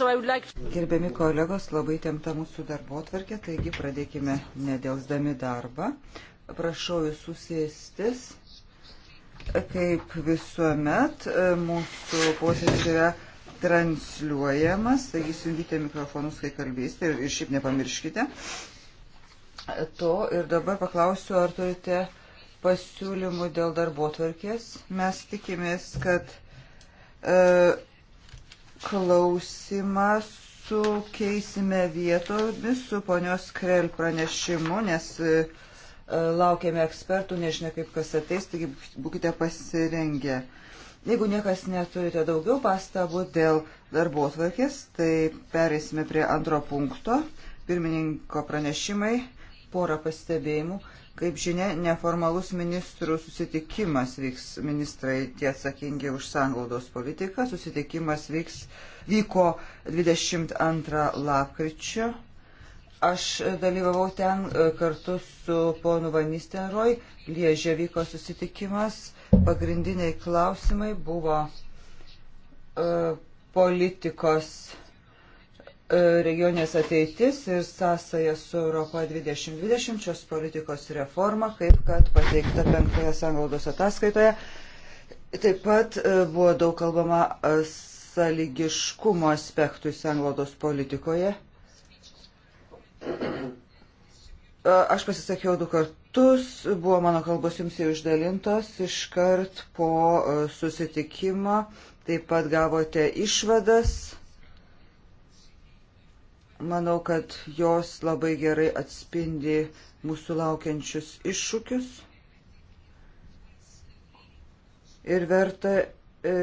So like... Gerbiami kolegos, labai temta mūsų darbo atvarkė, taigi pradėkime nedėlsdami darbą. Prašau visų sėstis. Kaip visuomet, e, mūsų posėdis yra transliuojamas, taigi siuntite mikrofonus, kai kalbėsite ir, ir šiaip nepamirškite to. Ir dabar paklausiu, ar turite pasiūlymų dėl darbo tvarkės. Mes tikimės, kad. Uh, e, klausimą sukeisime vietomis su ponios Krel pranešimu, nes e, laukiame ekspertų, nežinia kaip kas ateis, taigi būkite pasirengę. Jeigu niekas neturite daugiau pastabų dėl darbo tvarkės, tai perėsime prie antro punkto. Pirmininko pranešimai, pora pastebėjimų. Kaip žinia, neformalus ministrų susitikimas vyks, ministrai tie atsakingi už sanglaudos politiką, susitikimas vyks, vyko 22 lapkričio. Aš dalyvavau ten e, kartu su ponu Vanistenroj, Liežė vyko susitikimas, pagrindiniai klausimai buvo uh, politikos regionės ateitis ir sąsaja su Europa 2020 šios politikos reforma, kaip kad pateikta penktoje sanglaudos ataskaitoje. Taip pat e, buvo daug kalbama e, sąlygiškumo aspektų sanglaudos politikoje. E, aš pasisakiau du kartus, buvo mano kalbos jums jau išdalintos iškart po susitikimo, taip pat gavote išvadas Manau, kad jos labai gerai atspindi mūsų laukiančius iššūkius ir verta e,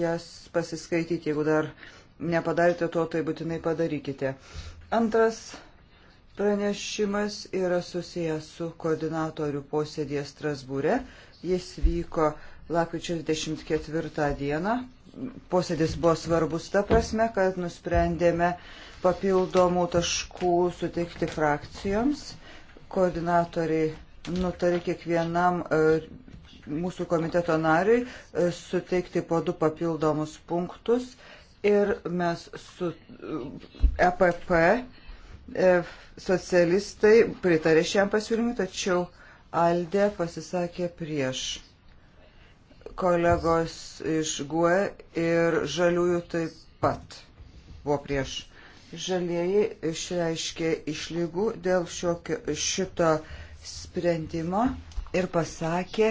jas pasiskaityti. Jeigu dar nepadarėte to, tai būtinai padarykite. Antras pranešimas yra susijęs su koordinatorių posėdėje Strasbūre. Jis vyko lapkričio 24 dieną. Posėdis buvo svarbus ta prasme, kad nusprendėme uh, papildomų taškų suteikti frakcijoms. Koordinatoriai nutarė kiekvienam e, mūsų komiteto nariui e, suteikti po du papildomus punktus ir mes su EPP e socialistai pritarė šiam pasiūlymui, tačiau Alde pasisakė prieš kolegos iš GUE ir žaliųjų taip pat buvo prieš. Žalieji išreiškė išlygų dėl šiokio, šito sprendimo ir pasakė,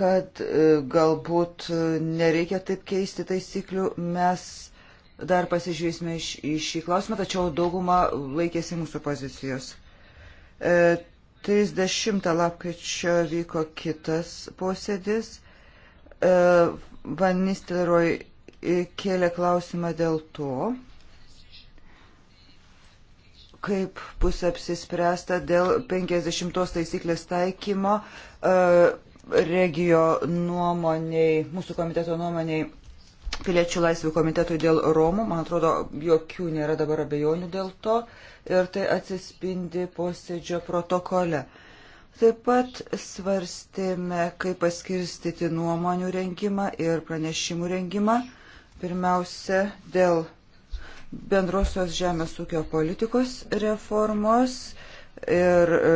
kad e, galbūt e, nereikia taip keisti taisyklių. Mes dar pasižiūrėsime iš, į šį klausimą, tačiau dauguma laikėsi mūsų pozicijos. E, 30 lapkričio vyko kitas posėdis. E, Van Nistelrooy E, kėlė klausimą dėl to, kaip bus apsispręsta dėl 50 taisyklės taikymo e, regio nuomoniai, mūsų komiteto nuomoniai piliečių laisvių komitetui dėl Romų. Man atrodo, jokių nėra dabar abejonių dėl to ir tai atsispindi posėdžio protokole. Taip pat svarstėme, kaip paskirstyti nuomonių rengimą ir pranešimų rengimą. Pirmiausia, dėl bendrosios žemės ūkio politikos reformos ir e,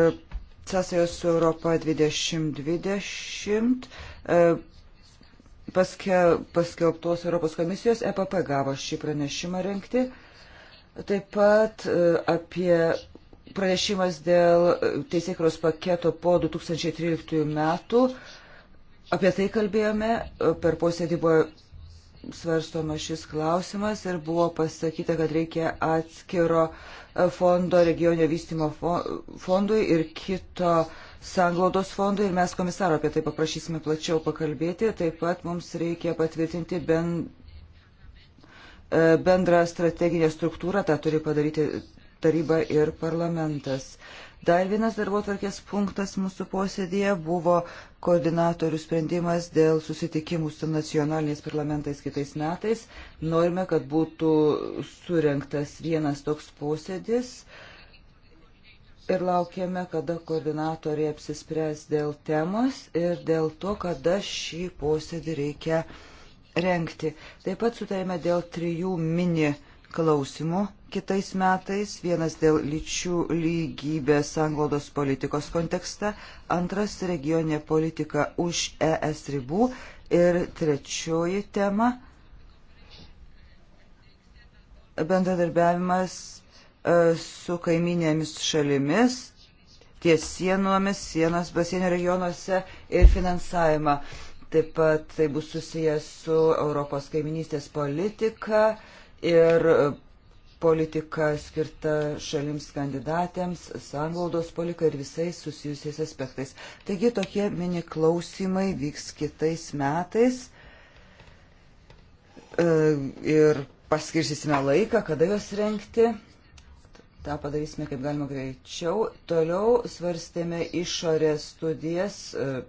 sąsajos su Europa 2020 e, paskelbtos Europos komisijos EPP gavo šį pranešimą renkti. Taip pat e, apie pranešimas dėl teisėkros paketo po 2013 metų. Apie tai kalbėjome, per posėdį buvo svarstoma šis klausimas ir buvo pasakyta, kad reikia atskiro e, fondo regionio vystimo fondui ir kito sanglaudos fondui ir mes komisaro apie tai paprašysime plačiau pakalbėti. Taip pat mums reikia patvirtinti ben, e, bendrą strateginę struktūrą, tą turi padaryti taryba ir parlamentas. Dar vienas darbo tvarkės punktas mūsų posėdėje buvo koordinatorių sprendimas dėl susitikimų su nacionaliniais parlamentais kitais metais. Norime, kad būtų surinktas vienas toks posėdis ir laukiame, kada koordinatoriai apsispręs dėl temos ir dėl to, kada šį posėdį reikia rengti. Taip pat sutarėme dėl trijų mini posėdžių klausimų kitais metais. Vienas dėl lyčių lygybės anglodos politikos kontekste, antras regioninė politika už ES ribų ir trečioji tema bendradarbiavimas e, su kaiminėmis šalimis, ties sienomis, sienos pasienio regionuose ir finansavimą. Taip pat tai bus susijęs su Europos kaiminystės politika ir politika skirta šalims kandidatėms, sanglaudos politika ir visais susijusiais aspektais. Taigi tokie mini klausimai vyks kitais metais e, ir paskirsime laiką, kada juos renkti. Ta padarysime kaip galima greičiau. Toliau svarstėme išorės studijas, e,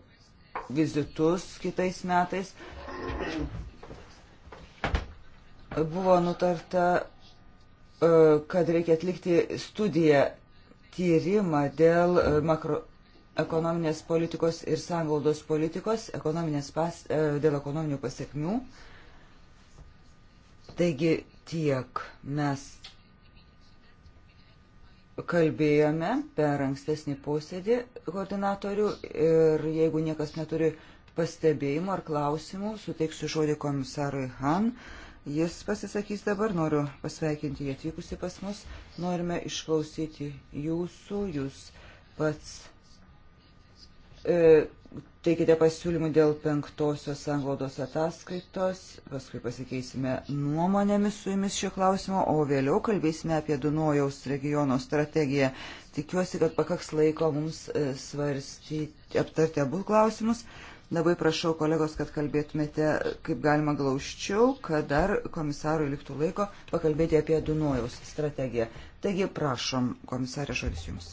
vizitus kitais metais buvo nutarta, e, kad reikia atlikti studiją tyrimą dėl e, makroekonominės politikos ir sanglaudos politikos ekonominės pas, e, dėl ekonominių pasiekmių. Taigi tiek mes kalbėjome per ankstesnį posėdį koordinatorių ir jeigu niekas neturi pastebėjimų ar klausimų, suteiksiu žodį komisarui Han. Uh, Jis pasisakys dabar, noriu pasveikinti jį atvykusi pas mus, norime išklausyti jūsų, jūs pats e, teikite pasiūlymų dėl penktosios anglodos ataskaitos, paskui pasikeisime nuomonėmis su jumis šio klausimo, o vėliau kalbėsime apie Dunojaus regiono strategiją. Tikiuosi, kad pakaks laiko mums e, svarstyti, aptarti abu klausimus. Labai prašau kolegos, kad kalbėtumėte kaip galima glaučiau, kad dar komisarui liktų laiko pakalbėti apie Dunojaus strategiją. Taigi prašom, komisarė, žodis jums.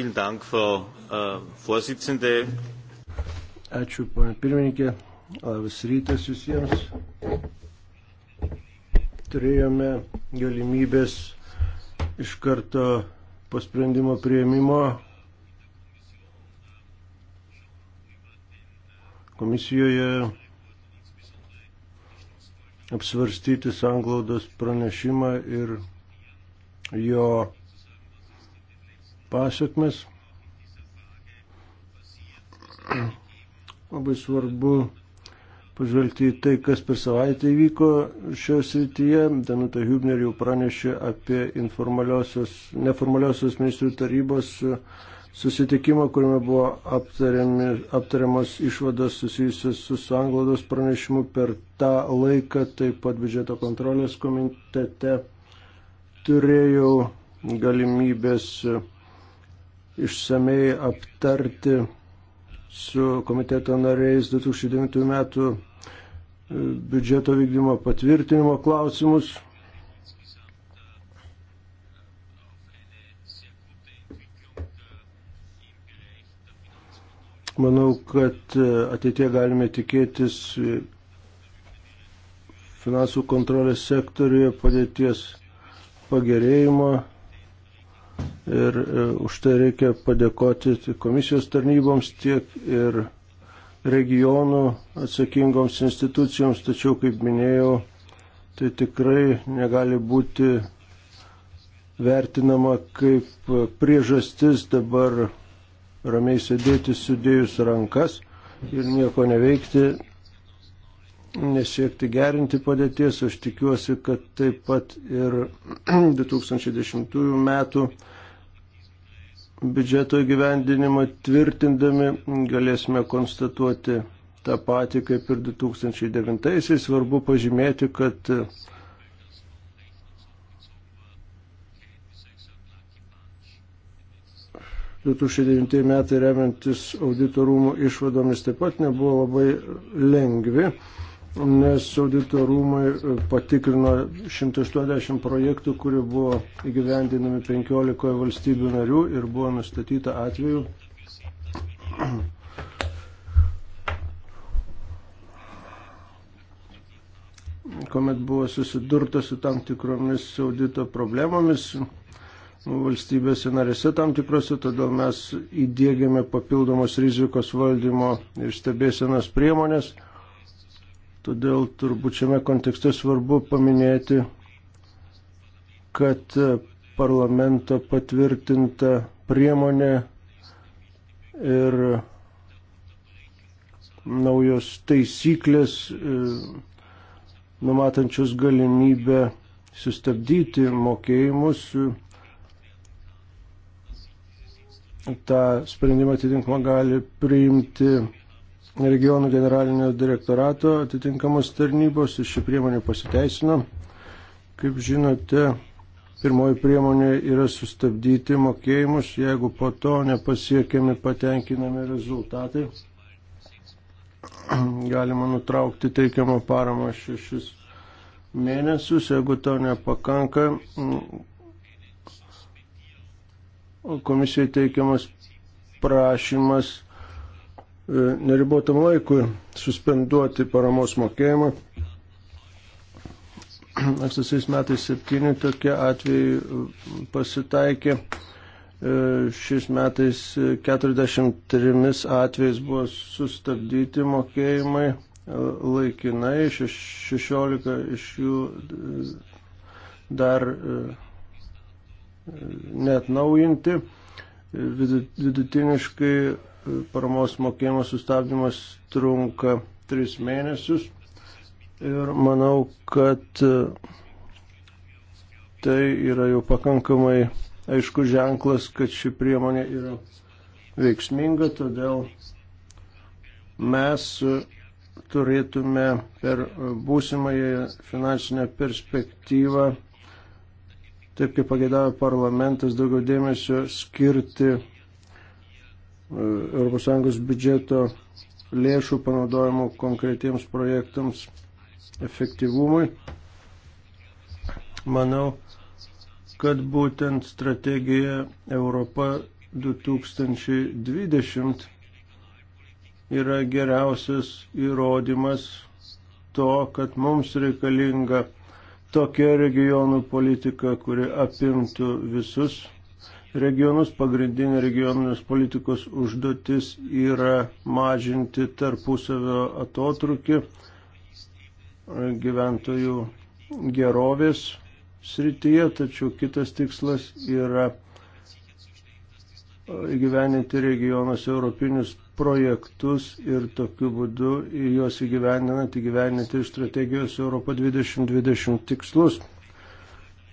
Äh, Ačiū, ponė pirmininkė. Labas rytas visiems. Turėjome galimybės iš karto po sprendimo prieimimo komisijoje apsvarstyti sanglaudos pranešimą ir jo pasiekmes. Labai svarbu pažvelgti į tai, kas per savaitę įvyko šioje srityje. Danuta Hübner jau pranešė apie neformaliosios ministrų tarybos uh, susitikimą, kuriame buvo aptariami, aptariamos išvados susijusios su sanglaudos pranešimu per tą laiką, taip pat biudžeto kontrolės komitete turėjau galimybės išsamei aptarti su komiteto nariais 2009 metų biudžeto vykdymo patvirtinimo klausimus, manau, kad e, ateitie galime tikėtis e, finansų kontrolės sektoriuje padėties pagerėjimo ir e, už tai reikia padėkoti komisijos tarnyboms tiek ir regionų atsakingoms institucijoms, tačiau, kaip minėjau, tai tikrai negali būti vertinama kaip priežastis dabar ramiai sėdėti sudėjus rankas ir nieko neveikti, nesiekti gerinti padėties. Aš tikiuosi, kad taip pat ir 2010 metų biudžeto gyvendinimą tvirtindami galėsime konstatuoti tą patį kaip ir 2009-aisiais. Svarbu pažymėti, kad 2009 metai remiantis auditorumų išvadomis taip pat nebuvo labai lengvi, nes auditorumai e, patikrino 180 projektų, kurie buvo įgyvendinami 15 valstybių narių ir buvo nustatyta atveju kuomet buvo susidurta su tam tikromis audito problemomis, valstybėse narėse tam tikrose, todėl mes įdėgiame papildomos rizikos valdymo ir stebėsenos priemonės. Todėl turbūt šiame kontekste svarbu paminėti, kad parlamento patvirtinta priemonė ir naujos taisyklės e, numatančios galimybę sustabdyti mokėjimus tą sprendimą atitinkamą gali priimti regionų generalinio direktorato atitinkamos tarnybos ir ši priemonė pasiteisino. Kaip žinote, pirmoji priemonė yra sustabdyti mokėjimus, jeigu po to nepasiekiami patenkinami rezultatai. Galima nutraukti teikiamą paramą šešis mėnesius, jeigu to nepakanka, komisijai teikiamas prašymas e, neribotam laikui suspenduoti paramos mokėjimą. Ankstasiais metais septyni tokie atvejai pasitaikė. E, šiais metais 43 atvejais buvo sustabdyti mokėjimai e, laikinai, 16 iš jų dar net naujinti. Vidutiniškai e, paramos mokėjimo sustabdymas trunka 3 mėnesius ir manau, kad e, tai yra jau pakankamai aišku ženklas, kad ši priemonė yra veiksminga, todėl mes e, turėtume per būsimąją finansinę perspektyvą taip kaip pagėdavo parlamentas, daugiau dėmesio skirti e, ES biudžeto lėšų panaudojimo konkretiems projektams efektyvumui. Manau, kad būtent strategija Europa 2020 yra geriausias įrodymas to, kad mums reikalinga tokia regionų politika, kuri apimtų visus regionus. Pagrindinė regioninės politikos užduotis yra mažinti tarpusavio atotrukį gyventojų gerovės srityje, tačiau kitas tikslas yra įgyveninti regionuose europinius projektus ir tokiu būdu juos įgyvendinant įgyvendinti iš strategijos Europo 2020 tikslus.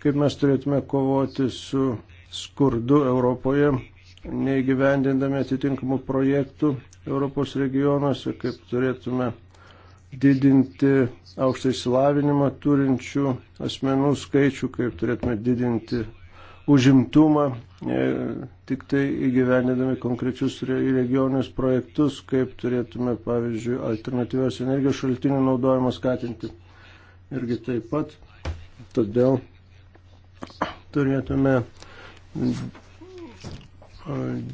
Kaip mes turėtume kovoti su skurdu Europoje, neįgyvendindami atitinkamų projektų Europos regionuose, kaip turėtume didinti aukštą įsilavinimą turinčių asmenų skaičių, kaip turėtume didinti užimtumą, e, tik tai įgyvenėdami konkrečius regioninius projektus, kaip turėtume, pavyzdžiui, alternatyvios energijos šaltinių naudojimą skatinti. Irgi taip pat. Todėl turėtume e,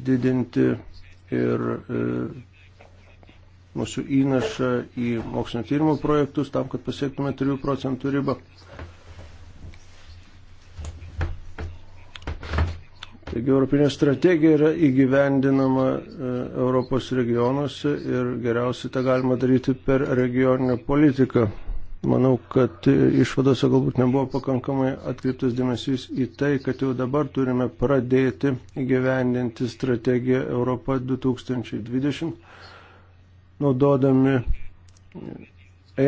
didinti ir e, mūsų įnašą į mokslinio tyrimo projektus tam, kad pasiektume 3 procentų ribą. Taigi Europinė strategija yra įgyvendinama e, Europos regionuose ir geriausiai tą galima daryti per regioninę politiką. Manau, kad e, išvadose galbūt nebuvo pakankamai atkreiptas dėmesys į tai, kad jau dabar turime pradėti įgyvendinti strategiją Europą 2020, naudodami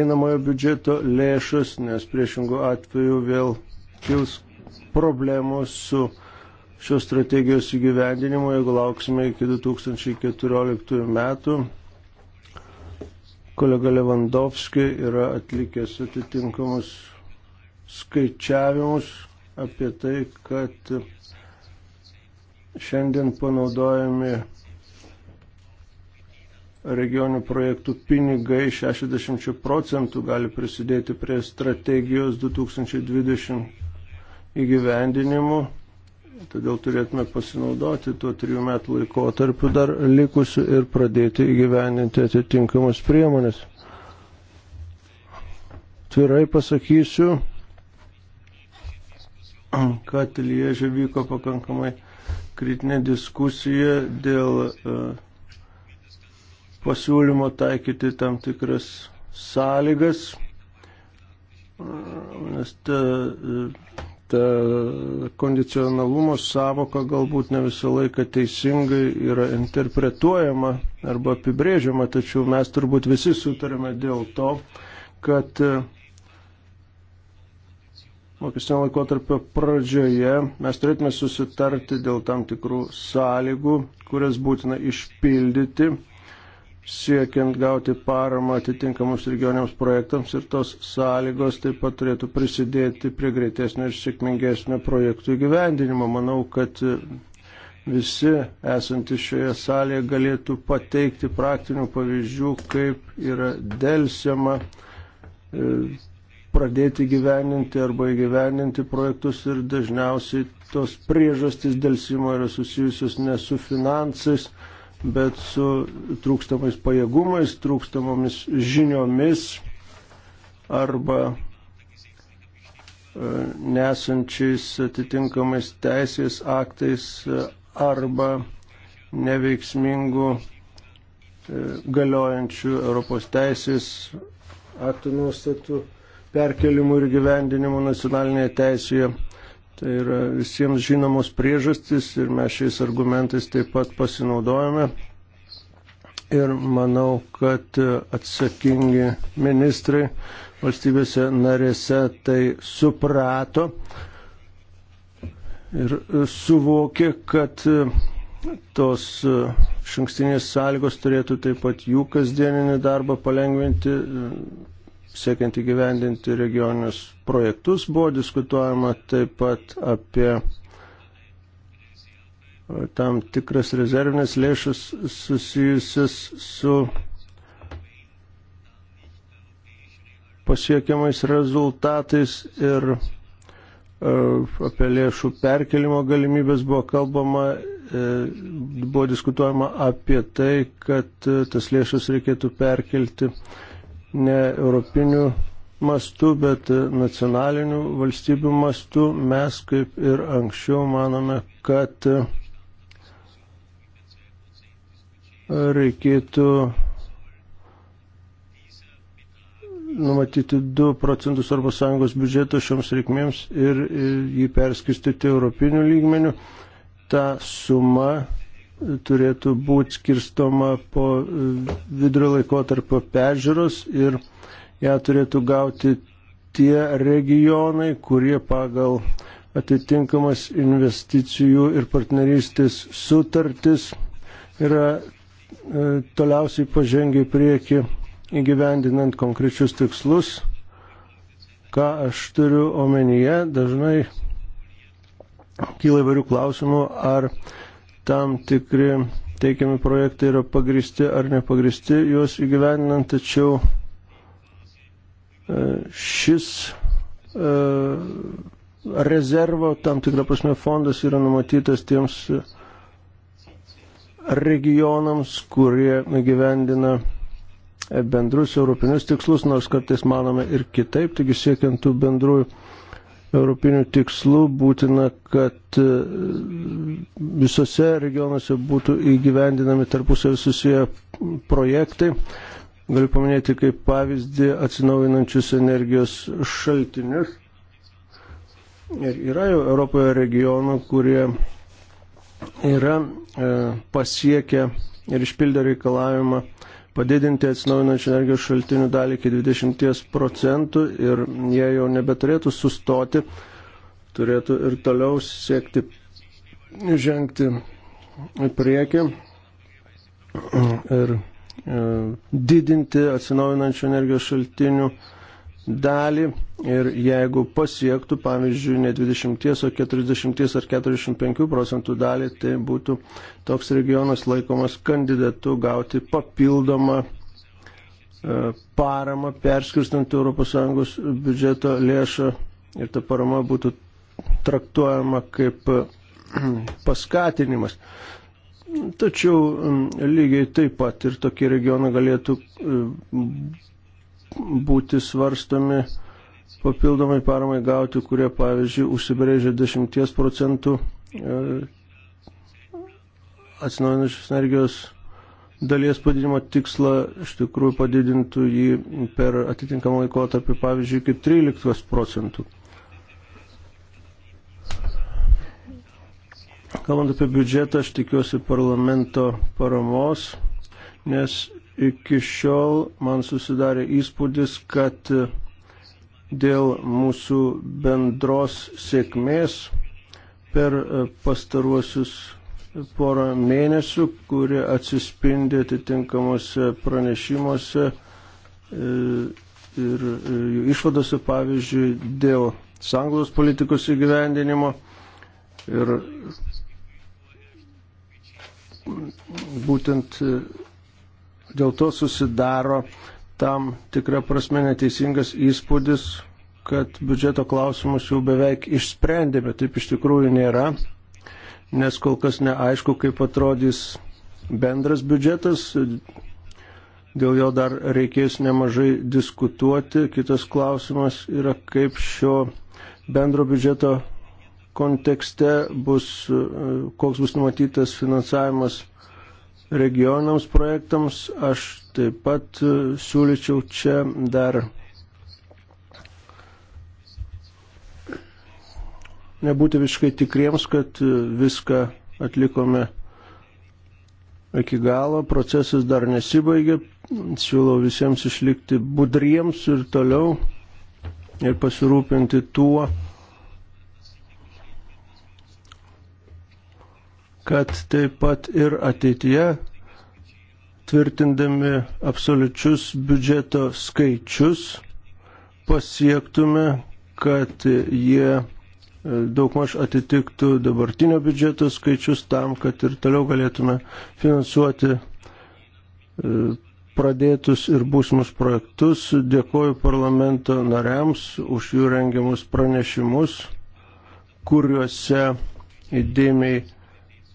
einamojo biudžeto lėšas, nes priešingų atveju vėl kils problemos su šios strategijos įgyvendinimo, jeigu lauksime iki 2014 metų. Kolega Levandovski yra atlikęs atitinkamus skaičiavimus apie tai, kad šiandien panaudojami regionių projektų pinigai 60 procentų gali prisidėti prie strategijos 2020 įgyvendinimų Todėl turėtume pasinaudoti tuo trijų metų laikotarpiu dar likusiu ir pradėti įgyveninti atitinkamas priemonės. Tvirai pasakysiu, kad Liežė vyko pakankamai kritinė diskusija dėl e, pasiūlymo taikyti tam tikras sąlygas, e, nes ta e, ta kondicionalumo savoka galbūt ne visą laiką teisingai yra interpretuojama arba apibrėžiama, tačiau mes turbūt visi sutarėme dėl to, kad e, mokestinio laikotarpio pradžioje mes turėtume susitarti dėl tam tikrų sąlygų, kurias būtina išpildyti siekiant gauti paramą atitinkamus regioniams projektams ir tos sąlygos taip pat turėtų prisidėti prie greitesnio ir sėkmingesnio projektų įgyvendinimo. Manau, kad e, visi esantys šioje salėje galėtų pateikti praktinių pavyzdžių, kaip yra dėlsiama e, pradėti gyveninti arba įgyveninti projektus ir dažniausiai tos priežastys dėlsimo yra susijusios ne su finansais, bet su trūkstamais pajėgumais, trūkstamomis žiniomis arba e, nesančiais atitinkamais teisės aktais e, arba neveiksmingų e, galiojančių Europos teisės aktų nuostatų perkelimų ir gyvendinimų nacionalinėje teisėje Tai yra visiems žinomos priežastys ir mes šiais argumentais taip pat pasinaudojame. Ir manau, kad atsakingi ministrai valstybėse narėse tai suprato ir suvokė, kad tos šankstinės sąlygos turėtų taip pat jų kasdieninį darbą palengventi, siekiant įgyvendinti regioninius projektus. Buvo diskutuojama taip pat apie e, tam tikras rezervinės lėšas susijusias su pasiekiamais rezultatais ir e, apie lėšų perkelimo galimybės buvo kalbama, e, buvo diskutuojama apie tai, kad tas lėšas reikėtų perkelti ne europinių mastų, bet nacionalinių valstybių mastų. Mes kaip ir anksčiau manome, kad reikėtų numatyti 2 procentus ES biudžeto šioms reikmėms ir jį perskirstyti europinių lygmenių. Ta suma turėtų būti skirstoma po vidurio laikotarpio peržiūros ir ją turėtų gauti tie regionai, kurie pagal atitinkamas investicijų ir partnerystės sutartis yra e, toliausiai pažengia į priekį įgyvendinant konkrečius tikslus. Ką aš turiu omenyje, dažnai kyla įvairių klausimų, ar uh, tam tikri teikiami projektai yra pagristi ar nepagristi juos įgyveninant, tačiau e, šis e, rezervo, tam tikrą prasme, fondas yra numatytas tiems e, regionams, kurie gyvendina bendrus europinius tikslus, nors kartais manome ir kitaip, taigi siekiant tų bendrųjų europinių tikslų būtina, kad e, visose regionuose būtų įgyvendinami tarpusavį susiję projektai. Galiu paminėti kaip pavyzdį atsinaujinančius energijos šaltinius. Ir yra jau Europoje regionų, kurie yra e, pasiekę ir išpildę reikalavimą e, padidinti atsinaujinančių energijos šaltinių dalį iki 20 procentų ir jie jau nebeturėtų sustoti, turėtų ir toliau siekti žengti į priekį ir e, didinti atsinaujinančių energijos šaltinių dalį dalį ir jeigu pasiektų, pavyzdžiui, ne 20, o 40 ar 45 procentų dalį, tai būtų toks regionas laikomas kandidatu gauti papildomą e, paramą perskirstant ES biudžeto lėšą ir ta parama būtų traktuojama kaip e, paskatinimas. Tačiau lygiai taip pat ir tokie regionai galėtų e, būti svarstomi papildomai paramai gauti, kurie, pavyzdžiui, užsibrėžia 10 procentų e, atsinaujinančios energijos dalies padidinimo tikslą, iš tikrųjų padidintų jį per atitinkamą laikotarpį, pavyzdžiui, iki 13 procentų. Kalbant apie biudžetą, aš tikiuosi parlamento paramos, nes Iki šiol man susidarė įspūdis, kad dėl mūsų bendros sėkmės per pastaruosius porą mėnesių, kuri atsispindi atitinkamuose pranešimuose e, ir e, jų išvadose, pavyzdžiui, dėl sanglos politikos įgyvendinimo. Ir būtent e, dėl to susidaro tam tikra prasme neteisingas įspūdis, kad biudžeto klausimus jau beveik išsprendėme, taip iš tikrųjų nėra, nes kol kas neaišku, kaip atrodys bendras biudžetas, dėl jo dar reikės nemažai diskutuoti. Kitas klausimas yra, kaip šio bendro biudžeto kontekste bus, koks bus numatytas finansavimas regionams projektams. Aš taip pat e, siūlyčiau čia dar nebūti visiškai tikriems, kad e, viską atlikome iki galo, procesas dar nesibaigė, siūlau visiems išlikti budriems ir toliau ir pasirūpinti tuo, kad taip pat ir ateityje tvirtindami absoliučius biudžeto skaičius pasiektume, kad jie e, daugmaž atitiktų dabartinio biudžeto skaičius tam, kad ir toliau galėtume finansuoti e, pradėtus ir būsimus projektus. Dėkoju parlamento nariams už jų rengiamus pranešimus, kuriuose įdėmiai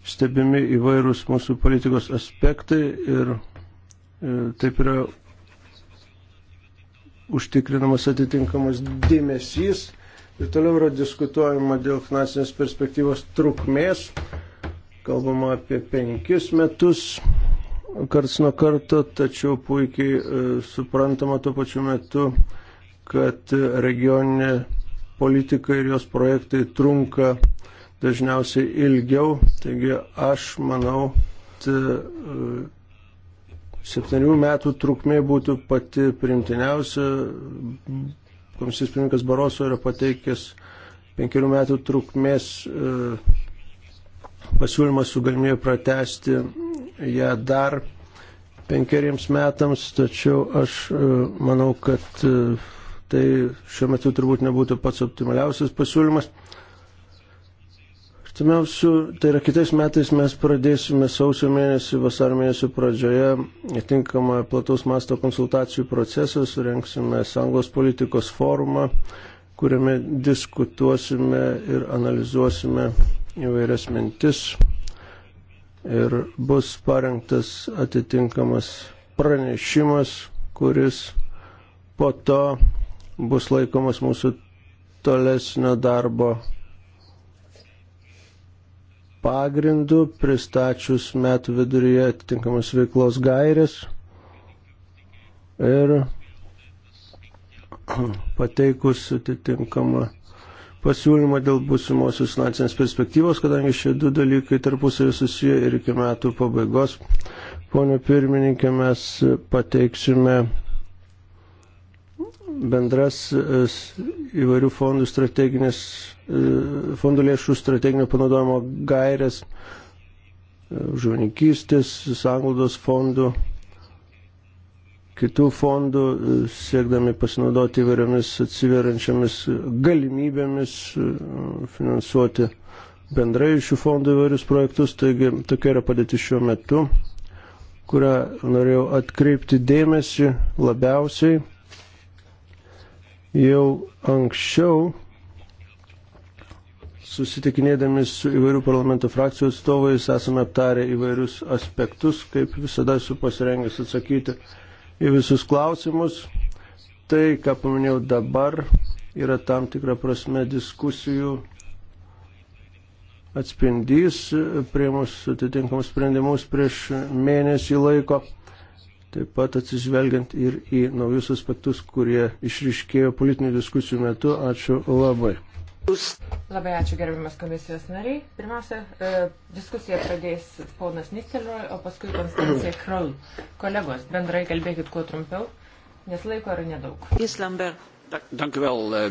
stebimi įvairūs mūsų politikos aspektai ir e, taip yra užtikrinamas atitinkamas dėmesys ir toliau yra diskutuojama dėl finansinės perspektyvos trukmės, kalbama apie penkis metus karts nuo karto, tačiau puikiai e, suprantama tuo pačiu metu, kad regioninė politika ir jos projektai trunka dažniausiai ilgiau. Taigi aš manau, e, septynių metų trukmė būtų pati primtiniausia. Komisijos pirmininkas Baroso yra pateikęs penkerių metų trukmės e, pasiūlymas su galimybė pratesti ją dar penkeriems metams, tačiau aš e, manau, kad tai šiuo metu turbūt nebūtų pats optimaliausias pasiūlymas. Tumiausių, tai yra kitais metais mes pradėsime sausio mėnesį, vasario mėnesio pradžioje atinkamą plataus masto konsultacijų procesą, surenksime Sanglos politikos forumą, kuriame diskutuosime ir analizuosime įvairias mintis ir bus parengtas atitinkamas pranešimas, kuris po to bus laikomas mūsų tolesnio darbo pagrindu pristačius metų viduryje atitinkamas veiklos gairės ir pateikus atitinkamą pasiūlymą dėl būsimosios finansinės perspektyvos, kadangi šie du dalykai tarpusavį susiję ir iki metų pabaigos. Pone pirmininkė, mes pateiksime bendras e, įvairių fondų strateginės, e, fondų lėšų strateginio panaudojimo gairės, e, žuvininkystės, sanglaudos fondų, kitų fondų, siekdami pasinaudoti įvairiomis atsiveriančiamis galimybėmis finansuoti bendrai šių fondų įvairius projektus. Taigi tokia yra padėtis šiuo metu, kurią norėjau atkreipti dėmesį labiausiai Jau anksčiau susitikinėdami su įvairių parlamento frakcijų atstovais esame aptarę įvairius aspektus, kaip visada esu pasirengęs atsakyti į visus klausimus. Tai, ką paminėjau dabar, yra tam tikra prasme diskusijų atspindys prie mūsų atitinkamus sprendimus prieš mėnesį laiko taip pat atsižvelgiant ir į naujus aspektus, kurie išriškėjo politinių diskusijų metu. Ačiū labai. Labai ačiū gerbiamas komisijos nariai. Pirmiausia, e, diskusiją pradės ponas Nistelroj, o paskui Konstancija Kroll. Kolegos, bendrai kalbėkit kuo trumpiau, nes laiko yra nedaug. Jis Lambert. Dank u wel, e,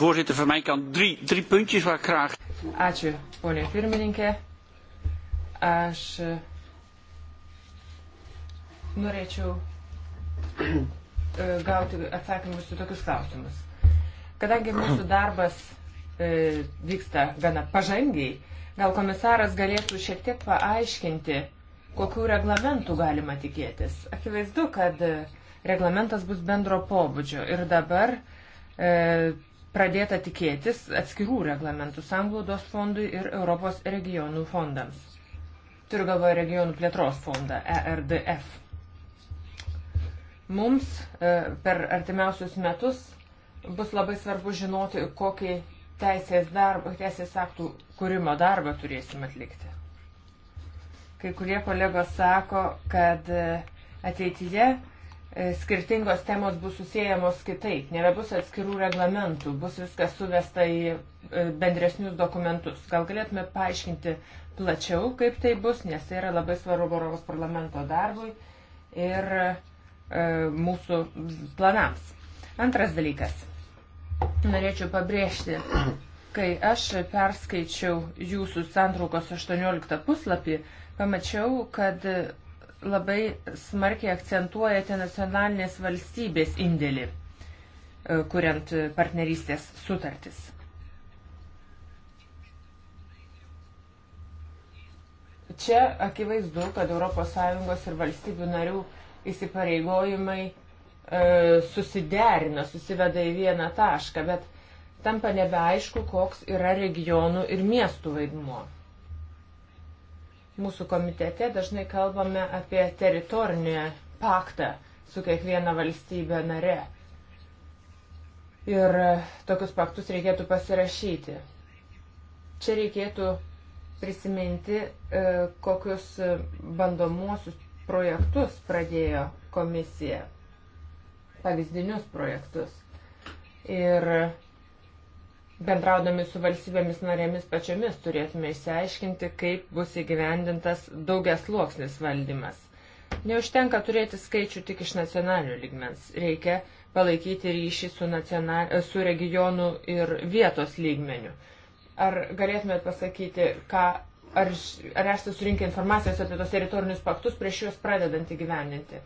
voorzitter. Van mijn kant drie, drie puntjes waar ik graag. Ačiū, ponė pirmininkė. Aš e, norėčiau e, gauti atsakymus į tokius klausimus. Kadangi mūsų darbas e, vyksta gana pažangiai, gal komisaras galėtų šiek tiek paaiškinti, kokių reglamentų galima tikėtis. Akivaizdu, kad e, reglamentas bus bendro pobūdžio ir dabar e, pradėta tikėtis atskirų reglamentų sanglaudos fondui ir Europos regionų fondams. Turiu galvoje regionų plėtros fondą ERDF. Mums e, per artimiausius metus bus labai svarbu žinoti, kokį teisės, darbo, teisės aktų kūrimo darbą turėsim atlikti. Kai kurie kolegos sako, kad e, ateityje e, skirtingos temos bus susijęjamos kitaip, nebebus atskirų reglamentų, bus viskas suvesta į bendresnius dokumentus. Gal galėtume paaiškinti plačiau, kaip tai bus, nes tai yra labai svarbu Europos parlamento darbui ir E, mūsų planams. Antras dalykas. Norėčiau pabrėžti, kai aš perskaičiau jūsų santraukos 18 puslapį, pamačiau, kad labai smarkiai akcentuojate nacionalinės valstybės indėlį, e, kuriant partnerystės sutartis. Čia akivaizdu, kad ES ir valstybių narių įsipareigojimai e, susiderina, susiveda į vieną tašką, bet tampa nebeaišku, koks yra regionų ir miestų vaidmuo. Mūsų komitete dažnai kalbame apie teritorinį paktą su kiekviena valstybė nare. Ir tokius paktus reikėtų pasirašyti. Čia reikėtų prisiminti, e, kokius bandomuosius projektus pradėjo komisija, pavyzdinius projektus. Ir bendraudami su valstybėmis narėmis pačiomis turėtume išsiaiškinti, kaip bus įgyvendintas daugias luoksnis valdymas. Neužtenka turėti skaičių tik iš nacionalinių lygmens. Reikia palaikyti ryšį su, nacional... su regionu ir vietos lygmeniu. Ar galėtumėt pasakyti, ką ar, ar esate surinkę informacijos apie tos teritorinius paktus prieš juos pradedant įgyvendinti.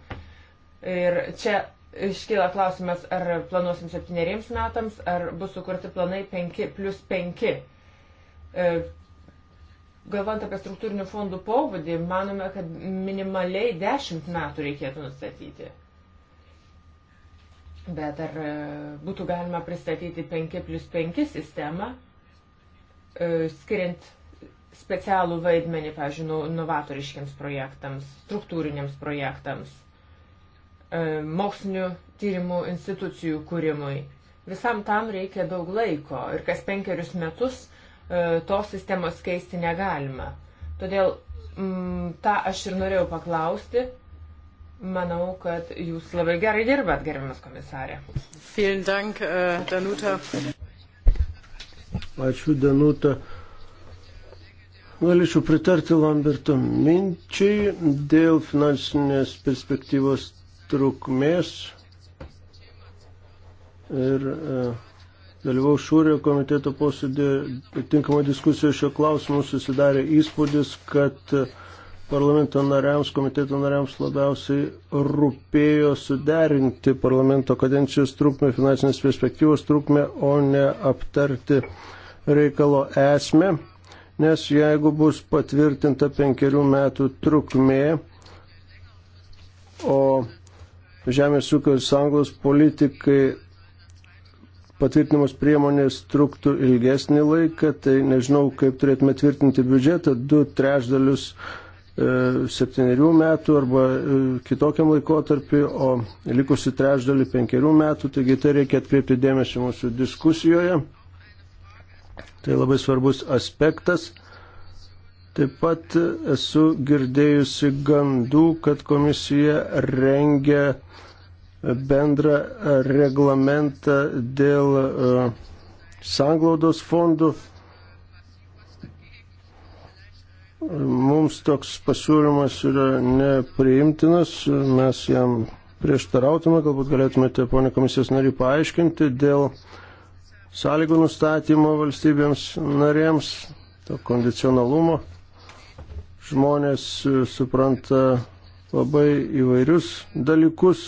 Ir čia iškyla klausimas, ar planuosim septyneriems metams, ar bus sukurti planai 5 plus 5. E, galvant apie struktūrinių fondų pobūdį, manome, kad minimaliai 10 metų reikėtų nustatyti. Bet ar e, būtų galima pristatyti 5 plus 5 sistemą, e, skiriant specialų vaidmenį, pažiūrėjau, nu, novatoriškiams projektams, struktūriniams projektams, e, mokslinių tyrimų institucijų kūrimui. Visam tam reikia daug laiko ir kas penkerius metus e, tos sistemos keisti negalima. Todėl m, mm, tą aš ir norėjau paklausti. Manau, kad jūs labai gerai dirbat, gerbiamas komisarė. Dank, äh, Danuta. Ačiū, Danuta. Galėčiau pritarti Lamberto minčiai dėl finansinės perspektyvos trukmės ir e, dalyvau Šūrio komiteto posėdė tinkamą diskusiją šio klausimu susidarė įspūdis, kad parlamento nariams, komiteto nariams labiausiai rūpėjo suderinti parlamento kadencijos trukmę, finansinės perspektyvos trukmę, o ne aptarti reikalo esmę nes jeigu bus patvirtinta penkerių metų trukmė, o žemės ūkio sąjungos politikai patvirtinamos priemonės truktų ilgesnį laiką, tai nežinau, kaip turėtume tvirtinti biudžetą, du trešdalius e, septyniarių metų arba e, kitokiam laikotarpiu, o likusi trešdalį penkerių metų, taigi tai reikia atkreipti dėmesį mūsų diskusijoje. Tai labai svarbus aspektas. Taip pat esu girdėjusi gandų, kad komisija rengia bendrą reglamentą dėl e, sanglaudos fondų. Mums toks pasiūlymas yra nepriimtinas, mes jam prieštarautume, galbūt galėtumėte, ponė komisijos nariai, paaiškinti dėl uh, sąlygų nustatymo valstybėms narėms, to kondicionalumo. Žmonės e, supranta labai įvairius dalykus,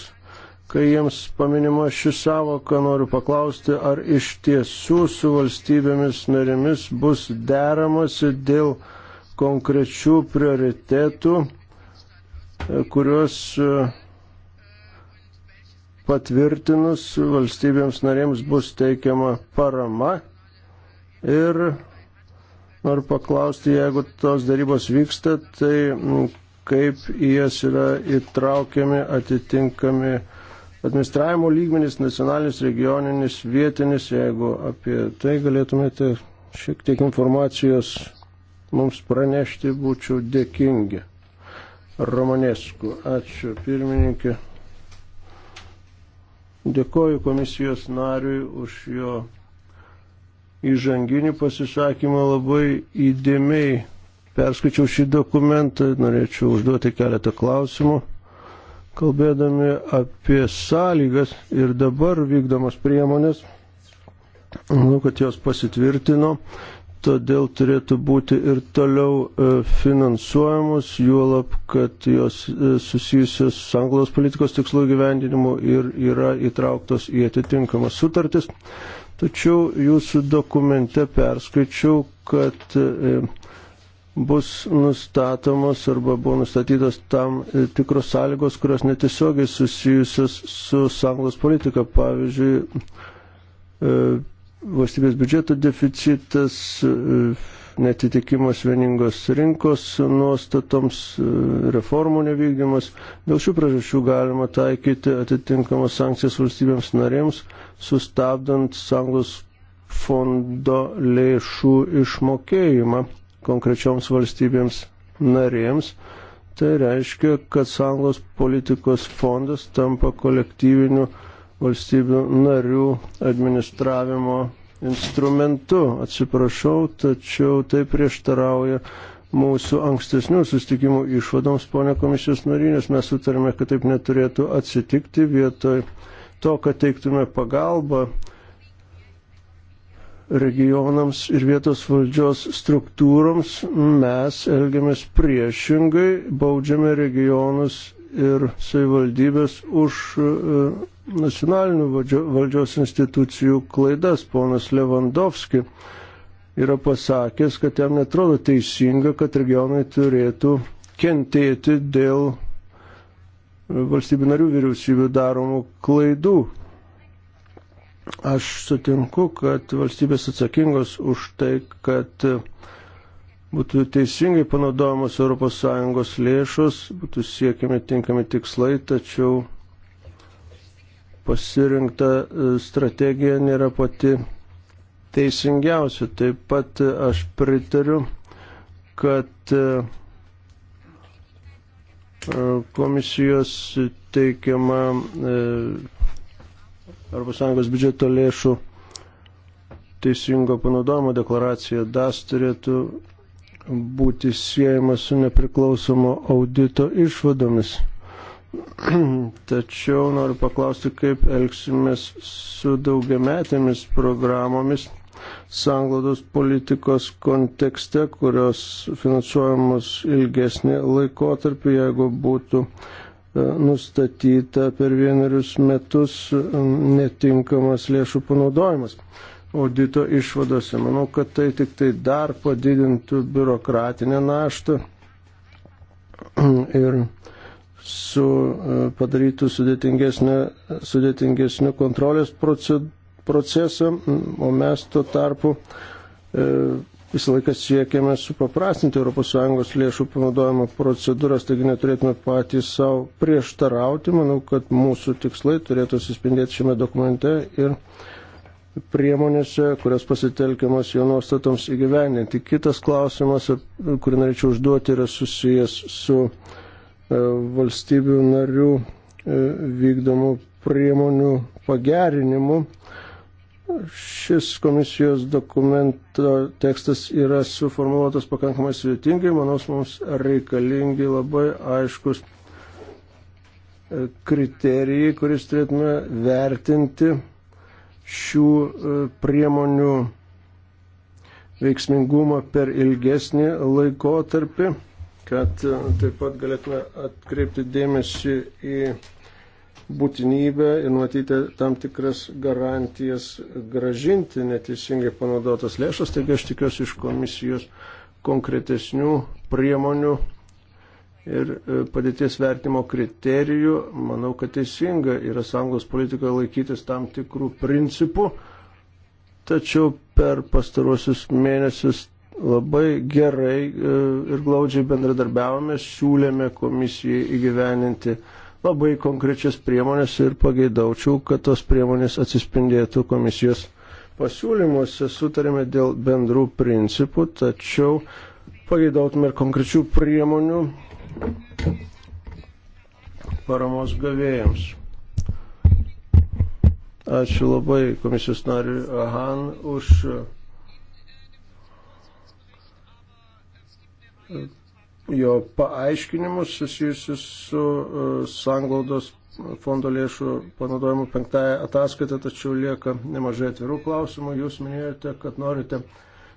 kai jiems paminima ši savoka, noriu paklausti, ar iš tiesų su valstybėmis narėmis bus deramasi dėl konkrečių prioritetų, e, kuriuos e, patvirtinus valstybėms narėms bus teikiama parama ir noriu paklausti, jeigu tos darybos vyksta, tai kaip į jas yra įtraukiami atitinkami administravimo lygmenis, nacionalinis, regioninis, vietinis, jeigu apie tai galėtumėte šiek tiek informacijos mums pranešti, būčiau dėkingi. Romanesku, ačiū pirmininkė. Dėkoju komisijos nariui už jo įžanginį pasisakymą labai įdėmiai. Perskaičiau šį dokumentą, norėčiau užduoti keletą klausimų. Kalbėdami apie sąlygas ir dabar vykdomas priemonės, manau, kad jos pasitvirtino todėl turėtų būti ir toliau e, finansuojamos, juolab, kad jos e, susijusios su anglos politikos tikslų gyvendinimu ir yra įtrauktos į atitinkamas sutartis. Tačiau jūsų dokumente perskaičiau, kad e, bus nustatomos arba buvo nustatytos tam tikros sąlygos, kurios netiesiogiai susijusios su anglos politika. Pavyzdžiui, valstybės biudžeto deficitas, e, netitikimas vieningos rinkos nuostatoms, e, reformų nevykdymas. Dėl šių priežasčių galima taikyti atitinkamas sankcijas valstybėms narėms, sustabdant sąjungos fondo lėšų išmokėjimą konkrečioms valstybėms narėms. Tai reiškia, kad sąjungos politikos fondas tampa kolektyviniu valstybių narių administravimo instrumentu. Atsiprašau, tačiau tai prieštarauja mūsų ankstesnių sustikimų išvadoms, ponė komisijos narinės. Mes sutarėme, kad taip neturėtų atsitikti vietoj to, kad teiktume pagalbą regionams ir vietos valdžios struktūroms, mes elgiamės priešingai, baudžiame regionus ir savivaldybės už e, nacionalinių valdžios institucijų klaidas. Ponas Levandovski yra pasakęs, kad jam netrodo teisinga, kad regionai turėtų kentėti dėl e, valstybių narių vyriausybių daromų klaidų. Aš sutinku, kad valstybės atsakingos už tai, kad uh, būtų teisingai panaudojamos ES lėšos, būtų siekiami tinkami tikslai, tačiau pasirinkta e, strategija nėra pati teisingiausia. Taip pat e, aš pritariu, kad e, komisijos teikiama ES biudžeto lėšų teisingo panaudojimo deklaracija DAS turėtų būti siejama su nepriklausomo audito išvadomis. Tačiau noriu paklausti, kaip elgsimės su daugiametėmis programomis sanglaudos politikos kontekste, kurios finansuojamos ilgesnį laikotarpį, jeigu būtų e, nustatyta per vienerius metus netinkamas lėšų panaudojimas audito išvadose. Manau, kad tai tik tai dar padidintų biurokratinę naštą ir su, e, padarytų sudėtingesnių kontrolės procesą, o mes tuo tarpu e, visą laiką siekiame supaprastinti ES lėšų panaudojimo procedūras, taigi neturėtume patys savo prieštarauti. Manau, kad mūsų tikslai turėtų suspindėti šiame dokumente ir priemonėse, kurios pasitelkiamas jo nuostatoms įgyveninti. Kitas klausimas, kurį norėčiau užduoti, yra susijęs su e, valstybių narių e, vykdomų priemonių pagerinimu. Šis komisijos dokumento tekstas yra suformuoluotas pakankamai sudėtingai, manau, mums reikalingi labai aiškus e, kriterijai, kuris turėtume vertinti šių e, priemonių veiksmingumą per ilgesnį laikotarpį, kad e, taip pat galėtume atkreipti dėmesį į būtinybę ir matyti tam tikras garantijas gražinti neteisingai panaudotas lėšas. Taigi aš tikiuosi iš komisijos konkretesnių priemonių ir e, padėties vertimo kriterijų, manau, kad teisinga yra sąjungos politikoje laikytis tam tikrų principų, tačiau per pastaruosius mėnesius labai gerai e, ir glaudžiai bendradarbiavome, siūlėme komisijai įgyveninti labai konkrečias priemonės ir pageidaučiau, kad tos priemonės atsispindėtų komisijos pasiūlymuose, sutarėme dėl bendrų principų, tačiau pageidautume ir konkrečių priemonių, paramos gavėjams. Ačiū labai komisijos nariui Han už uh, jo paaiškinimus susijusius su uh, sanglaudos fondo lėšų panaudojimu penktąją ataskaitą, tačiau lieka nemažai atvirų klausimų. Jūs minėjote, kad norite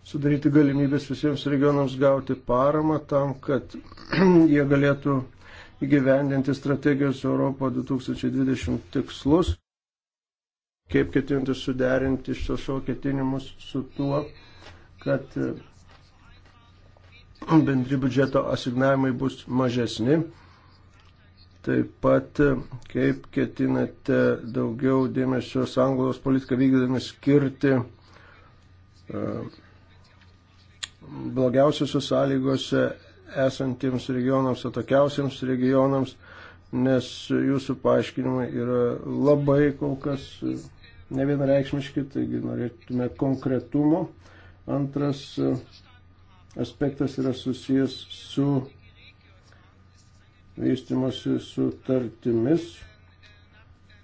sudaryti galimybės visiems regionams gauti paramą tam, kad jie galėtų įgyvendinti strategijos Europo 2020 tikslus, kaip ketinti suderinti šios savo ketinimus su tuo, kad bendri biudžeto asignavimai bus mažesni. Taip pat, kaip ketinate daugiau dėmesio sanglos politiką vykdami skirti uh, blogiausiose sąlygose esantiems regionams, atokiausiams regionams, nes jūsų paaiškinimai yra labai kol kas nevienareikšmiški, taigi norėtume konkretumo. Antras aspektas yra susijęs su vystimosi sutartimis.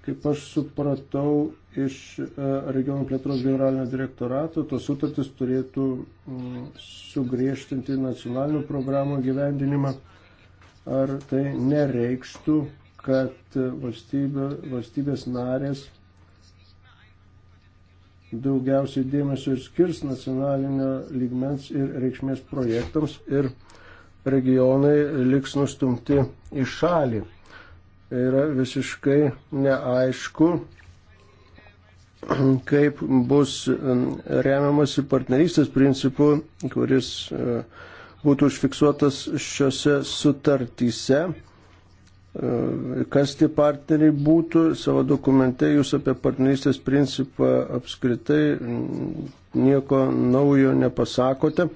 Kaip aš supratau, iš e, regionų plėtros generalinio direktorato, tos sutartys turėtų mm, sugriežtinti nacionalinių programų gyvendinimą. Ar tai nereikštų, kad valstybė, valstybės narės daugiausiai dėmesio skirs nacionalinio lygmens ir reikšmės projektams ir regionai liks nustumti į šalį. Yra visiškai neaišku, kaip bus remiamasi partnerystės principu, kuris e, būtų užfiksuotas šiuose sutartyse, e, kas tie partneriai būtų. Savo dokumente jūs apie partnerystės principą apskritai nieko naujo nepasakote.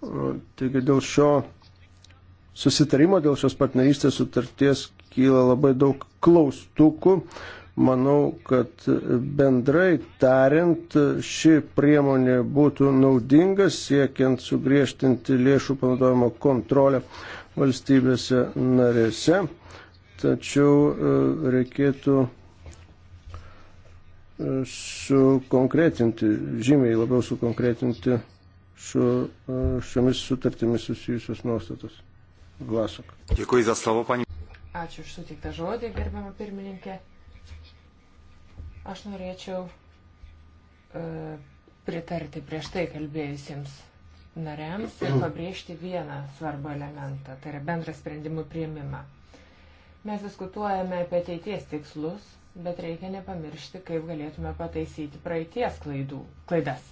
Taigi dėl šio susitarimo, dėl šios partnerystės sutarties kyla labai daug klaustukų. Manau, kad bendrai tariant, ši priemonė būtų naudinga siekiant sugriežtinti lėšų panaudojimo kontrolę valstybėse narėse, tačiau e, reikėtų e, sukonkretinti, žymiai labiau sukonkretinti su e, šiomis sutartimis susijusios nuostatos. Glasok. Dėkui za slovo, pani. Ačiū už sutiktą žodį, gerbiamą pirmininkę. Aš norėčiau e, pritarti prieš tai kalbėjusiems nariams ir pabrėžti vieną svarbų elementą, tai yra bendrą sprendimų prieimimą. Mes diskutuojame apie ateities tikslus, bet reikia nepamiršti, kaip galėtume pataisyti praeities klaidų, klaidas.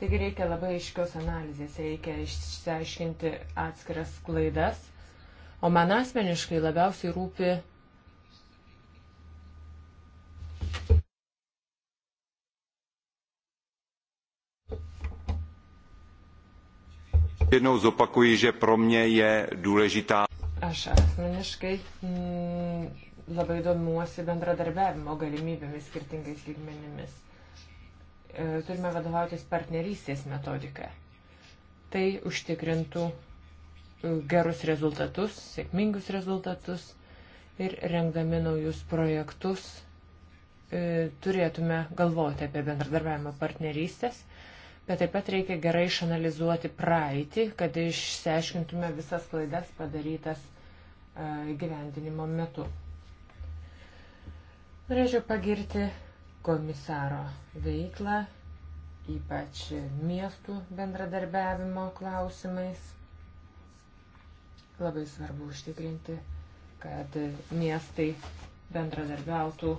Taigi reikia labai aiškios analizės, reikia išsiaiškinti atskiras klaidas, o man asmeniškai labiausiai rūpi Jednou zopakuji, že pro mě je důležitá. Aš asmeniškai m, mm, labai domiuosi bendradarbiavimo galimybėmis skirtingais lygmenimis. E, turime vadovautis partnerystės metodiką. Tai užtikrintų e, gerus rezultatus, sėkmingus rezultatus ir rengdami naujus projektus e, turėtume galvoti apie bendradarbiavimo partnerystės bet taip pat reikia gerai išanalizuoti praeitį, kad išsiaiškintume visas klaidas padarytas e, gyvendinimo metu. Norėčiau pagirti komisaro veiklą, ypač miestų bendradarbiavimo klausimais. Labai svarbu užtikrinti, kad miestai bendradarbiautų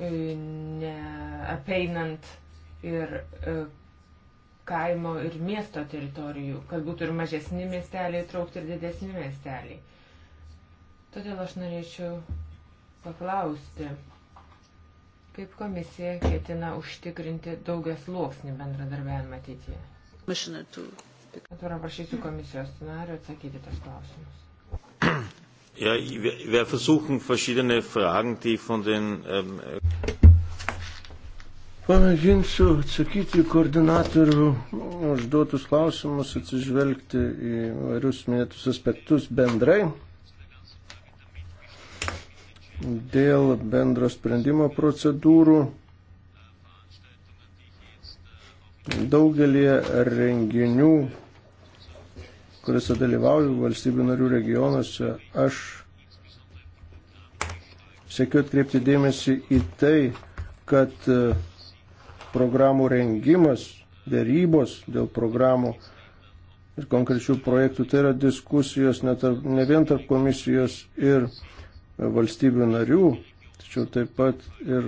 E, apeinant ir e, kaimo ir miesto teritorijų, kad būtų ir mažesni miesteliai traukti ir didesni miesteliai. Todėl aš norėčiau paklausti, kaip komisija ketina užtikrinti daugias luoksnį bendradarbiavimą ateityje. Atvarą prašysiu komisijos nario atsakyti tas klausimus. Ja, wir versuchen verschiedene Fragen, die von den. Ähm äh Pamėginsiu atsakyti koordinatorių užduotus klausimus, atsižvelgti į varius minėtus aspektus bendrai. Dėl bendro sprendimo procedūrų daugelį renginių kuriuose dalyvauju valstybių narių regionuose, aš sėkiu atkreipti dėmesį į tai, kad e, programų rengimas, dėrybos dėl programų ir konkrečių projektų, tai yra diskusijos ne, tarp, ne vien tarp komisijos ir e, valstybių narių, tačiau taip pat ir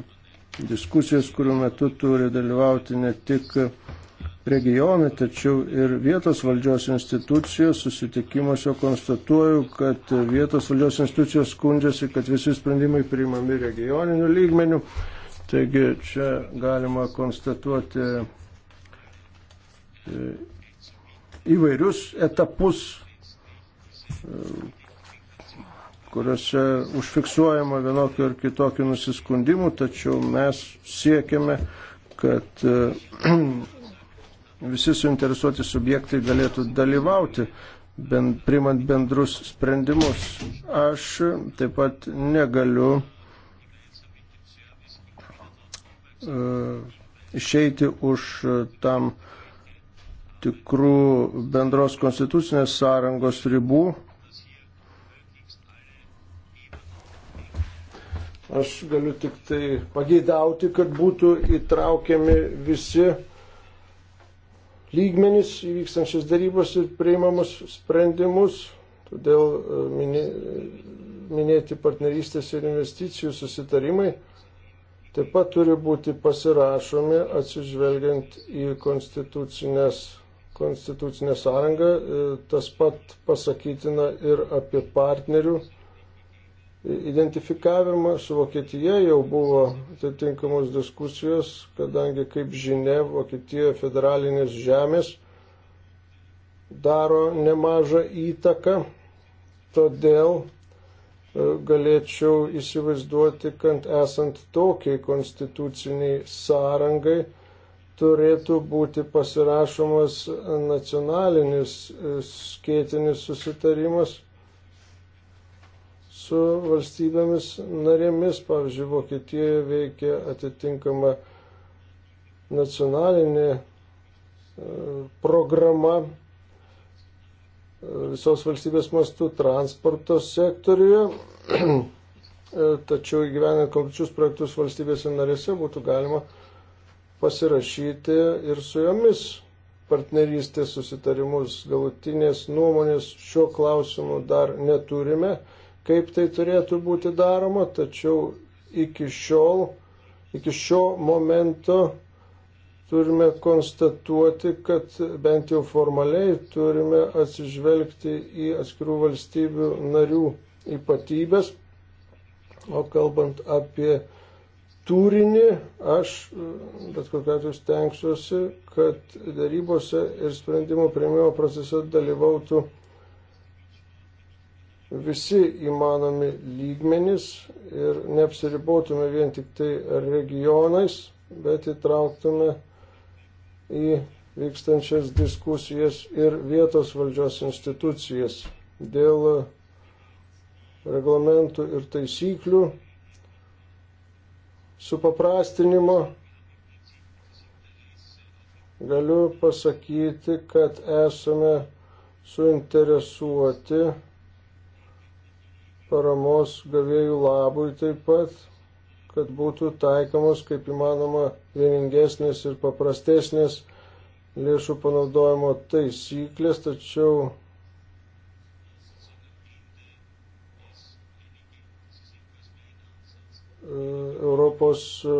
diskusijos, kurių metu turi dalyvauti ne tik regionai, tačiau ir vietos valdžios institucijos susitikimuose konstatuoju, kad vietos valdžios institucijos skundžiasi, kad visi sprendimai priimami regioniniu lygmeniu. Taigi čia galima konstatuoti e, įvairius etapus, e, kuriuose užfiksuojama vienokių ir kitokių nusiskundimų, tačiau mes siekiame, kad e, visi suinteresuoti subjektai galėtų dalyvauti, bend, primant bendrus sprendimus. Aš taip pat negaliu uh, išeiti už e, tam tikrų bendros konstitucinės sąrangos ribų. Aš galiu tik tai pageidauti, kad būtų įtraukiami visi lygmenis įvykstančias darybos ir priimamus sprendimus. Todėl e, minėti partnerystės ir investicijų susitarimai taip pat turi būti pasirašomi atsižvelgiant į konstitucinės, konstitucinę sąrangą. E, tas pat pasakytina ir apie partnerių identifikavimą. Su Vokietija jau buvo atitinkamos diskusijos, kadangi, kaip žinia, Vokietijoje federalinės žemės daro nemažą įtaką, todėl e, galėčiau įsivaizduoti, kad esant tokiai konstituciniai sąrangai turėtų būti pasirašomas nacionalinis e, skėtinis susitarimas su valstybėmis narėmis. Pavyzdžiui, Vokietijoje veikia atitinkama nacionalinė e, programa e, visos valstybės mastų transporto sektoriuje, e, tačiau įgyvenant konkrečius projektus valstybėse narėse būtų galima pasirašyti ir su jomis partnerystės susitarimus. Galutinės nuomonės šiuo klausimu dar neturime kaip tai turėtų būti daroma, tačiau iki šiol, iki šio momento turime konstatuoti, kad bent jau formaliai turime atsižvelgti į atskirų valstybių narių ypatybės. O kalbant apie turinį, aš e, bet kokiu atveju stengsiuosi, kad darybose ir sprendimo prieimimo procese dalyvautų visi įmanomi lygmenys ir neapsiribotume vien tik tai regionais, bet įtrauktume į vykstančias diskusijas ir vietos valdžios institucijas dėl reglamentų ir taisyklių supaprastinimo. Galiu pasakyti, kad esame suinteresuoti paramos gavėjų labui taip pat, kad būtų taikomos kaip įmanoma vieningesnės ir paprastesnės lėšų panaudojimo taisyklės, tačiau Europos e,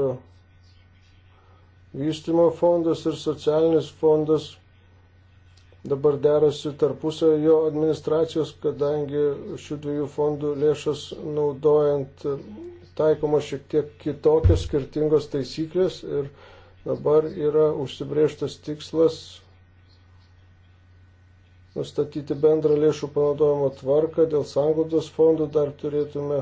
vystimo fondas ir socialinis fondas dabar derasi tarpusio jo administracijos, kadangi šių dviejų fondų lėšas naudojant taikomos šiek tiek kitokios skirtingos taisyklės ir dabar yra užsibrieštas tikslas nustatyti bendrą lėšų panaudojimo tvarką. Dėl sanglaudos fondų dar turėtume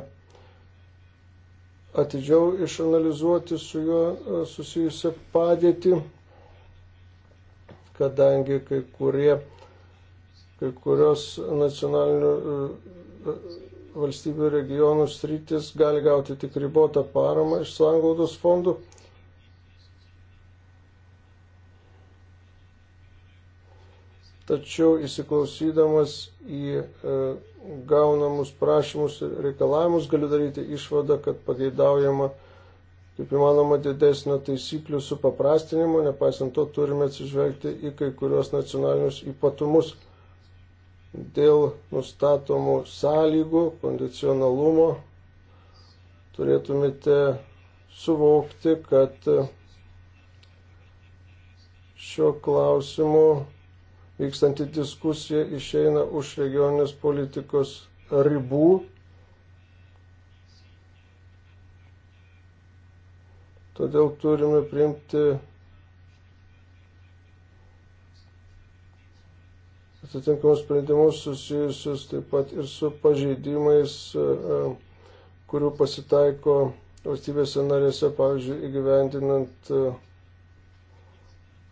atidžiau išanalizuoti su juo e, susijusią padėtį kadangi kai, kurie, kai kurios nacionalinių e, valstybių regionų sritis gali gauti tik ribotą paramą iš sanglaudos fondų. Tačiau įsiklausydamas į e, gaunamus prašymus ir reikalavimus galiu daryti išvadą, kad pageidaujama e, kaip įmanoma didesnio taisyklių supaprastinimo, nepaisant to turime atsižvelgti į kai kurios nacionalinius ypatumus dėl nustatomų sąlygų, kondicionalumo. Turėtumėte suvokti, kad šio klausimu vykstanti diskusija išeina už regioninės politikos ribų Todėl turime priimti atitinkamus sprendimus susijusius taip pat ir su pažeidimais, e, e, kurių pasitaiko valstybėse narėse, pavyzdžiui, įgyvendinant e,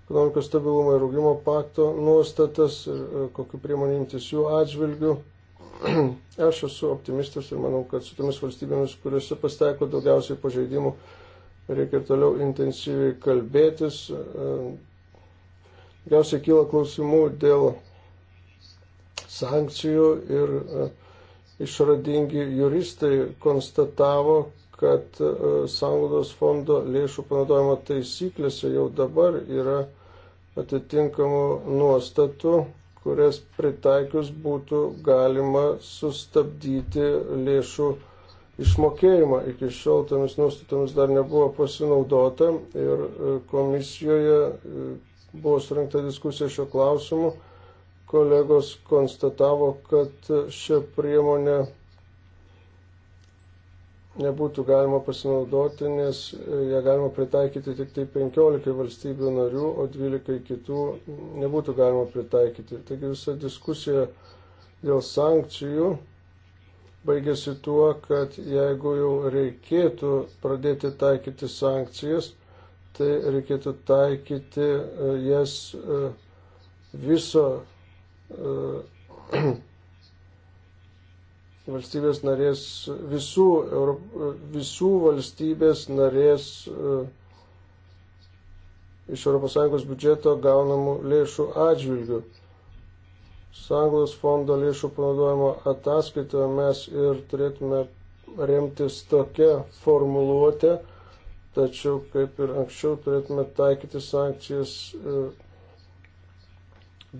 ekonomikos stabilumo ir augimo pakto nuostatas ir kokiu priemonį imtis jų atžvilgių. Aš esu optimistas ir manau, kad su tomis valstybėmis, kuriuose pasitaiko daugiausiai pažeidimų, reikia ir toliau intensyviai kalbėtis. Tikriausiai kyla klausimų dėl sankcijų ir e, išradingi juristai konstatavo, kad e, sąnaudos fondo lėšų panaudojimo taisyklėse jau dabar yra atitinkamų nuostatų, kurias pritaikius būtų galima sustabdyti lėšų panaudojimą išmokėjimą. Iki šiol tomis nuostatomis dar nebuvo pasinaudota ir e, komisijoje e, buvo surinkta diskusija šio klausimu. Kolegos konstatavo, kad e, šią priemonę nebūtų galima pasinaudoti, nes ją galima pritaikyti tik tai 15 valstybių narių, o 12 kitų nebūtų galima pritaikyti. Taigi visa diskusija dėl sankcijų baigėsi tuo, kad jeigu jau reikėtų pradėti taikyti sankcijas, tai reikėtų taikyti e, jas e, viso e, valstybės narės, visų, visų valstybės narės iš ES biudžeto gaunamų lėšų atžvilgių. Sanglos fondo lėšų panaudojimo ataskaitoje mes ir turėtume remtis tokia formuluotė, tačiau kaip ir anksčiau turėtume taikyti sankcijas e,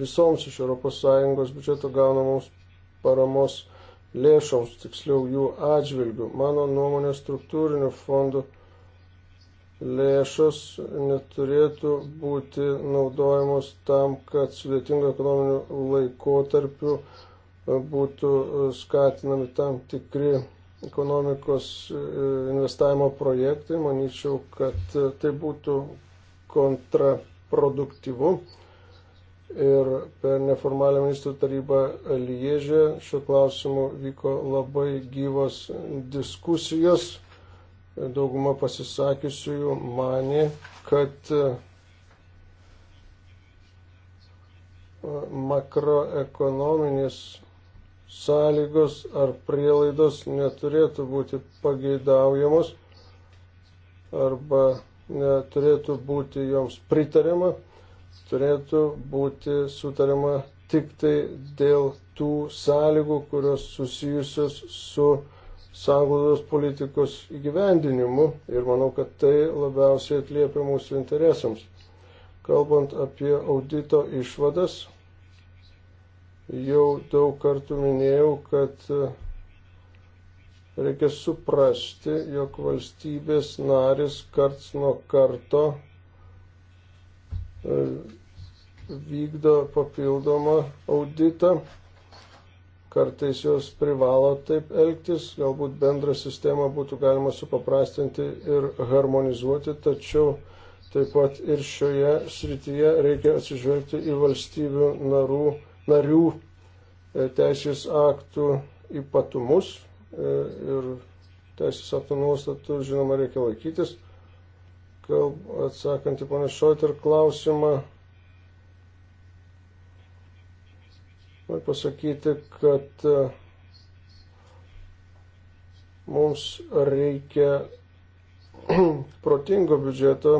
visoms iš ES biudžeto gaunamoms paramos lėšoms, tiksliau jų atžvilgių. Mano nuomonė struktūrinių fondų lėšos neturėtų būti naudojamos tam, kad sudėtingo ekonominiu laikotarpiu e, būtų e, skatinami tam tikri ekonomikos e, investavimo projektai. Manyčiau, kad tai būtų kontraproduktyvu. Ir per neformalią ministrų tarybą Liežė šiuo klausimu vyko labai gyvos diskusijos dauguma pasisakiusiųjų mane, kad e, makroekonominės sąlygos ar prielaidos neturėtų būti pageidaujamos arba neturėtų būti joms pritariama, turėtų būti sutariama tik tai dėl tų sąlygų, kurios susijusios su sanglaudos politikos įgyvendinimu ir manau, kad tai labiausiai atliepia mūsų interesams. Kalbant apie audito išvadas, jau daug kartų minėjau, kad e, reikia suprasti, jog valstybės narės karts nuo karto e, vykdo papildomą auditą kartais jos privalo taip elgtis, galbūt bendrą sistemą būtų galima supaprastinti ir harmonizuoti, tačiau taip pat ir šioje srityje reikia atsižvelgti į valstybių narų, narių e, teisės aktų ypatumus e, ir teisės aktų nuostatų, žinoma, reikia laikytis. Kalb, atsakant į panašuotį ir klausimą, Noriu pasakyti, kad e, mums reikia protingo biudžeto,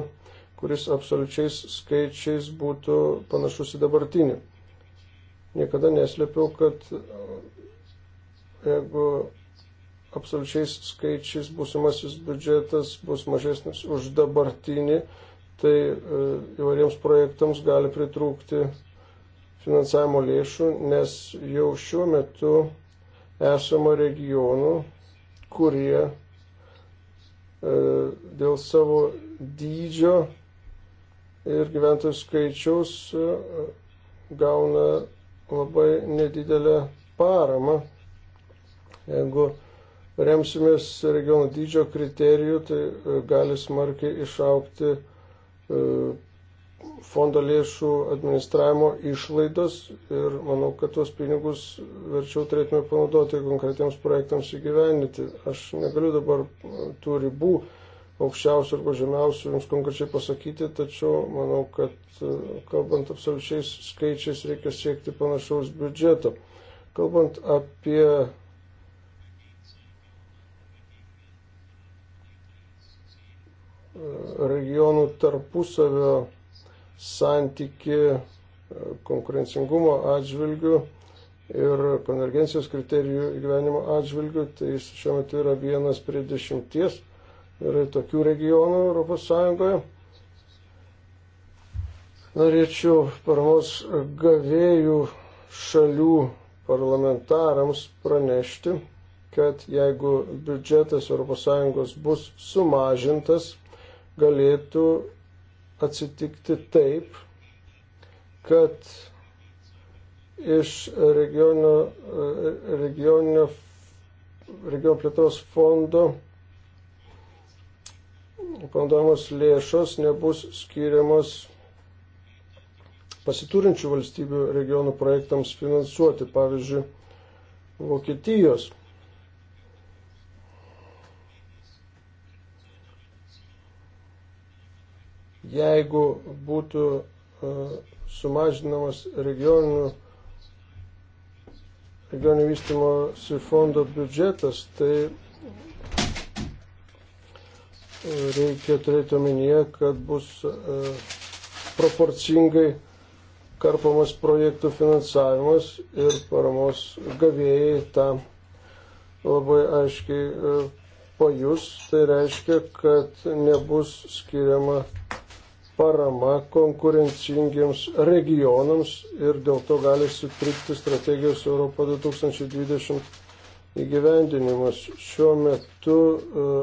kuris absoliučiais skaičiais būtų panašus į dabartinį. Niekada neslėpiau, kad e, jeigu absoliučiais skaičiais būsimasis biudžetas bus mažesnis už dabartinį, tai e, įvairiems projektams gali pritrūkti finansavimo lėšų, nes jau šiuo metu esama regionų, kurie e, dėl savo dydžio ir gyventojų skaičiaus e, gauna labai nedidelę paramą. Jeigu remsimės regionų dydžio kriterijų, tai e, gali smarkiai išaukti e, fondo lėšų administravimo išlaidos ir manau, kad tuos pinigus verčiau turėtume panaudoti konkretiems projektams įgyveninti. Aš negaliu dabar tų ribų aukščiausių arba žemiausių jums konkrečiai pasakyti, tačiau manau, kad e, kalbant absoliučiais skaičiais reikia siekti panašaus biudžeto. Kalbant apie regionų tarpusavio santyki e, konkurencingumo atžvilgių ir konvergencijos kriterijų įgyvenimo atžvilgių, tai jis šiuo metu yra vienas prie dešimties. Yra tokių regionų Europos Sąjungoje. Norėčiau paramos gavėjų šalių parlamentarams pranešti, kad jeigu biudžetas ES bus sumažintas, galėtų atsitikti taip, kad iš regionio, regionio, regionio plėtros fondo panaudojamos lėšos nebus skiriamos pasiturinčių valstybių regionų projektams finansuoti, pavyzdžiui, Vokietijos jeigu būtų e, sumažinamas regioninių regioninio vystimosi fondo biudžetas, tai e, reikia turėti omenyje, kad bus e, proporcingai karpamas projektų finansavimas ir paramos gavėjai tą labai aiškiai pajus. Tai reiškia, kad nebus skiriama parama konkurencingiems regionams ir dėl to gali sutrikti strategijos Europo 2020 įgyvendinimas. Šiuo metu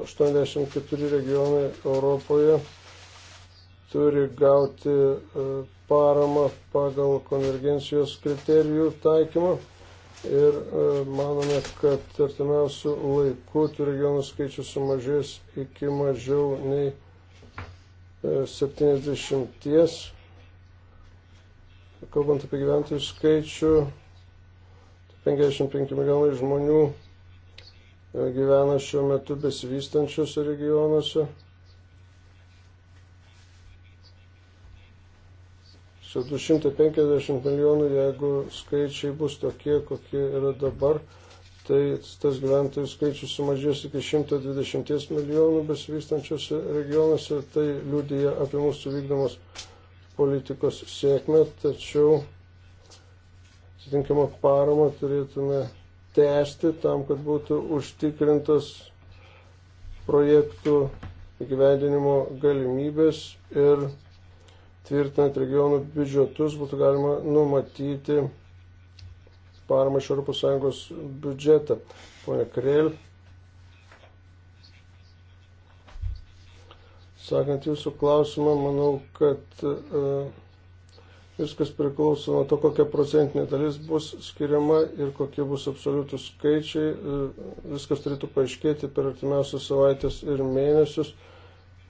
84 e, regionai Europoje turi gauti e, paramą pagal konvergencijos kriterijų taikymą ir e, manome, kad artimiausių laikų tų regionų skaičius sumažės iki mažiau nei 70, kalbant apie gyventojų skaičių, 55 milijonai žmonių e, gyvena šiuo metu besivystančiuose regionuose. Su 250 milijonų, jeigu skaičiai bus tokie, kokie yra dabar, tai tas gyventojų skaičius sumažės iki 120 milijonų besivystančiose regionuose, tai liūdija apie mūsų vykdomos politikos sėkmę, tačiau atitinkamą paramą turėtume tęsti tam, kad būtų užtikrintas projektų įgyvendinimo galimybės ir tvirtinant regionų biudžetus būtų galima numatyti paramą iš ES biudžetą. Pone Krėl, sakant jūsų klausimą, manau, kad uh, viskas priklauso nuo to, kokia procentinė dalis bus skiriama ir kokie bus absoliutų skaičiai. Uh, viskas turėtų paaiškėti per artimiausias savaitės ir mėnesius.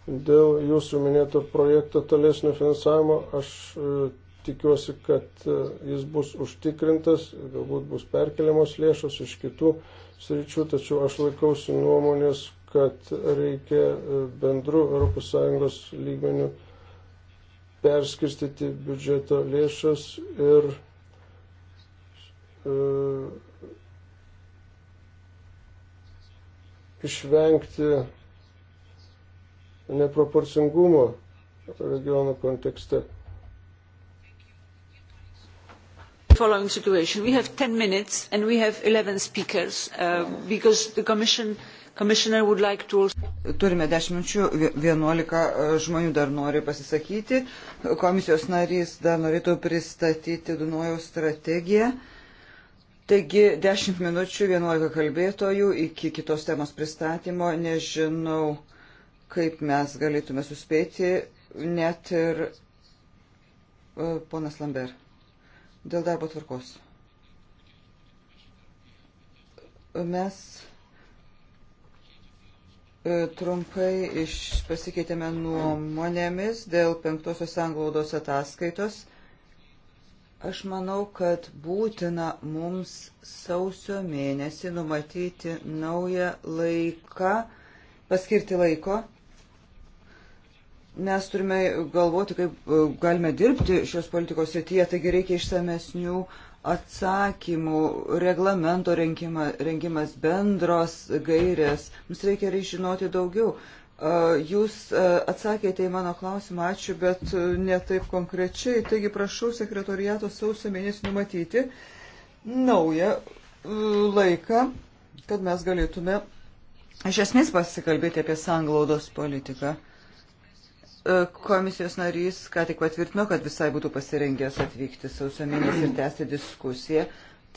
Dėl jūsų minėto projekto tolesnio finansavimo aš uh, tikiuosi, kad e, jis bus užtikrintas, galbūt bus perkeliamos lėšos iš kitų sričių, tačiau aš laikausi nuomonės, kad reikia e, bendrų ES lygmenių perskirstyti biudžeto lėšas ir e, išvengti neproporcingumo regiono kontekste. following situation. We have 10 minutes and we have 11 speakers uh, because the commission, commissioner would like to also... Turime 10 minučių, 11 uh, žmonių dar nori pasisakyti. Komisijos narys dar norėtų pristatyti Dunojaus strategiją. Taigi 10 minučių, 11 kalbėtojų iki kitos temos pristatymo. Nežinau, kaip mes galėtume suspėti, net ir uh, ponas Lambert dėl darbo tvarkos. Mes e, trumpai iš, pasikeitėme nuomonėmis dėl penktosios anglaudos ataskaitos. Aš manau, kad būtina mums sausio mėnesį numatyti naują laiką, paskirti laiko mes turime galvoti, kaip e, galime dirbti šios politikos srityje, taigi reikia išsamesnių atsakymų, reglamento renkima, rengimas, bendros gairės. Mums reikia žinoti daugiau. E, jūs e, atsakėte į mano klausimą, ačiū, bet ne taip konkrečiai. Taigi prašau sekretoriato sausio mėnesį numatyti naują laiką, kad mes galėtume iš esmės pasikalbėti apie sanglaudos politiką. E, komisijos narys ką tik patvirtino, kad visai būtų pasirengęs atvykti sausio mėnesį ir tęsti diskusiją.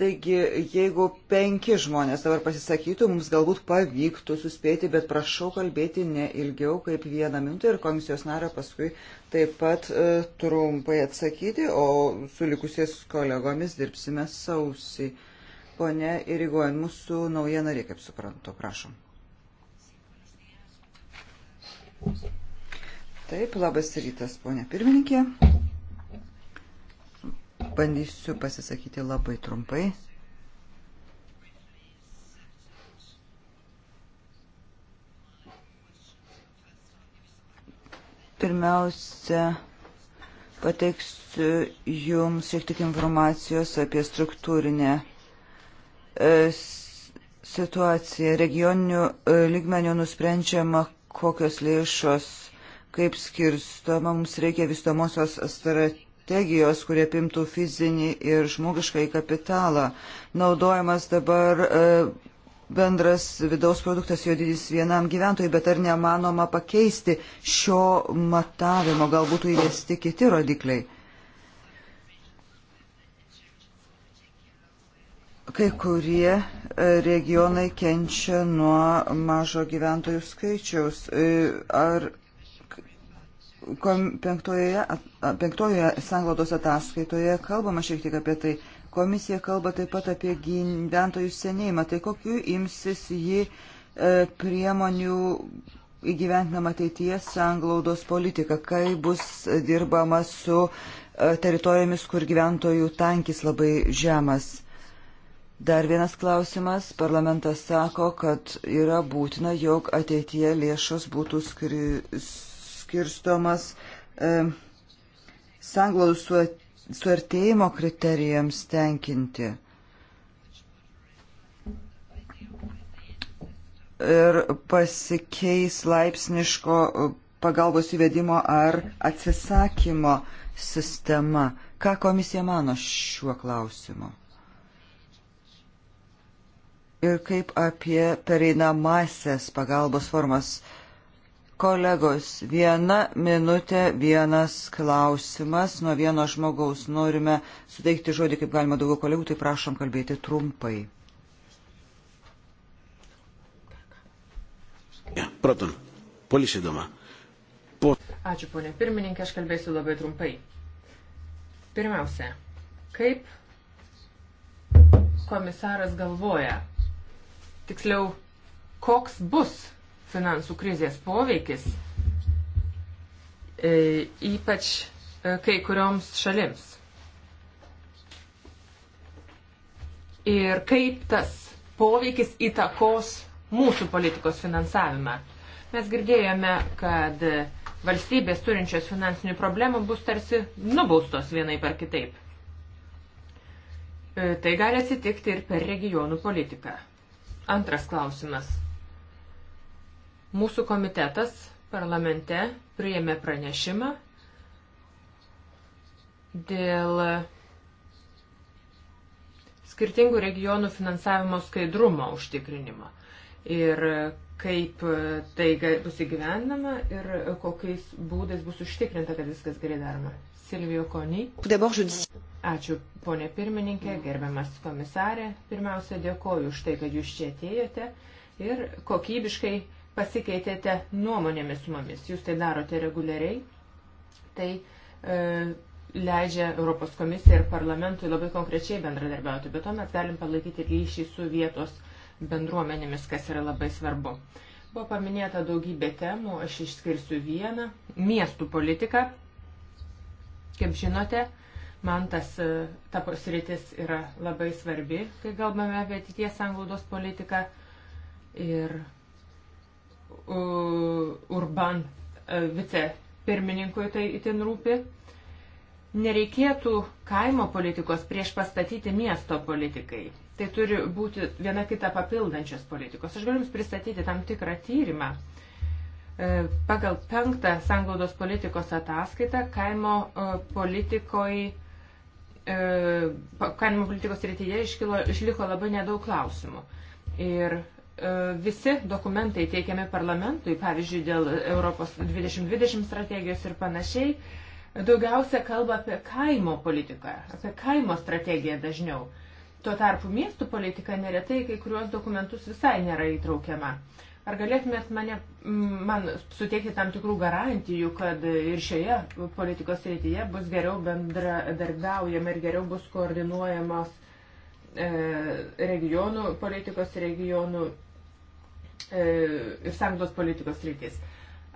Taigi, jeigu penki žmonės dabar pasisakytų, mums galbūt pavyktų suspėti, bet prašau kalbėti ne ilgiau kaip vieną minutę ir komisijos nario paskui taip pat e, trumpai atsakyti, o su likusiais kolegomis dirbsime sausį. Pone Irigojant, mūsų nauja narė, kaip suprantu, prašom. Thank you. Taip, labas rytas, ponė pirmininkė. Bandysiu pasisakyti labai trumpai. Pirmiausia, pateiksiu Jums šiek tiek informacijos apie struktūrinę e, situaciją. Regioninių e, lygmenių nusprendžiama, kokios lėšos kaip skirstoma, mums reikia vystomosios strategijos, kurie pimtų fizinį ir žmogiškai kapitalą. Naudojamas dabar e, bendras vidaus produktas jo dydis vienam gyventojui, bet ar nemanoma pakeisti šio matavimo, galbūt įvesti kiti rodikliai? Kai kurie e, regionai kenčia nuo mažo gyventojų skaičiaus. E, ar penktojoje, penktojoje sanglaudos ataskaitoje kalbama šiek tiek apie tai. Komisija kalba taip pat apie gyventojų senėjimą. Tai kokiu imsis ji e, priemonių įgyventinama ateities sanglaudos politika, kai bus dirbama su e, teritorijomis, kur gyventojų tankis labai žemas. Dar vienas klausimas. Parlamentas sako, kad yra būtina, jog ateityje lėšos būtų skris skirstomas e, sanglaus su, suartėjimo kriterijams tenkinti. Ir pasikeis laipsniško pagalbos įvedimo ar atsisakymo sistema. Ką komisija mano šiuo klausimu? Ir kaip apie pereinamasias pagalbos formas Kolegos, viena minutė, vienas klausimas. Nuo vieno žmogaus norime suteikti žodį kaip galima daugiau kolegų, tai prašom kalbėti trumpai. Πρώτον, πολύ σύντομα. Ačiū, ponė pirmininkė, aš kalbėsiu labai trumpai. Pirmiausia, kaip komisaras galvoja, tiksliau, koks bus finansų krizės poveikis e, ypač e, kai kurioms šalims. Ir kaip tas poveikis įtakos mūsų politikos finansavimą. Mes girdėjome, kad e, valstybės turinčios finansinių problemų bus tarsi nubaustos vienai par kitaip. Tai gali atsitikti ir per regionų politiką. Antras klausimas. Mūsų komitetas parlamente priėmė pranešimą dėl skirtingų regionų finansavimo skaidrumo užtikrinimo ir kaip tai bus įgyvendama ir kokiais būdais bus užtikrinta, kad viskas gerai daroma. Silvijo Kony. Ačiū, ponė pirmininkė, gerbiamas komisarė. Pirmiausia, dėkoju už tai, kad jūs čia atėjote ir kokybiškai pasikeitėte nuomonėmis su mumis. Jūs tai darote reguliariai. Tai e, leidžia Europos komisija ir parlamentui labai konkrečiai bendradarbiauti. Be to mes galim palaikyti ryšį su vietos bendruomenėmis, kas yra labai svarbu. Buvo paminėta daugybė temų, aš išskirsiu vieną - miestų politiką. Kaip žinote, man tas e, ta sritis yra labai svarbi, kai kalbame apie ateities anglaudos politiką. Ir Urban e, vicepirmininkui tai itin rūpi. Nereikėtų kaimo politikos prieš pastatyti miesto politikai. Tai turi būti viena kita papildančios politikos. Aš galiu Jums pristatyti tam tikrą tyrimą. E, pagal penktą sanglaudos politikos ataskaitą kaimo e, politikoje kaimo politikos rytyje iškilo, išliko labai nedaug klausimų. Ir E, visi dokumentai teikiami parlamentui, pavyzdžiui, dėl Europos 2020 strategijos ir panašiai, daugiausia kalba apie kaimo politiką, apie kaimo strategiją dažniau. Tuo tarpu miestų politika neretai kai kuriuos dokumentus visai nėra įtraukiama. Ar galėtumėt mane, man suteikti tam tikrų garantijų, kad ir šioje politikos rytyje bus geriau bendradarbiaujama ir geriau bus koordinuojamos e, regionų politikos, regionų E, ir sanglos politikos rytis.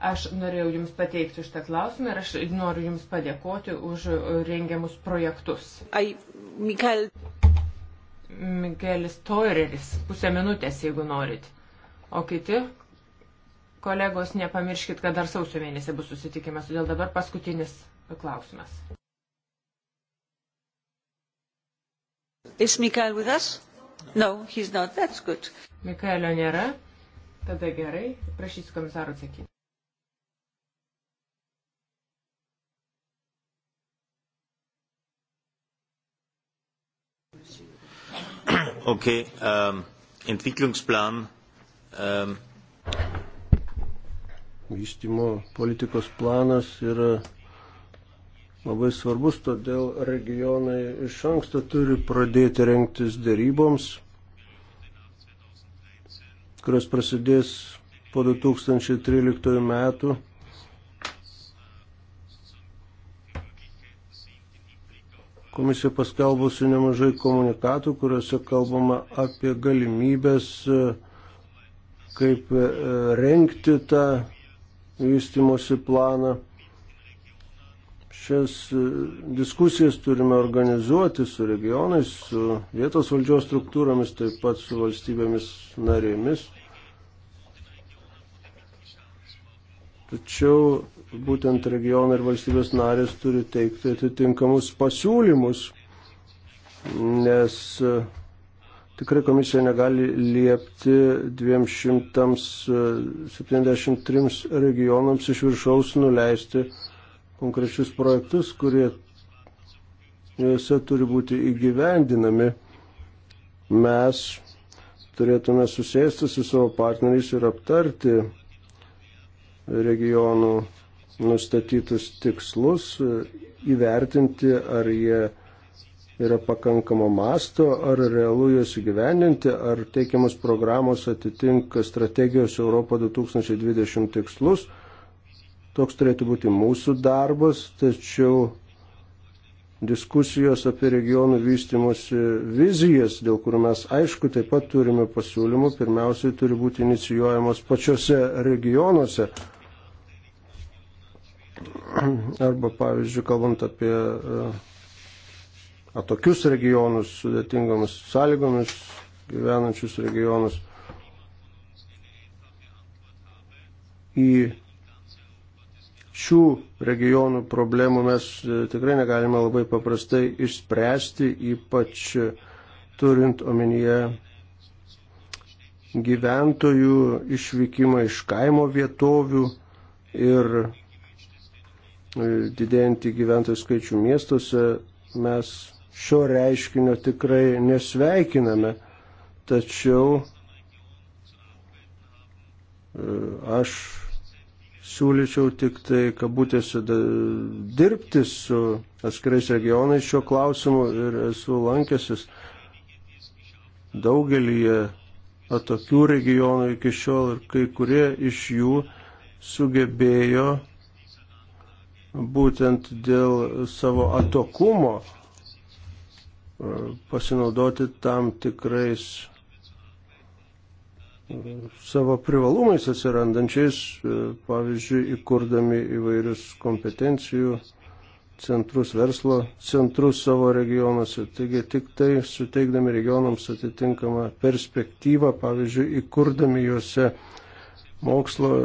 Aš norėjau Jums pateikti šitą klausimą ir aš noriu Jums padėkoti už rengiamus projektus. Ai, Mikael. Mikelis Toireris, pusę minutės, jeigu norit. O kiti kolegos, nepamirškit, kad dar sausio mėnesį bus susitikimas, todėl dabar paskutinis klausimas. Is Mikael with us? No, he's not. That's good. Mikaelio nėra. Tada gerai, prašysiu komisaro atsakyti. Okay, ähm, Entwicklungsplan. Ähm. Vystymo politikos planas yra labai svarbus, todėl regionai iš anksto turi pradėti renktis dėryboms kurios prasidės po 2013 metų. Komisija paskelbusi nemažai komunikatų, kuriuose kalbama apie galimybės, e, kaip e, renkti tą vystimosi planą šias e, diskusijas turime organizuoti su regionais, su vietos valdžios struktūromis, taip pat su valstybėmis narėmis. Tačiau būtent regionai ir valstybės narės turi teikti atitinkamus pasiūlymus, nes e, tikrai komisija negali liepti 273 e, regionams iš viršaus nuleisti konkrečius projektus, kurie juose turi būti įgyvendinami, mes turėtume susėsti su savo partneriais ir aptarti regionų nustatytus tikslus, įvertinti, ar jie yra pakankamo masto, ar realu juos įgyvendinti, ar teikiamas programos atitinka strategijos Europo 2020 tikslus Toks turėtų būti mūsų darbas, tačiau diskusijos apie regionų vystimosi vizijas, dėl kurių mes aišku taip pat turime pasiūlymų, pirmiausiai turi būti inicijuojamos pačiose regionuose. Arba, pavyzdžiui, kalbant apie e, atokius regionus, sudėtingomis sąlygomis gyvenančius regionus, į šių regionų problemų mes e, tikrai negalime labai paprastai išspręsti, ypač e, turint omenyje gyventojų išvykimą iš kaimo vietovių ir e, didėjantį gyventojų skaičių miestuose, mes šio reiškinio tikrai nesveikiname, tačiau aš siūlyčiau tik tai, kabutėse, dirbti su atskirais regionais šiuo klausimu ir esu lankęsis daugelį atokių regionų iki šiol ir kai kurie iš jų sugebėjo būtent dėl savo atokumo e, pasinaudoti tam tikrais savo privalumais atsirandančiais, e, pavyzdžiui, įkurdami įvairius kompetencijų centrus, verslo centrus savo regionuose. Taigi tik tai suteikdami regionams atitinkamą perspektyvą, pavyzdžiui, įkurdami juose mokslo e,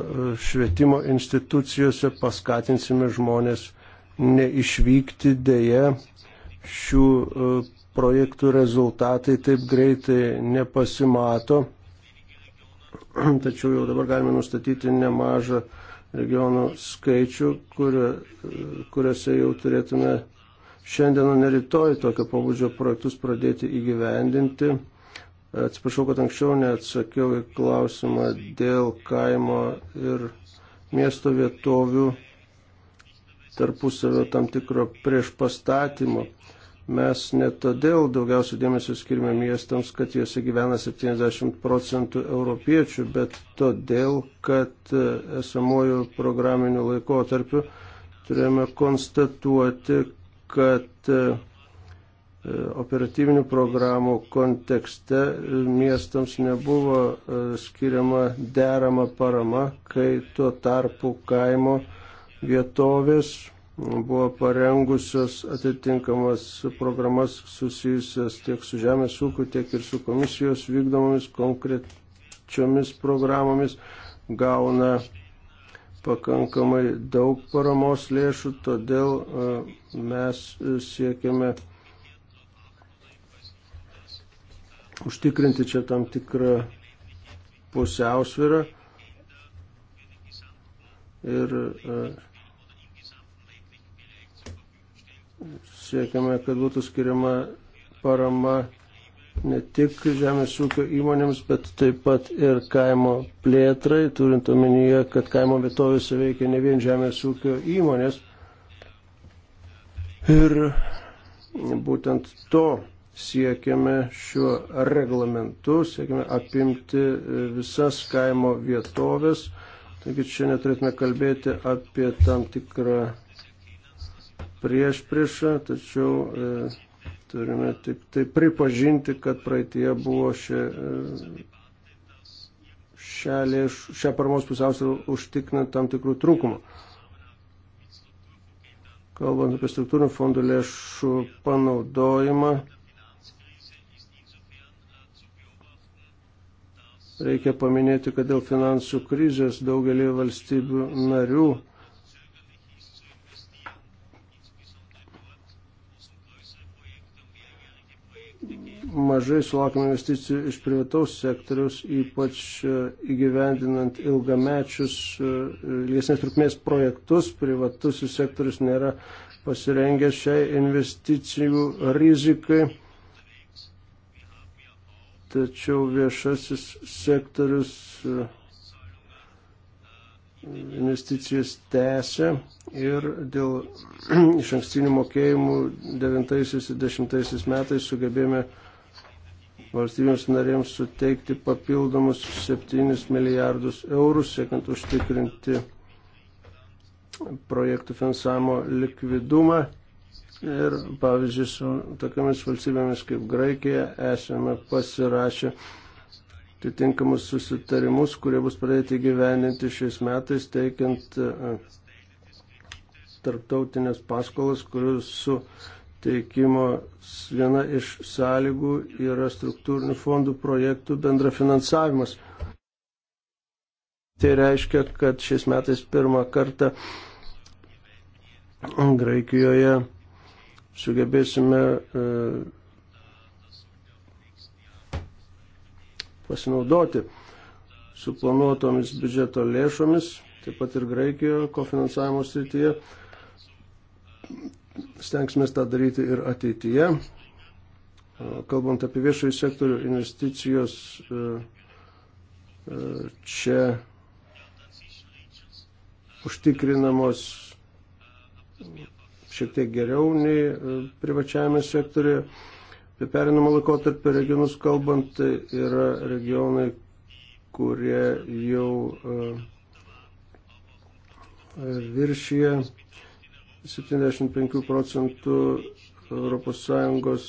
švietimo institucijose paskatinsime žmonės neišvykti dėje šių e, projektų rezultatai taip greitai nepasimato tačiau jau dabar galime nustatyti nemažą regionų skaičių, kurio, kuriuose jau turėtume šiandieną, ne rytoj tokio pabudžio projektus pradėti įgyvendinti. Atsiprašau, kad anksčiau neatsakiau į klausimą dėl kaimo ir miesto vietovių tarpusavio tam tikro prieš pastatymo. Mes ne todėl daugiausiai dėmesio skirime miestams, kad juose gyvena 70 procentų europiečių, bet todėl, kad e, esamojų programinių laikotarpių turėjome konstatuoti, kad e, e, operatyvinių programų kontekste miestams nebuvo skiriama derama parama, kai tuo tarpu kaimo vietovės buvo parengusios atitinkamas programas susijusias tiek su žemės ūkiu, tiek ir su komisijos vykdomomis konkrečiomis programomis, gauna pakankamai daug paramos lėšų, todėl e, mes e, siekiame užtikrinti čia tam tikrą pusiausvyrą ir uh, Siekiame, kad būtų skiriama parama ne tik žemės ūkio įmonėms, bet taip pat ir kaimo plėtrai, turint omenyje, kad kaimo vietovėse veikia ne vien žemės ūkio įmonės. Ir būtent to siekiame šiuo reglamentu, siekiame apimti visas kaimo vietovės. Taigi čia neturėtume kalbėti apie tam tikrą prieš priešą, tačiau e, turime tik tai pripažinti, kad praeitie buvo šia, e, šią, lėš, šią paramos pusiausvyrą užtikrinant tam tikrų trūkumų. Kalbant apie struktūrinių fondų lėšų panaudojimą, reikia paminėti, kad dėl finansų krizės daugelį valstybių narių mažai sulaukime investicijų iš privataus sektoriaus, ypač e, įgyvendinant ilgamečius, e, ilgesnės trukmės projektus, privatusis sektorius nėra pasirengęs šiai investicijų rizikai. Tačiau viešasis sektorius e, investicijas tęsia ir dėl iš ankstinių mokėjimų 90-10 metais sugebėjome valstybėms narėms suteikti papildomus 7 milijardus eurų, siekiant užtikrinti projektų finansavimo likvidumą. Ir pavyzdžiui, su tokiamis valstybėmis kaip Graikija esame pasirašę atitinkamus susitarimus, kurie bus pradėti gyveninti šiais metais, teikiant e, tarptautinės paskolas, kurius su uh, teikimo viena iš sąlygų yra struktūrinių fondų projektų bendrafinansavimas. Tai reiškia, kad šiais metais pirmą kartą Graikijoje sugebėsime e, pasinaudoti suplanuotomis biudžeto lėšomis, taip pat ir Graikijoje kofinansavimo srityje stengsime tą daryti ir ateityje. Kalbant apie viešųjų sektorių investicijos, čia užtikrinamos šiek tiek geriau nei privačiajame sektoriuje. Apie perinamą laikotarpį regionus kalbant, tai yra regionai, kurie jau viršyje 75 procentų ES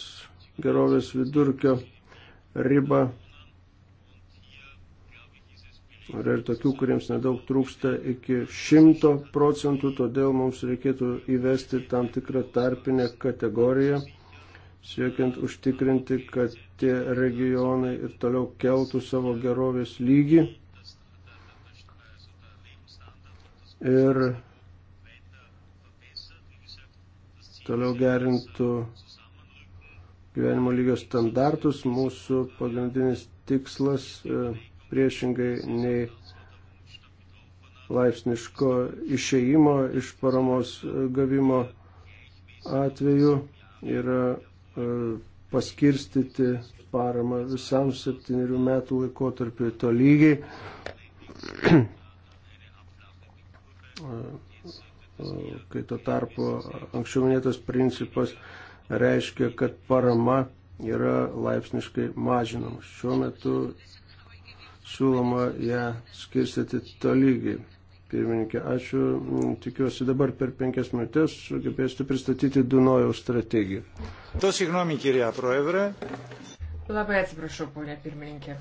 gerovės vidurkio ribą. Yra ir tokių, kuriems nedaug trūksta iki 100 procentų, todėl mums reikėtų įvesti tam tikrą tarpinę kategoriją, siekiant užtikrinti, kad tie regionai ir toliau keltų savo gerovės lygį. Ir toliau gerintų gyvenimo lygio standartus. Mūsų pagrindinis tikslas e, priešingai nei laipsniško išeimo iš paramos e, gavimo atveju yra e, paskirstyti paramą visam septyniarių metų laikotarpiu tolygiai. kai tuo tarpu anksčiau minėtas principas reiškia, kad parama yra laipsniškai mažinama. Šiuo metu siūloma ją skirstyti tolygiai. Pirmininkė, ačiū. Tikiuosi dabar per penkias minutės sugebėsite pristatyti Dunojaus strategiją. Tos įgnomi, kiria proevre. Labai atsiprašau, ponė pirmininkė.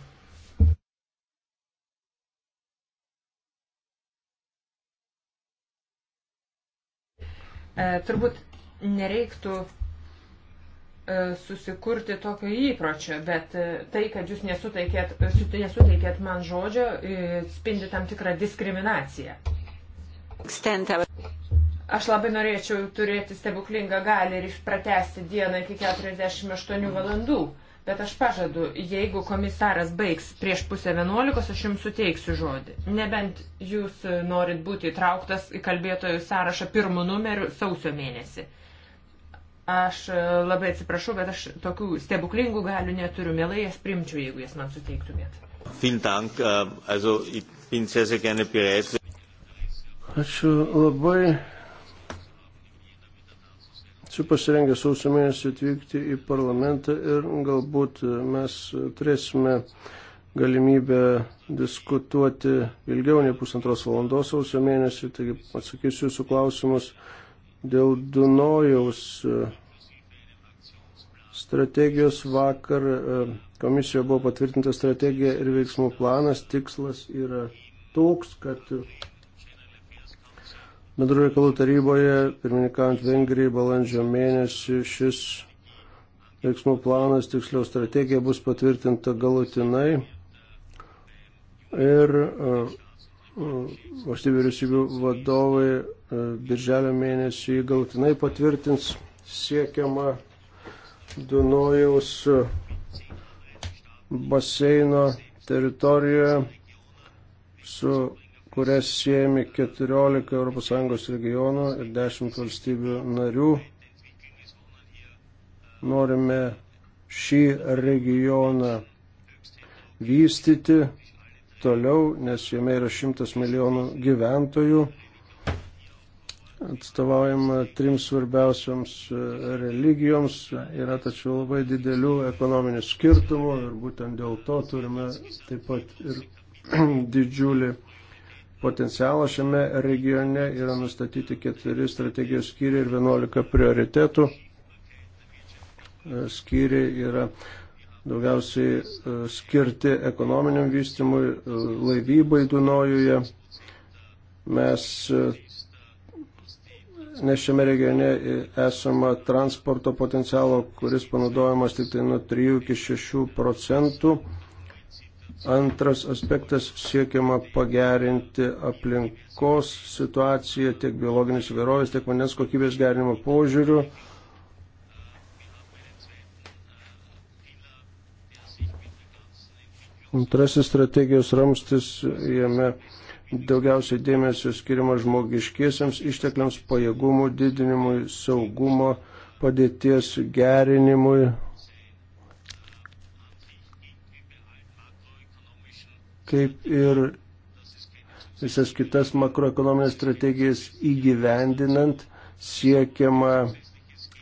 E, turbūt nereiktų e, susikurti tokio įpročio, bet e, tai, kad jūs nesuteikėt, nesuteikėt man žodžio, spindi tam tikrą diskriminaciją. Aš labai norėčiau turėti stebuklingą galį ir išpratesti dieną iki 48 valandų. Mm Bet aš pažadu, jeigu komisaras baigs prieš pusę vienuolikos, aš jums suteiksiu žodį. Nebent jūs norit būti įtrauktas į kalbėtojų sąrašą pirmų numerių sausio mėnesį. Aš e, labai atsiprašau, bet aš tokių stebuklingų galių neturiu. Mielai jas primčiau, jeigu jas man suteiktumėt. Äh, Ačiū labai. Esu pasirengęs sausio mėnesį atvykti į parlamentą ir galbūt mes turėsime galimybę diskutuoti ilgiau nei pusantros valandos sausio mėnesį, taigi atsakysiu jūsų klausimus dėl Dunojaus e, strategijos vakar e, komisijoje buvo patvirtinta strategija ir veiksmų planas. Tikslas yra toks, kad Bendrų reikalų taryboje, pirmininkant Vengrijai, balandžio mėnesį šis veiksmų planas, tiksliau strategija bus patvirtinta galutinai. Ir e, e, valstybių vyriausybių vadovai e, birželio mėnesį galutinai patvirtins siekiamą Dunojaus baseino teritorijoje su kurias siejami 14 ES regionų ir 10 valstybių narių. Norime šį regioną vystyti toliau, nes jame yra 100 milijonų gyventojų atstovaujama trims svarbiausiams e, religijoms, yra tačiau labai didelių ekonominių skirtumų ir būtent dėl to turime taip pat ir didžiulį potencialą šiame regione yra nustatyti keturi strategijos skyriai ir 11 prioritetų. Skyriai yra daugiausiai e, skirti ekonominiam vystimui, e, laivybai Dunojuje. Mes, e, nes šiame regione esama transporto potencialo, kuris panaudojamas tik tai nuo 3 iki 6 procentų Antras aspektas siekiama pagerinti aplinkos situaciją tiek biologinės įvairovės, tiek vandens kokybės gerinimo požiūrių. Antrasis strategijos ramstis jame daugiausiai dėmesio skiriama žmogiškiesiams ištekliams, pajėgumų didinimui, saugumo padėties gerinimui, kaip ir visas kitas makroekonominės strategijas įgyvendinant siekiama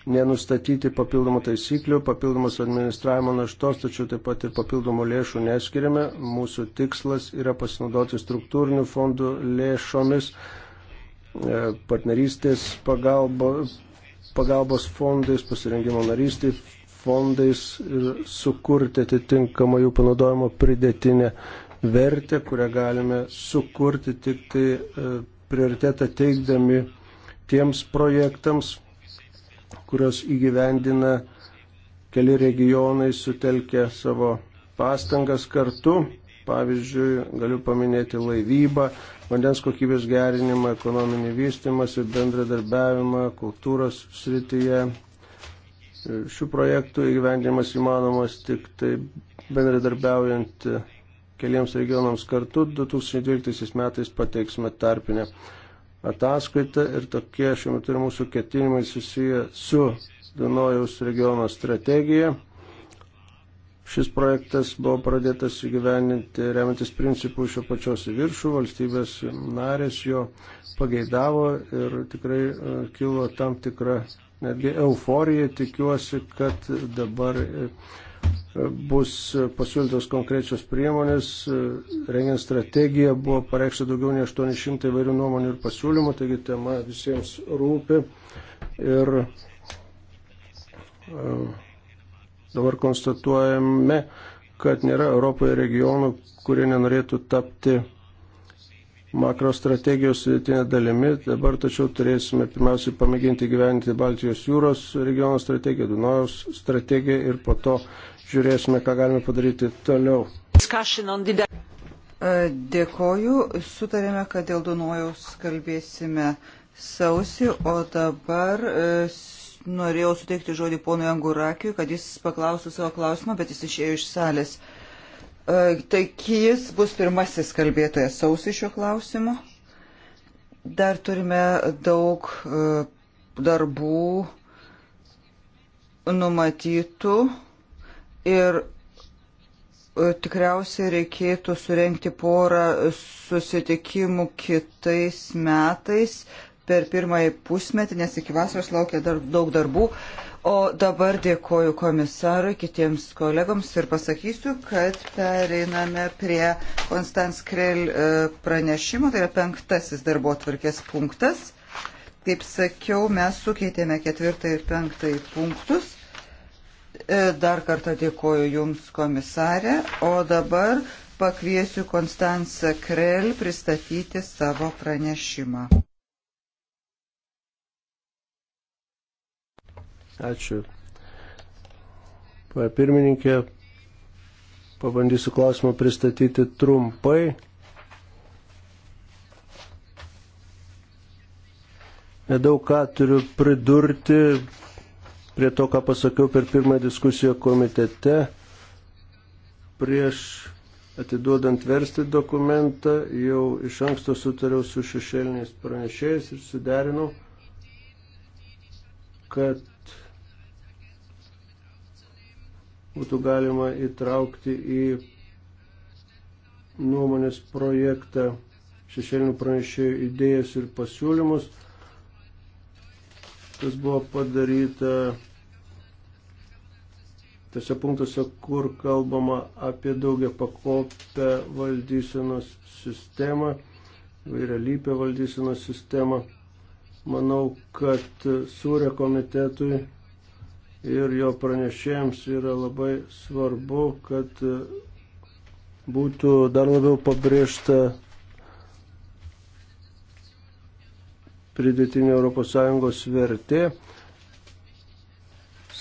nenustatyti papildomų taisyklių, papildomos administravimo naštos, tačiau taip pat ir papildomų lėšų neskiriame. Mūsų tikslas yra pasinaudoti struktūrinių fondų lėšomis, e, partnerystės pagalbo, pagalbos fondais, pasirengimo narystį fondais ir sukurti atitinkamą jų panaudojimo pridėtinę vertę, kurią galime sukurti tik tai e, prioritetą teikdami tiems projektams, kurios įgyvendina keli regionai sutelkę savo pastangas kartu. Pavyzdžiui, galiu paminėti laivybą, vandens kokybės gerinimą, ekonominį vystimas ir bendradarbiavimą kultūros srityje. E, šių projektų įgyvendimas įmanomas tik tai bendradarbiaujant keliems regionams kartu 2012 metais pateiksime tarpinę ataskaitą ir tokie šiuo metu ir mūsų ketinimai susiję su Dunojaus regiono strategija. Šis projektas buvo pradėtas įgyveninti remiantis principų iš apačios į viršų, valstybės narės jo pageidavo ir tikrai e, kilo tam tikra netgi euforija. Tikiuosi, kad dabar e, bus pasiūlytos konkrečios priemonės, rengiant strategiją buvo pareikšta daugiau nei 800 įvairių nuomonių ir pasiūlymų, taigi tema visiems rūpi. Ir e, dabar konstatuojame, kad nėra Europoje regionų, kurie nenorėtų tapti makrostrategijos sudėtinė dalimi. Dabar tačiau turėsime pirmiausiai pamėginti gyventi Baltijos jūros regiono strategiją, Dunojaus strategiją ir po to žiūrėsime, ką galime padaryti toliau. E, dėkoju, sutarėme, kad dėl Dunojaus kalbėsime sausį, o dabar e, norėjau suteikti žodį ponui Angurakiui, kad jis paklausų savo klausimą, bet jis išėjo iš salės. Tai jis bus pirmasis kalbėtojas sausį šiuo klausimu. Dar turime daug darbų numatytų Ir e, tikriausiai reikėtų surenkti porą susitikimų kitais metais per pirmąjį pusmetį, nes iki vasaros laukia dar daug darbų. O dabar dėkoju komisarui, kitiems kolegoms ir pasakysiu, kad pereiname prie Konstans Krell e, pranešimo, tai yra penktasis darbo tvarkės punktas. Kaip sakiau, mes sukeitėme ketvirtą ir penktąjį punktus E, dar kartą dėkoju Jums, komisarė. O dabar pakviesiu Konstanciją Krell pristatyti savo pranešimą. Ačiū. Pane pirmininkė, pabandysiu klausimą pristatyti trumpai. Nedaug ką turiu pridurti prie to, ką pasakiau per pirmą diskusiją komitete. Prieš atiduodant versti dokumentą jau iš anksto sutariau su šešėliniais pranešėjais ir suderinau, kad būtų galima įtraukti į nuomonės projektą šešėlinių pranešėjų idėjas ir pasiūlymus. Tas buvo padaryta tose punktuose, kur kalbama apie daugia pakopę valdysenos sistemą, vairialypę valdysenos sistemą. Manau, kad sūrė komitetui ir jo pranešėjams yra labai svarbu, kad būtų dar labiau pabrėžta pridėtinė ES vertė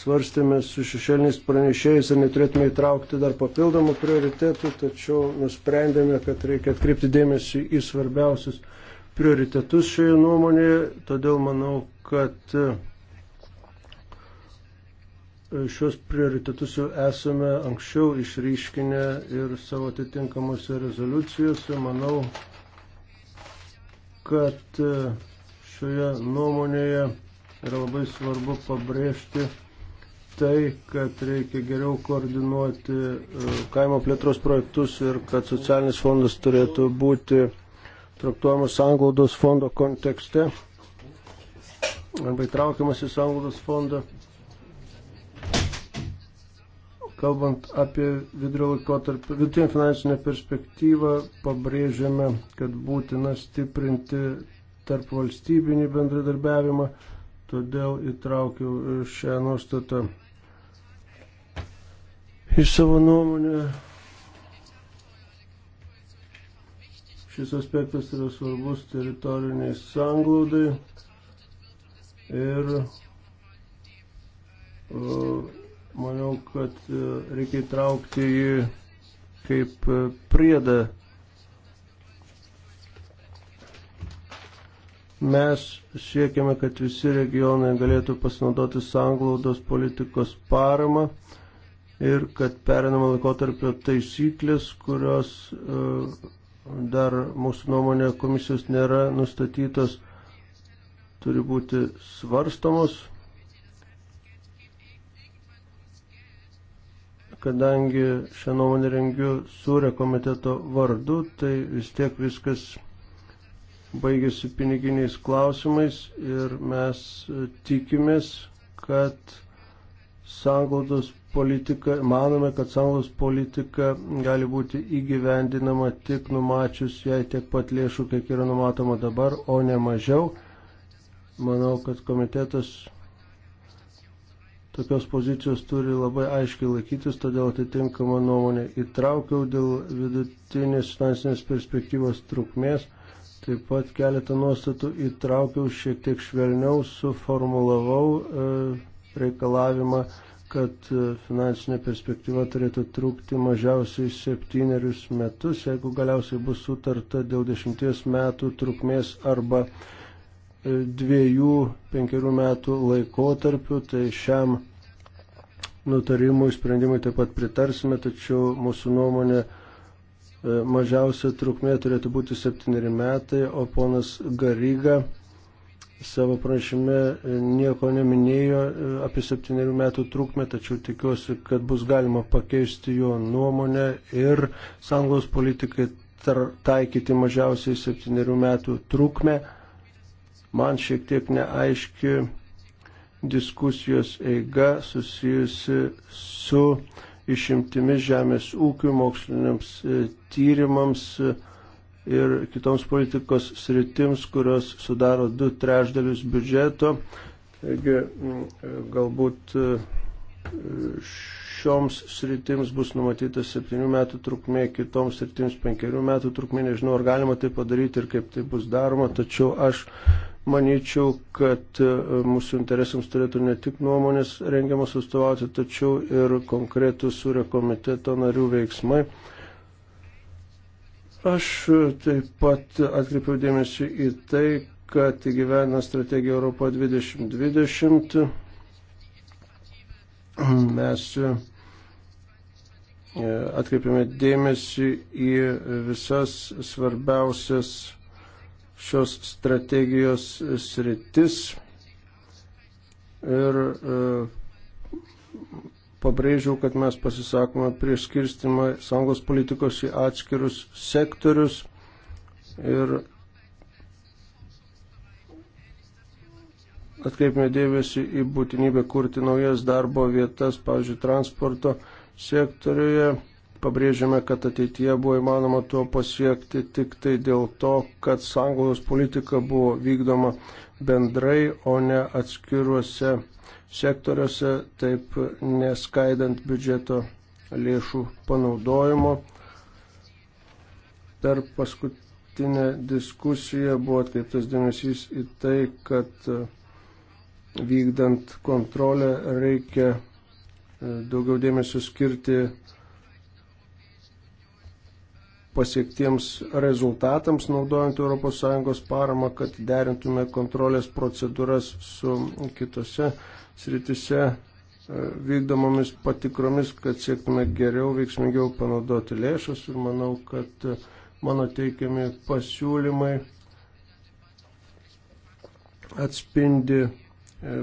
svarstėme su šešėliniais pranešėjais ir neturėtume įtraukti dar papildomų prioritetų, tačiau nusprendėme, kad reikia atkreipti dėmesį į svarbiausius prioritetus šioje nuomonėje, todėl manau, kad e, šios prioritetus jau esame anksčiau išryškinę ir savo atitinkamuose rezoliucijose. Manau, kad e, šioje nuomonėje yra labai svarbu pabrėžti tai, kad reikia geriau koordinuoti e, kaimo plėtros projektus ir kad socialinis fondas turėtų būti traktuojamas sanglaudos fondo kontekste arba įtraukiamas į sanglaudos fondą. Kalbant apie vidurio laikotarpį, vidutinę finansinę perspektyvą, pabrėžiame, kad būtina stiprinti tarp valstybinį bendradarbiavimą, todėl įtraukiau šią nuostatą iš savo nuomonę. Šis aspektas yra svarbus teritoriniai sanglaudai ir manau, kad e, reikia įtraukti jį kaip e, priedą. Mes siekiame, kad visi regionai galėtų pasinaudoti sanglaudos politikos paramą ir kad perinamo laikotarpio taisyklės, kurios e, dar mūsų nuomonė komisijos nėra nustatytos, turi būti svarstamos, kadangi šią nuomonę rengiu sūrė komiteto vardu, tai vis tiek viskas baigėsi piniginiais klausimais ir mes tikimės, kad sanglaudos politiką, manome, kad sąnaudos politika gali būti įgyvendinama tik numačius jai tiek pat lėšų, kiek yra numatoma dabar, o ne mažiau. Manau, kad komitetas tokios pozicijos turi labai aiškiai laikytis, todėl atitinkamą nuomonę įtraukiau dėl vidutinės finansinės perspektyvos trukmės. Taip pat keletą nuostatų įtraukiau šiek tiek švelniau, suformulavau e, reikalavimą kad e, finansinė perspektyva turėtų trūkti mažiausiai septynerius metus, jeigu galiausiai bus sutarta dėl dešimties metų trukmės arba e, dviejų, penkerių metų laikotarpių, tai šiam nutarimui, sprendimui taip pat pritarsime, tačiau mūsų nuomonė e, mažiausia trukmė turėtų būti septyneri metai, o ponas Garyga savo pranešime nieko neminėjo apie septyniarių metų trukmę, tačiau tikiuosi, kad bus galima pakeisti jo nuomonę ir sąjungos politikai taikyti mažiausiai septyniarių metų trukmę. Man šiek tiek neaiški diskusijos eiga susijusi su išimtimis žemės ūkių moksliniams e, tyrimams. E, ir kitoms politikos sritims, kurios sudaro du trešdalius biudžeto. Taigi e, galbūt e, šioms sritims bus numatytas 7 metų trukmė, kitoms sritims 5 metų trukmė. Nežinau, ar galima tai padaryti ir kaip tai bus daroma, tačiau aš manyčiau, kad e, mūsų interesams turėtų ne tik nuomonės rengiamas atstovauti, tačiau ir konkretų surė komiteto narių veiksmai. Aš taip pat atkreipiau dėmesį į tai, kad įgyvena strategija Europo 2020. Mes e, atkreipiame dėmesį į visas svarbiausias šios strategijos sritis ir uh, Pabrėžiau, kad mes pasisakome prieš skirstimą sąjungos politikos į atskirus sektorius ir atkreipime dėmesį į būtinybę kurti naujas darbo vietas, pavyzdžiui, transporto sektoriuje. Pabrėžiame, kad ateityje buvo įmanoma tuo pasiekti tik tai dėl to, kad sąjungos politika buvo vykdoma bendrai, o ne atskiruose sektoriuose, taip neskaidant biudžeto lėšų panaudojimo. Per paskutinę diskusiją buvo atkreiptas dėmesys į tai, kad e, vykdant kontrolę reikia e, daugiau dėmesio skirti pasiektiems rezultatams naudojant ES paramą, kad derintume kontrolės procedūras su kitose sritise e, vykdomomis patikromis, kad siektume geriau, veiksmingiau panaudoti lėšas ir manau, kad e, mano teikiami pasiūlymai atspindi e,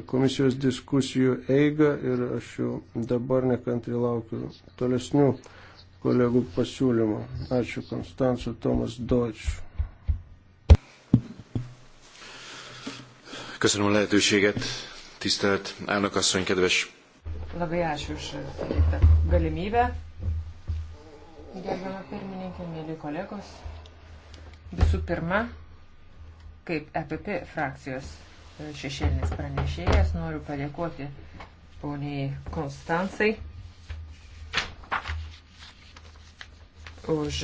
komisijos diskusijų eigą ir aš jau dabar nekantri laukiu tolesnių kolegų pasiūlymų. Ačiū Konstancu Tomas Deutsch. Köszönöm a lehetőséget. Tisztelt elnök asszony, kedves! Labai ačiū už suteiktą galimybę. Gerbiama pirmininkė, mėly kolegos, visų pirma, kaip EPP frakcijos šešėlinis pranešėjas, noriu padėkoti poniai Konstancai už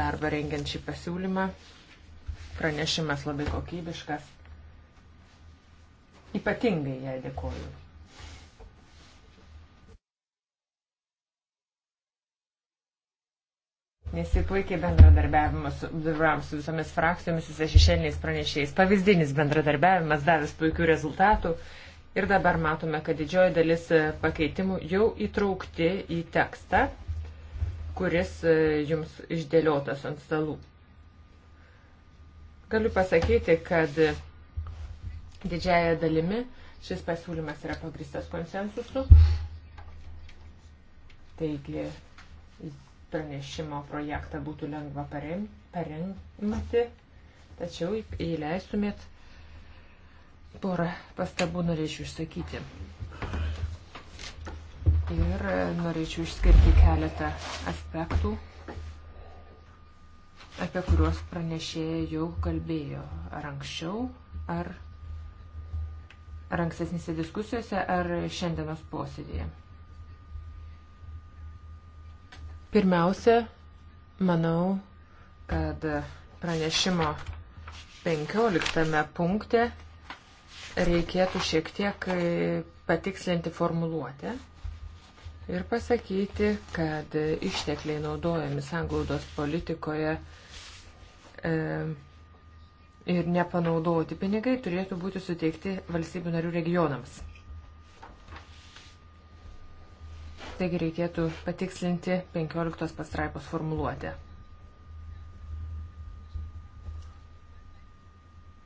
darbą rengiant šį pasiūlymą. Pranešimas labai kokybiškas Ypatingai jai dėkoju. Nes jis tai puikiai bendradarbiavimas su, su visomis frakcijomis, visais šešėliniais pranešėjais. Pavyzdinis bendradarbiavimas davęs puikių rezultatų. Ir dabar matome, kad didžioji dalis e, pakeitimų jau įtraukti į tekstą, kuris e, jums išdėliotas ant stalų. Galiu pasakyti, kad Didžiaja dalimi šis pasiūlymas yra pagristas konsensusu. Taigi pranešimo projektą būtų lengva parengti, tačiau jei leistumėt, porą pastabų norėčiau išsakyti. Ir norėčiau išskirti keletą aspektų, apie kuriuos pranešėjai jau kalbėjo ar anksčiau, ar ar ankstesnėse diskusijose, ar šiandienos posėdėje. Pirmiausia, manau, kad pranešimo 15 punkte reikėtų šiek tiek e, patikslinti formuluotę ir pasakyti, kad ištekliai naudojami sanglaudos politikoje e, ir nepanaudoti pinigai turėtų būti suteikti valstybių narių regionams. Taigi reikėtų patikslinti 15 pastraipos formuluotę.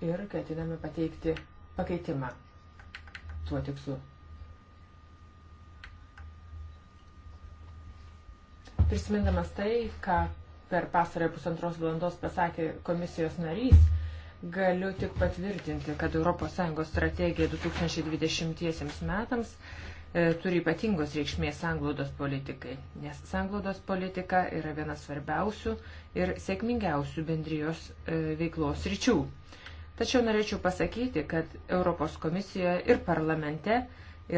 Ir ketiname pateikti pakeitimą tuo tikslu. Prisimindamas tai, ką per pasarąją pusantros valandos pasakė komisijos narys, Galiu tik patvirtinti, kad ES strategija 2020 metams e, turi ypatingos reikšmės sanglaudos politikai, nes sanglaudos politika yra viena svarbiausių ir sėkmingiausių bendrijos e, veiklos ryčių. Tačiau norėčiau pasakyti, kad Europos komisijoje ir parlamente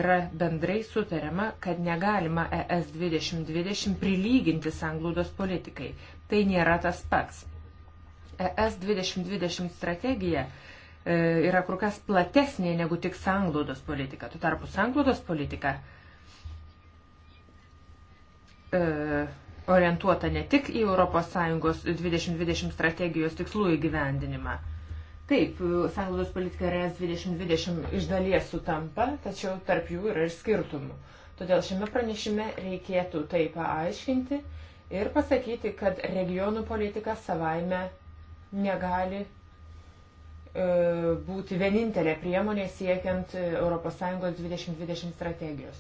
yra bendrai sutariama, kad negalima ES 2020 prilyginti sanglaudos politikai. Tai nėra tas pats. ES 2020 strategija e, yra kur kas platesnė negu tik sanglaudos politika. Tuo tarpu sanglaudos politika e, orientuota ne tik į ES 2020 strategijos tikslų įgyvendinimą. Taip, sanglaudos politika ir ES 2020 iš dalies sutampa, tačiau tarp jų yra ir skirtumų. Todėl šiame pranešime reikėtų tai paaiškinti ir pasakyti, kad regionų politika savaime negali e, būti vienintelė priemonė siekiant ES 2020 strategijos.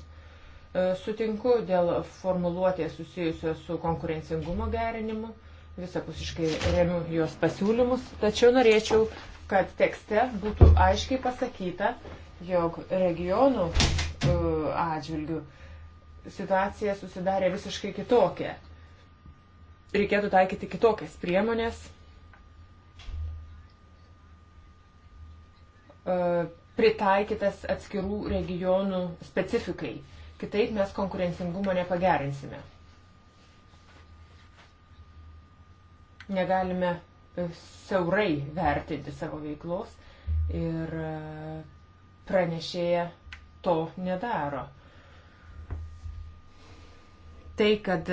E, sutinku dėl formuluotės susijusios su konkurencingumo gerinimu, visapusiškai remiu jos pasiūlymus, tačiau norėčiau, kad tekste būtų aiškiai pasakyta, jog regionų e, atžvilgių situacija susidarė visiškai kitokia. Reikėtų taikyti kitokias priemonės E, pritaikytas atskirų regionų specifikai. Kitaip mes konkurencingumo nepagerinsime. Negalime e, siaurai vertinti savo veiklos ir e, pranešėja to nedaro. Tai, kad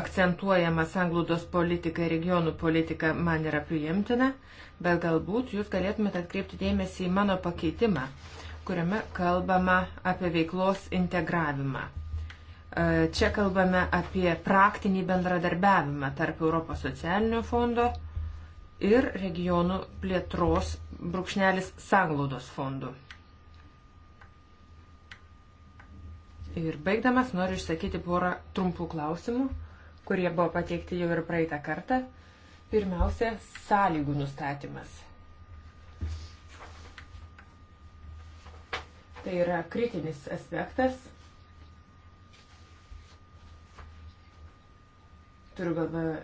akcentuojamas anglūdos politika ir regionų politika man yra priimtina. Uh, bet galbūt jūs galėtumėte atkreipti dėmesį į mano pakeitimą, kuriame kalbama apie veiklos integravimą. E, čia kalbame apie praktinį bendradarbiavimą tarp Europos socialinio fondo ir regionų plėtros brūkšnelis sanglaudos fondų. Ir baigdamas noriu išsakyti porą trumpų klausimų, kurie buvo pateikti jau ir praeitą kartą. Pirmiausia, sąlygų nustatymas. Tai yra kritinis aspektas. Turiu galvoje,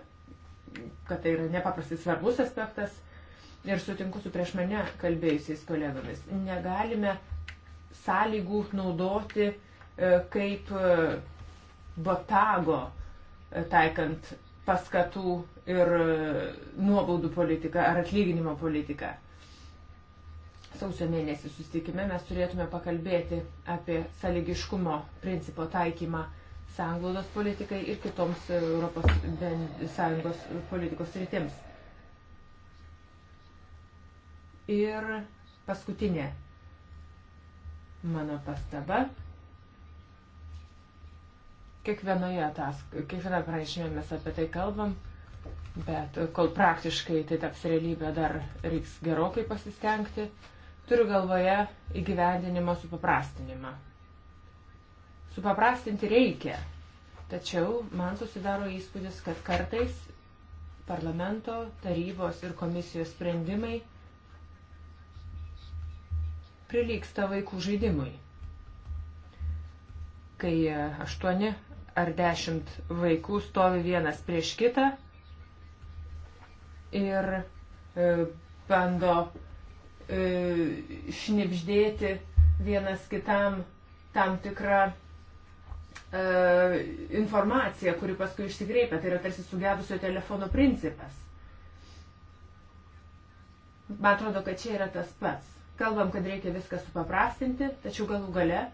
kad tai yra nepaprastai svarbus aspektas ir sutinku su prieš mane kalbėjusiais kolegomis. Negalime sąlygų naudoti e, kaip e, botago e, taikant paskatų ir e, nuobaudų politiką ar atlyginimo politiką. Sausio mėnesį susitikime mes turėtume pakalbėti apie sąlygiškumo principo taikymą sąnglaudos politikai ir kitoms Europos sąjungos politikos rytims. Ir paskutinė mano pastaba. Kiekvienoje ataskaitoje, kiekvienoje pranešime mes apie tai kalbam. Bet kol praktiškai tai taps realybė, dar reiks gerokai pasistengti. Turiu galvoje įgyvendinimo supaprastinimą. Supaprastinti reikia, tačiau man susidaro įspūdis, kad kartais parlamento, tarybos ir komisijos sprendimai prilyksta vaikų žaidimui. Kai aštuoni ar dešimt vaikų stovi vienas prieš kitą, ir e, bando e, šnipždėti vienas kitam tam tikrą e, informacija, kuri paskui išsigreipia, tai yra tarsi sugedusio telefono principas. Man atrodo, kad čia yra tas pats. Kalbam, kad reikia viską supaprastinti, tačiau galų gale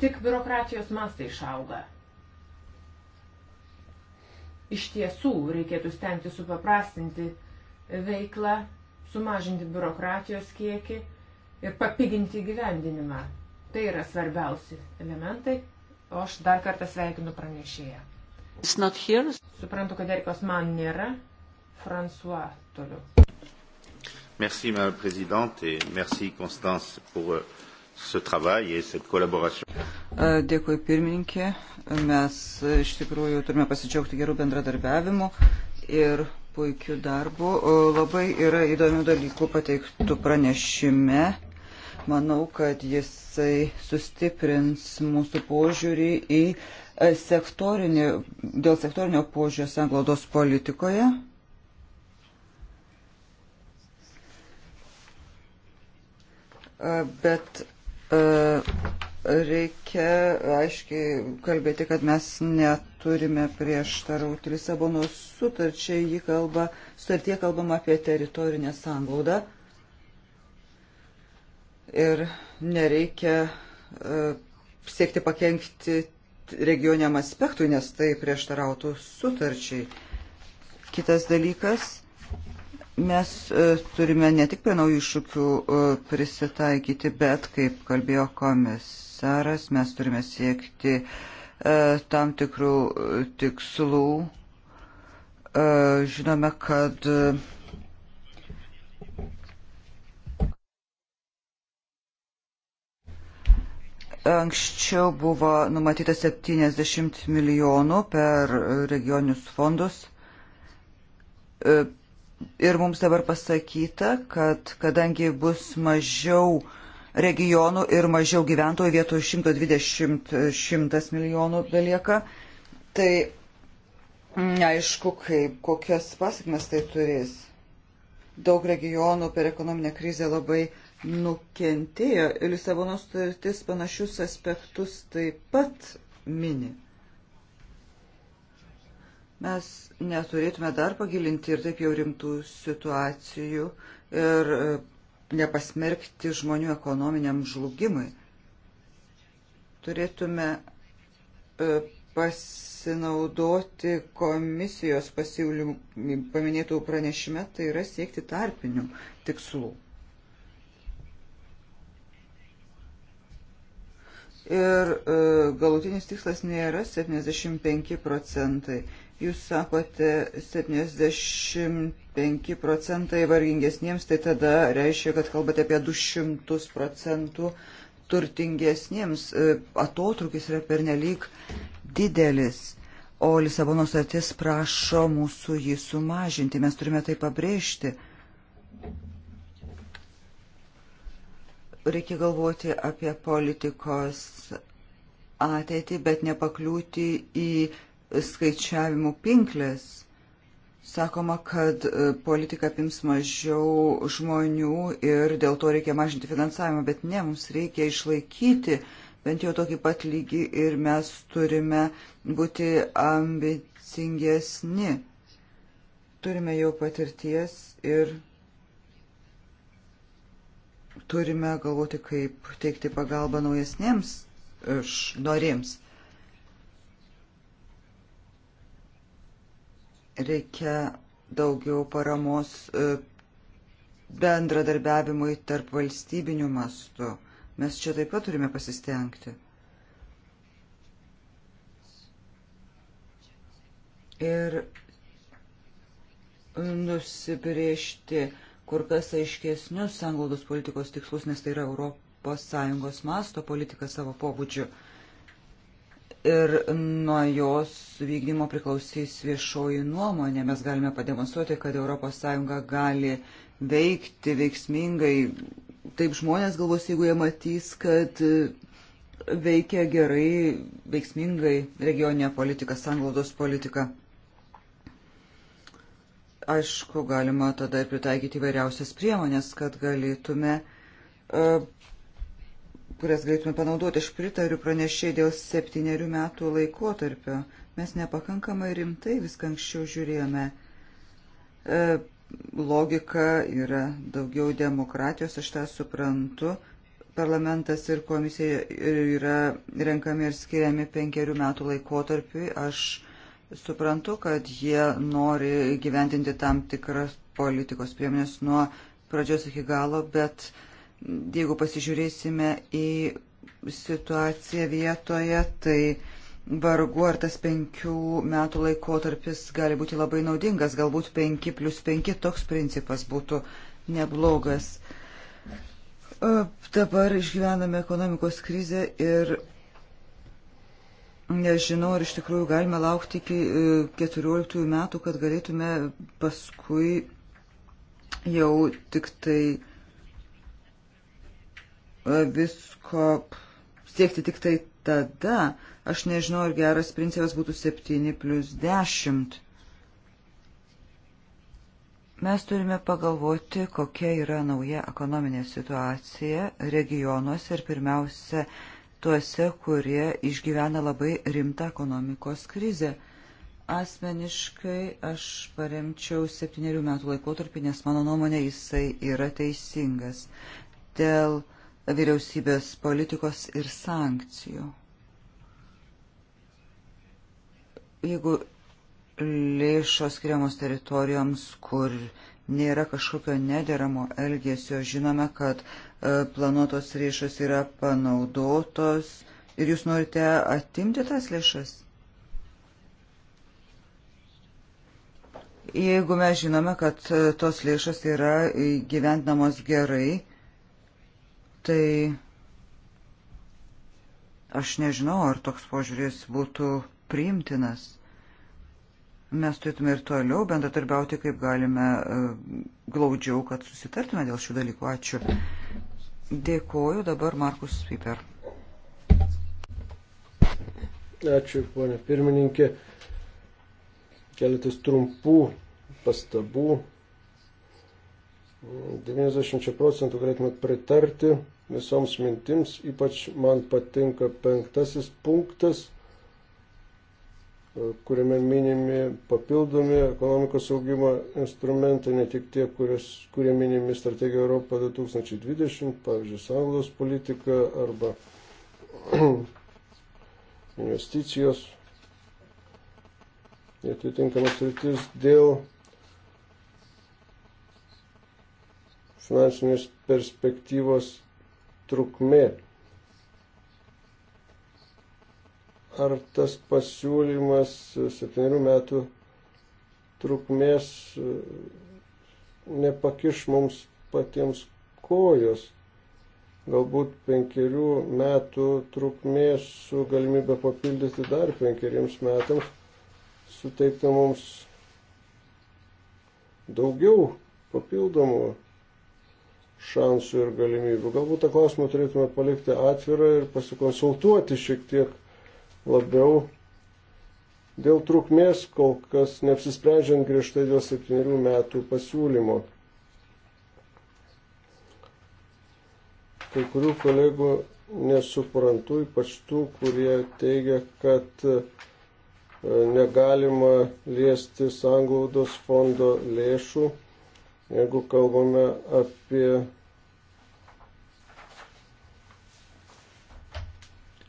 tik biurokratijos mastai išauga. Iš tiesų reikėtų stengti supaprastinti uh, veiklą, sumažinti biurokratijos kiekį ir papiginti įgyvendinimą. Tai yra svarbiausi elementai, o aš dar kartą sveikinu pranešėją. Suprantu, kad Erikos man nėra. François toliau. Merci, Madame la Présidente, et merci, Constance, pour euh, ce travail et cette collaboration. Dėkui, pirmininkė. Mes iš tikrųjų turime pasidžiaugti gerų bendradarbiavimų ir puikiu darbu. Labai yra įdomių dalykų pateiktų pranešime. Manau, kad jisai sustiprins mūsų požiūrį į e, sektorinį, dėl sektorinio požiūrio sanglaudos politikoje. E, bet e, reikia aiškiai kalbėti, kad mes neturime prieštarauti Lisabonos sutarčiai, jį kalba, sutartie kalbama apie teritorinę sanglaudą. Ir nereikia uh, siekti pakengti regioniam aspektui, nes tai prieštarautų sutarčiai. Kitas dalykas mes e, turime ne tik prie naujų iššūkių e, prisitaikyti, bet, kaip kalbėjo komis komisaras, mes turime siekti e, tam tikrų e, tikslų. E, žinome, kad Anksčiau buvo numatyta 70 milijonų per regionius fondus. Ir mums dabar pasakyta, kad kadangi bus mažiau regionų ir mažiau gyventojų vietoj 120-100 milijonų belieka. Tai neaišku, kaip, kokias pasakmes tai turės. Daug regionų per ekonominę krizę labai nukentėjo. Lisabono sutartis panašius aspektus taip pat mini. Mes neturėtume dar pagilinti ir taip jau rimtų situacijų ir nepasmerkti žmonių ekonominiam žlugimui. Turėtume e, pasinaudoti komisijos pasiūlymų paminėtų pranešime, tai yra siekti tarpinių tikslų. Ir e, galutinis tikslas nėra 75 procentai. Jūs sakote 75 procentai vargingesniems, tai tada reiškia, kad kalbate apie 200 procentų turtingesniems. E, atotrukis yra pernelyg didelis. O Lisabono sutartis prašo mūsų jį sumažinti. Mes turime tai pabrėžti. reikia galvoti apie politikos ateitį, bet nepakliūti į skaičiavimų pinklės. Sakoma, kad e, politika apims mažiau žmonių ir dėl to reikia mažinti finansavimą, bet ne, mums reikia išlaikyti bent jau tokį pat lygį ir mes turime būti ambicingesni. Turime jau patirties ir turime galvoti, kaip teikti pagalbą naujesniems e, norėms. Reikia daugiau paramos e, bendradarbiavimui tarp valstybinių mastų. Mes čia taip pat turime pasistengti. Ir nusibriežti kur kas aiškesnius sanglaudos politikos tikslus, nes tai yra ES masto politika savo pobūdžiu. Uh, ir nuo jos vykdymo priklausys viešoji nuomonė. Mes galime pademonstruoti, kad ES gali veikti veiksmingai. Taip žmonės galvos, jeigu jie matys, kad veikia gerai, veiksmingai regioninė politika, sanglaudos politika. Aišku, galima tada ir pritaikyti įvairiausias priemonės, kad galėtume e, kurias galėtume panaudoti. Aš pritariu pranešėjai dėl septyniarių metų laikotarpio. Mes nepakankamai rimtai viską anksčiau žiūrėjome. E, logika yra daugiau demokratijos, aš tą suprantu. Parlamentas ir komisija yra renkami ir skiriami penkerių metų laikotarpiui. Aš suprantu, kad jie nori gyventinti tam tikras politikos priemonės nuo pradžios iki galo, bet uh, Jeigu pasižiūrėsime į situaciją vietoje, tai vargu ar tas penkių metų laikotarpis gali būti labai naudingas, galbūt penki plus penki toks principas būtų neblogas. E, dabar išgyvename ekonomikos krizę ir nežinau, ar iš tikrųjų galime laukti iki 14 e, metų, kad galėtume paskui jau tik tai E, visko siekti tik tai tada, aš nežinau, ar geras principas būtų 7 plus 10. Mes turime pagalvoti, kokia yra nauja ekonominė situacija regionuose ir pirmiausia tuose, kurie išgyvena labai rimtą ekonomikos krizę. Asmeniškai aš paremčiau septyniarių metų laikotarpį, nes mano nuomonė jisai yra teisingas. Dėl uh, vyriausybės politikos ir sankcijų. Jeigu lėšos skiriamos teritorijoms, kur nėra kažkokio nederamo elgesio, žinome, kad e, planuotos lėšos yra panaudotos ir jūs norite atimti tas lėšas? Jeigu mes žinome, kad e, tos lėšos yra gyvendamos gerai, tai aš nežinau, ar toks požiūris būtų priimtinas. Mes turėtume ir toliau bendratarbiauti, kaip galime e, glaudžiau, kad susitartume dėl šių dalykų. Ačiū. Dėkoju dabar Markus Piper. Ačiū, ponė pirmininkė. Keletas trumpų pastabų 90 procentų galėtume pritarti visoms mintims, ypač man patinka penktasis punktas, e, kuriame minimi papildomi ekonomikos augimo instrumentai, ne tik tie, kurios, kurie minimi strategija Europa 2020, pavyzdžiui, sąjungos politika arba investicijos į atitinkamas rytis dėl finansinės perspektyvos trukmė. Ar tas pasiūlymas septynių metų trukmės nepakiš mums patiems kojos. Galbūt penkerių metų trukmės su galimybė papildyti dar penkeriems metams suteikti mums daugiau papildomų šansų ir galimybių. Galbūt tą klausimą turėtume palikti atvirą ir pasikonsultuoti šiek tiek labiau. Dėl trukmės kol kas neapsisprendžiant griežtai dėl septynių metų pasiūlymo. Kai kurių kolegų nesuprantu, ypač tų, kurie teigia, kad e, negalima liesti sanglaudos fondo lėšų Jeigu kalbame apie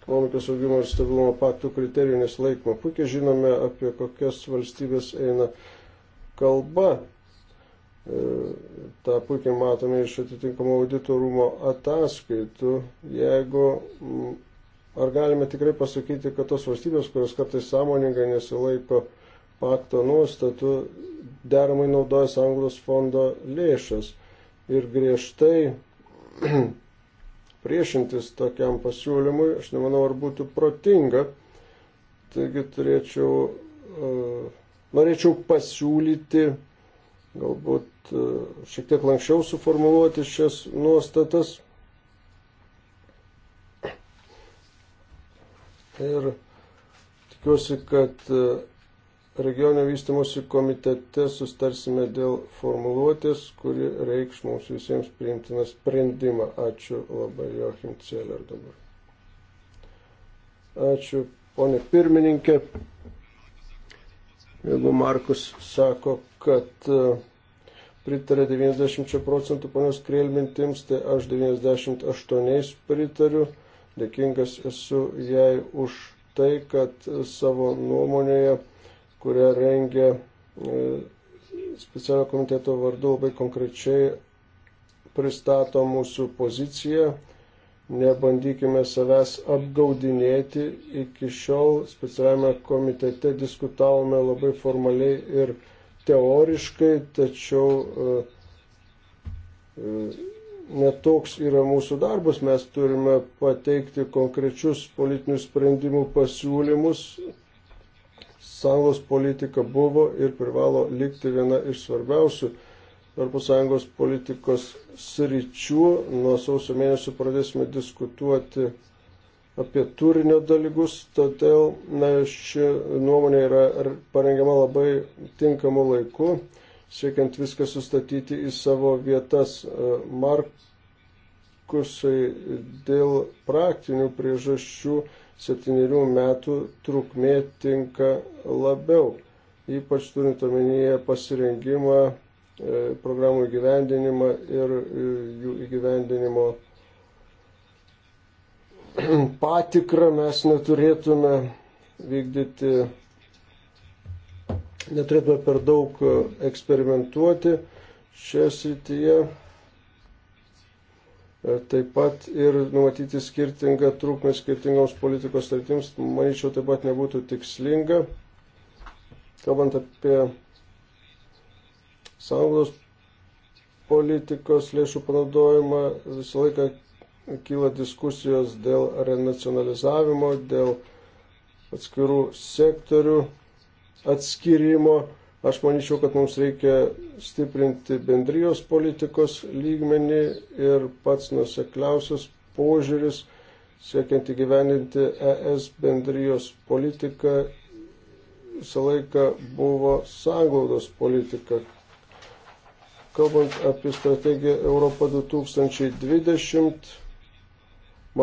ekonomikos augimo ir stabilumo paktų kriterijų nesilaikymą, puikiai žinome, apie kokias valstybės eina kalba. E, Ta puikiai matome iš atitinkamo auditorumo ataskaitų. Jeigu Ar galime tikrai pasakyti, kad tos valstybės, kurios kartais sąmoningai nesilaiko pakto nuostatų, deramai naudoja sąjungos fondo lėšas. Ir griežtai priešintis tokiam pasiūlymui, aš nemanau, ar būtų protinga. Taigi turėčiau, uh, norėčiau pasiūlyti, galbūt uh, šiek tiek lankščiau suformuoluoti šias nuostatas. Ir tikiuosi, kad uh, regionio vystimosi komitete sustarsime dėl formuluotės, kuri reikš mums visiems priimtiną sprendimą. Ačiū labai Joachim Celer dabar. Ačiū, ponė pirmininkė. Jeigu Markus sako, kad e, pritarė 90 procentų ponios Krėl mintims, tai aš 98 pritariu. Dėkingas esu jai už tai, kad savo nuomonėje kurią rengia e, specialio komiteto vardu, labai konkrečiai pristato mūsų poziciją. Nebandykime savęs apgaudinėti. Iki šiol specialiame komitete diskutavome labai formaliai ir teoriškai, tačiau e, e, netoks yra mūsų darbas, mes turime pateikti konkrečius politinių sprendimų pasiūlymus, Sąjungos politika buvo ir privalo likti viena iš svarbiausių ES politikos sričių. Nuo sausio mėnesio pradėsime diskutuoti apie turinio dalykus, todėl na, ši nuomonė yra parengiama labai tinkamu laiku, siekiant viską sustatyti į savo vietas. E, Markusai dėl praktinių priežasčių septynių metų trukmė tinka labiau, ypač turint omenyje pasirengimą, e, programų įgyvendinimą ir e, jų įgyvendinimo patikrą mes neturėtume vykdyti, neturėtume per daug e, eksperimentuoti šioje srityje. E, taip pat ir numatyti skirtingą trukmę skirtingoms politikos sritims, manyčiau, taip pat nebūtų tikslinga. Kalbant apie sąjungos politikos lėšų panaudojimą, visą laiką kyla diskusijos dėl renacionalizavimo, dėl atskirų sektorių atskirimo Aš manyčiau, kad mums reikia stiprinti bendrijos politikos lygmenį ir pats nusekliausias požiūris, siekiant įgyveninti ES bendrijos politiką, visą laiką buvo sąglaudos politika. Kalbant apie strategiją Europą 2020,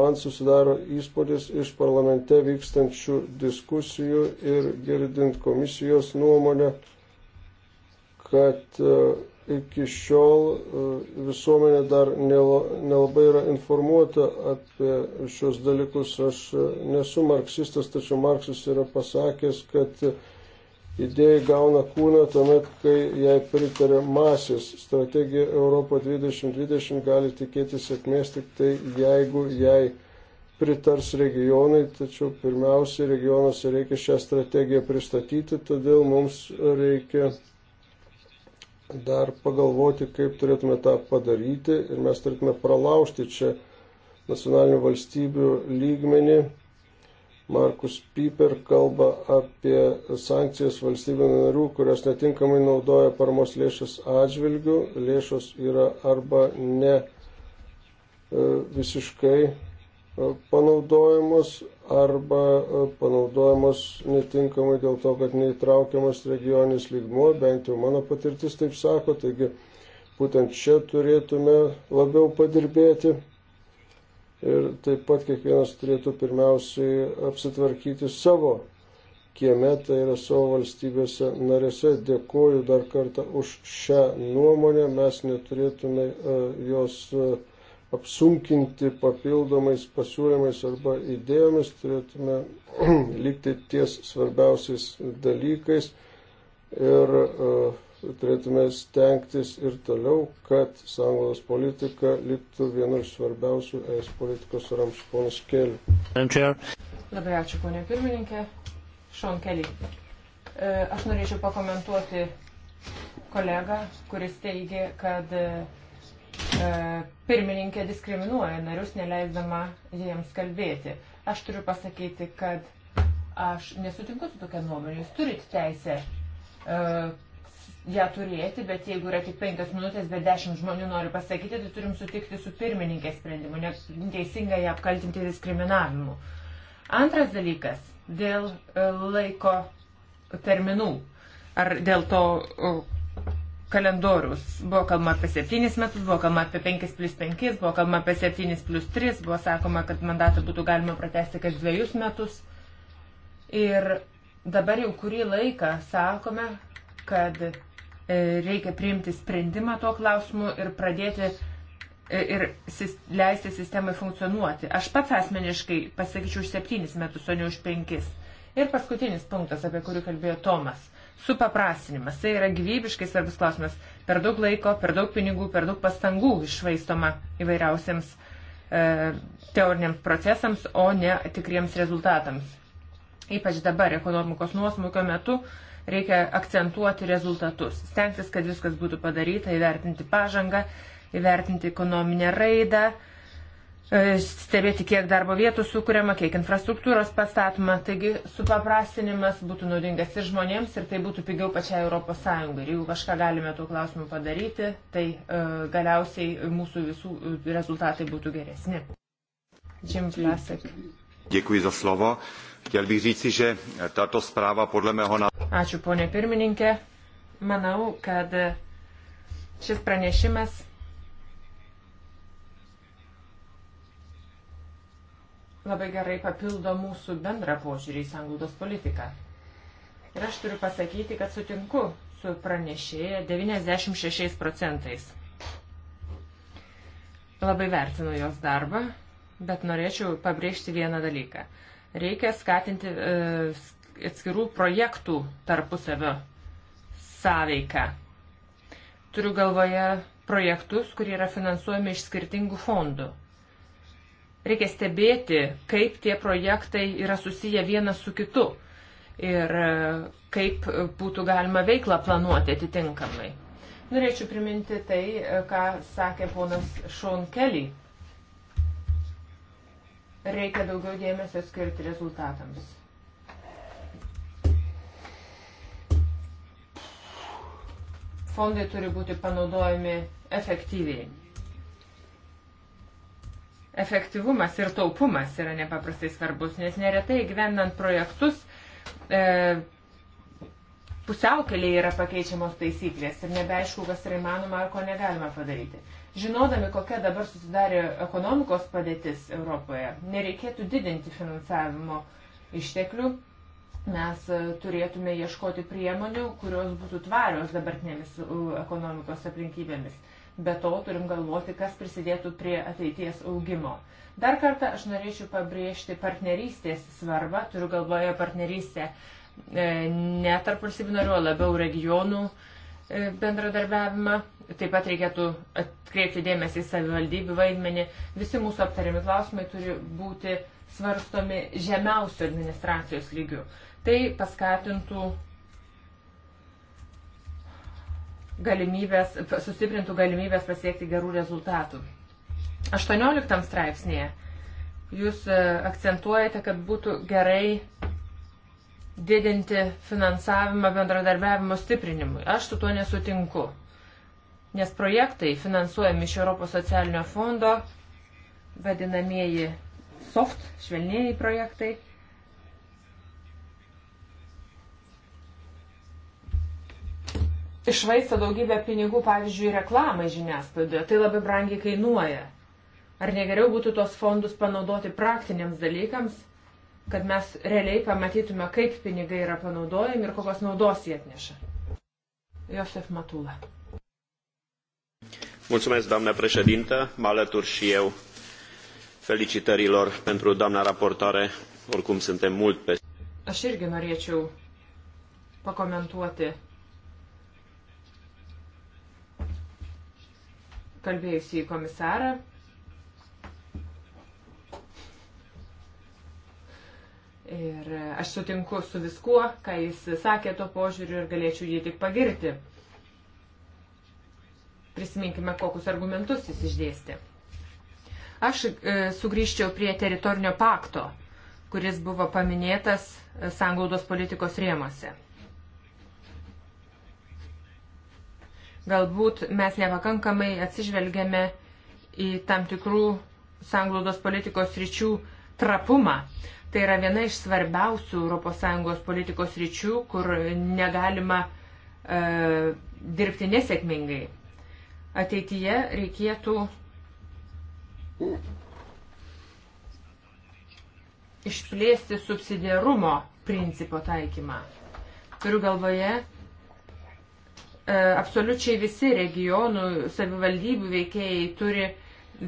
man susidaro įspūdis iš parlamente vykstančių diskusijų ir girdint komisijos nuomonę kad e, iki šiol e, visuomenė dar nelabai yra informuota apie šios dalykus. Aš e, nesu marksistas, tačiau Marksas yra pasakęs, kad idėja gauna kūną tuomet, kai jai pritarė masės. Strategija Europo 2020 gali tikėti sėkmės tik tai, jeigu jai pritars regionai, tačiau pirmiausia, regionuose reikia šią strategiją pristatyti, todėl mums reikia dar pagalvoti, kaip turėtume tą padaryti ir mes turėtume pralaužti čia nacionalinių valstybių lygmenį. Markus Piper kalba apie sankcijas valstybių narių, kurios netinkamai naudoja paramos lėšas atžvilgių. Lėšos yra arba ne e, visiškai e, panaudojamos, arba e, panaudojamos netinkamai dėl to, kad neįtraukiamas regioninis lygmuo, bent jau mano patirtis taip sako, taigi būtent čia turėtume labiau padirbėti. Ir taip pat kiekvienas turėtų pirmiausiai apsitvarkyti savo kieme, tai yra savo valstybėse narėse. Dėkuoju dar kartą už šią nuomonę, mes neturėtume e, jos. Uh, apsunkinti papildomais pasiūlymais arba idėjomis, turėtume likti ties svarbiausiais dalykais ir uh, turėtume stengtis ir toliau, kad sąjungos politika liktų vienu iš svarbiausių es politikos ramščių ponas Keliu. Labai ačiū, ponė pirmininkė. Šon Keli. E, aš norėčiau pakomentuoti kolegą, kuris teigia, kad uh, E, pirmininkė diskriminuoja narius, neleisdama jiems kalbėti. Aš turiu pasakyti, kad aš nesutinku su tokia nuomonė. Jūs turit teisę uh, ją turėti, bet jeigu yra tik penkias minutės, bet dešimt žmonių nori pasakyti, tai turim sutikti su pirmininkės sprendimu, nes teisinga ją apkaltinti diskriminavimu. Antras dalykas - dėl uh, laiko terminų. Ar dėl to uh, kalendorius. Buvo kalbama apie 7 metus, buvo kalbama apie 5 plus 5, buvo kalbama apie 7 plus 3, buvo sakoma, kad mandatą būtų galima pratesti kas dviejus metus. Ir dabar jau kurį laiką sakome, kad e, reikia priimti sprendimą tuo klausimu ir pradėti e, ir leisti sistemai funkcionuoti. Aš pats asmeniškai pasakyčiau už 7 metus, o ne už 5. Ir paskutinis punktas, apie kurį kalbėjo Tomas Supaprastinimas. Tai yra gyvybiškai svarbus klausimas. Per daug laiko, per daug pinigų, per daug pastangų išvaistoma įvairiausiams e, teoriniams procesams, o ne tikriems rezultatams. Ypač dabar ekonomikos nuosmukio metu reikia akcentuoti rezultatus, stengtis, kad viskas būtų padaryta, įvertinti pažangą, įvertinti ekonominę raidą, e, E, stebėti, kiek darbo vietų sukūriama, kiek infrastruktūros pastatoma. Taigi supaprastinimas būtų naudingas ir žmonėms, ir tai būtų pigiau pačiai ES. Ir jeigu kažką galime tuo klausimu padaryti, tai uh, galiausiai mūsų visų e, rezultatai būtų geresni. Jim Vlasak. Děkuji za slovo. Chtěl bych říci, že tato zpráva podle mého názoru. Ačiū, ponė pirmininkė. Manau, kad šis pranešimas labai gerai papildo mūsų bendrą požiūrį į sanglaudos politiką. Ir aš turiu pasakyti, kad sutinku su pranešėja 96 procentais. Labai vertinu jos darbą, bet norėčiau pabrėžti vieną dalyką. Reikia skatinti e, atskirų projektų tarpusavio sąveiką. Turiu galvoje projektus, kurie yra finansuojami iš skirtingų fondų. Reikia stebėti, kaip tie projektai yra susiję vienas su kitu ir e, kaip būtų galima veiklą planuoti atitinkamai. Norėčiau priminti tai, e, ką sakė ponas Sean Kelly. Reikia daugiau dėmesio skirti rezultatams. Fondai turi būti panaudojami efektyviai efektyvumas ir taupumas yra nepaprastai svarbus, nes neretai gyvenant projektus e, pusiaukeliai yra pakeičiamos taisyklės ir nebeaišku, kas yra įmanoma ar ko negalima padaryti. Žinodami, kokia dabar susidarė ekonomikos padėtis Europoje, nereikėtų didinti finansavimo išteklių, mes e, turėtume ieškoti priemonių, kurios būtų tvarios dabartinėmis ekonomikos aplinkybėmis Be to turim galvoti, kas prisidėtų prie ateities augimo. Dar kartą aš norėčiau pabrėžti partnerystės svarbą, turiu galvoje partnerystę e, ne tarp valstybių narių, labiau regionų e, bendradarbiavimą. Taip pat reikėtų atkreipti dėmesį į savivaldybių vaidmenį. Visi mūsų aptariami klausimai turi būti svarstomi žemiausio administracijos lygių. Tai paskatintų galimybės, sustiprintų galimybės pasiekti gerų rezultatų. 18 straipsnėje jūs e, akcentuojate, kad būtų gerai didinti finansavimą bendradarbiavimo stiprinimui. Aš su tuo nesutinku, nes projektai finansuojami iš Europos socialinio fondo, vadinamieji soft, švelniai projektai, išvaisto daugybę pinigų, pavyzdžiui, reklamai žiniasklaidoje. Tai labai brangiai kainuoja. Ar negeriau būtų tos fondus panaudoti praktiniams dalykams, kad mes realiai pamatytume, kaip pinigai yra panaudojami ir kokios naudos jie atneša. Josef Matula. Mulțumesc, doamnă președintă, mă alătur și eu felicitărilor pentru doamna raportoare, oricum suntem mult pe... Aš irgi norėčiau pakomentuoti kalbėjusi į komisarą. Ir aš sutinku su viskuo, ką jis sakė tuo požiūriu ir galėčiau jį tik pagirti. Prisiminkime, kokius argumentus jis išdėstė. Aš e, sugrįžčiau prie teritorinio pakto, kuris buvo paminėtas e, sanglaudos politikos rėmose. Galbūt mes nepakankamai atsižvelgiame į tam tikrų sanglaudos politikos ryčių trapumą. Tai yra viena iš svarbiausių ES politikos ryčių, kur negalima e, dirbti nesėkmingai. Ateityje reikėtų išplėsti subsidiarumo principo taikymą. Turiu galvoje E, absoliučiai visi regionų savivaldybių veikėjai turi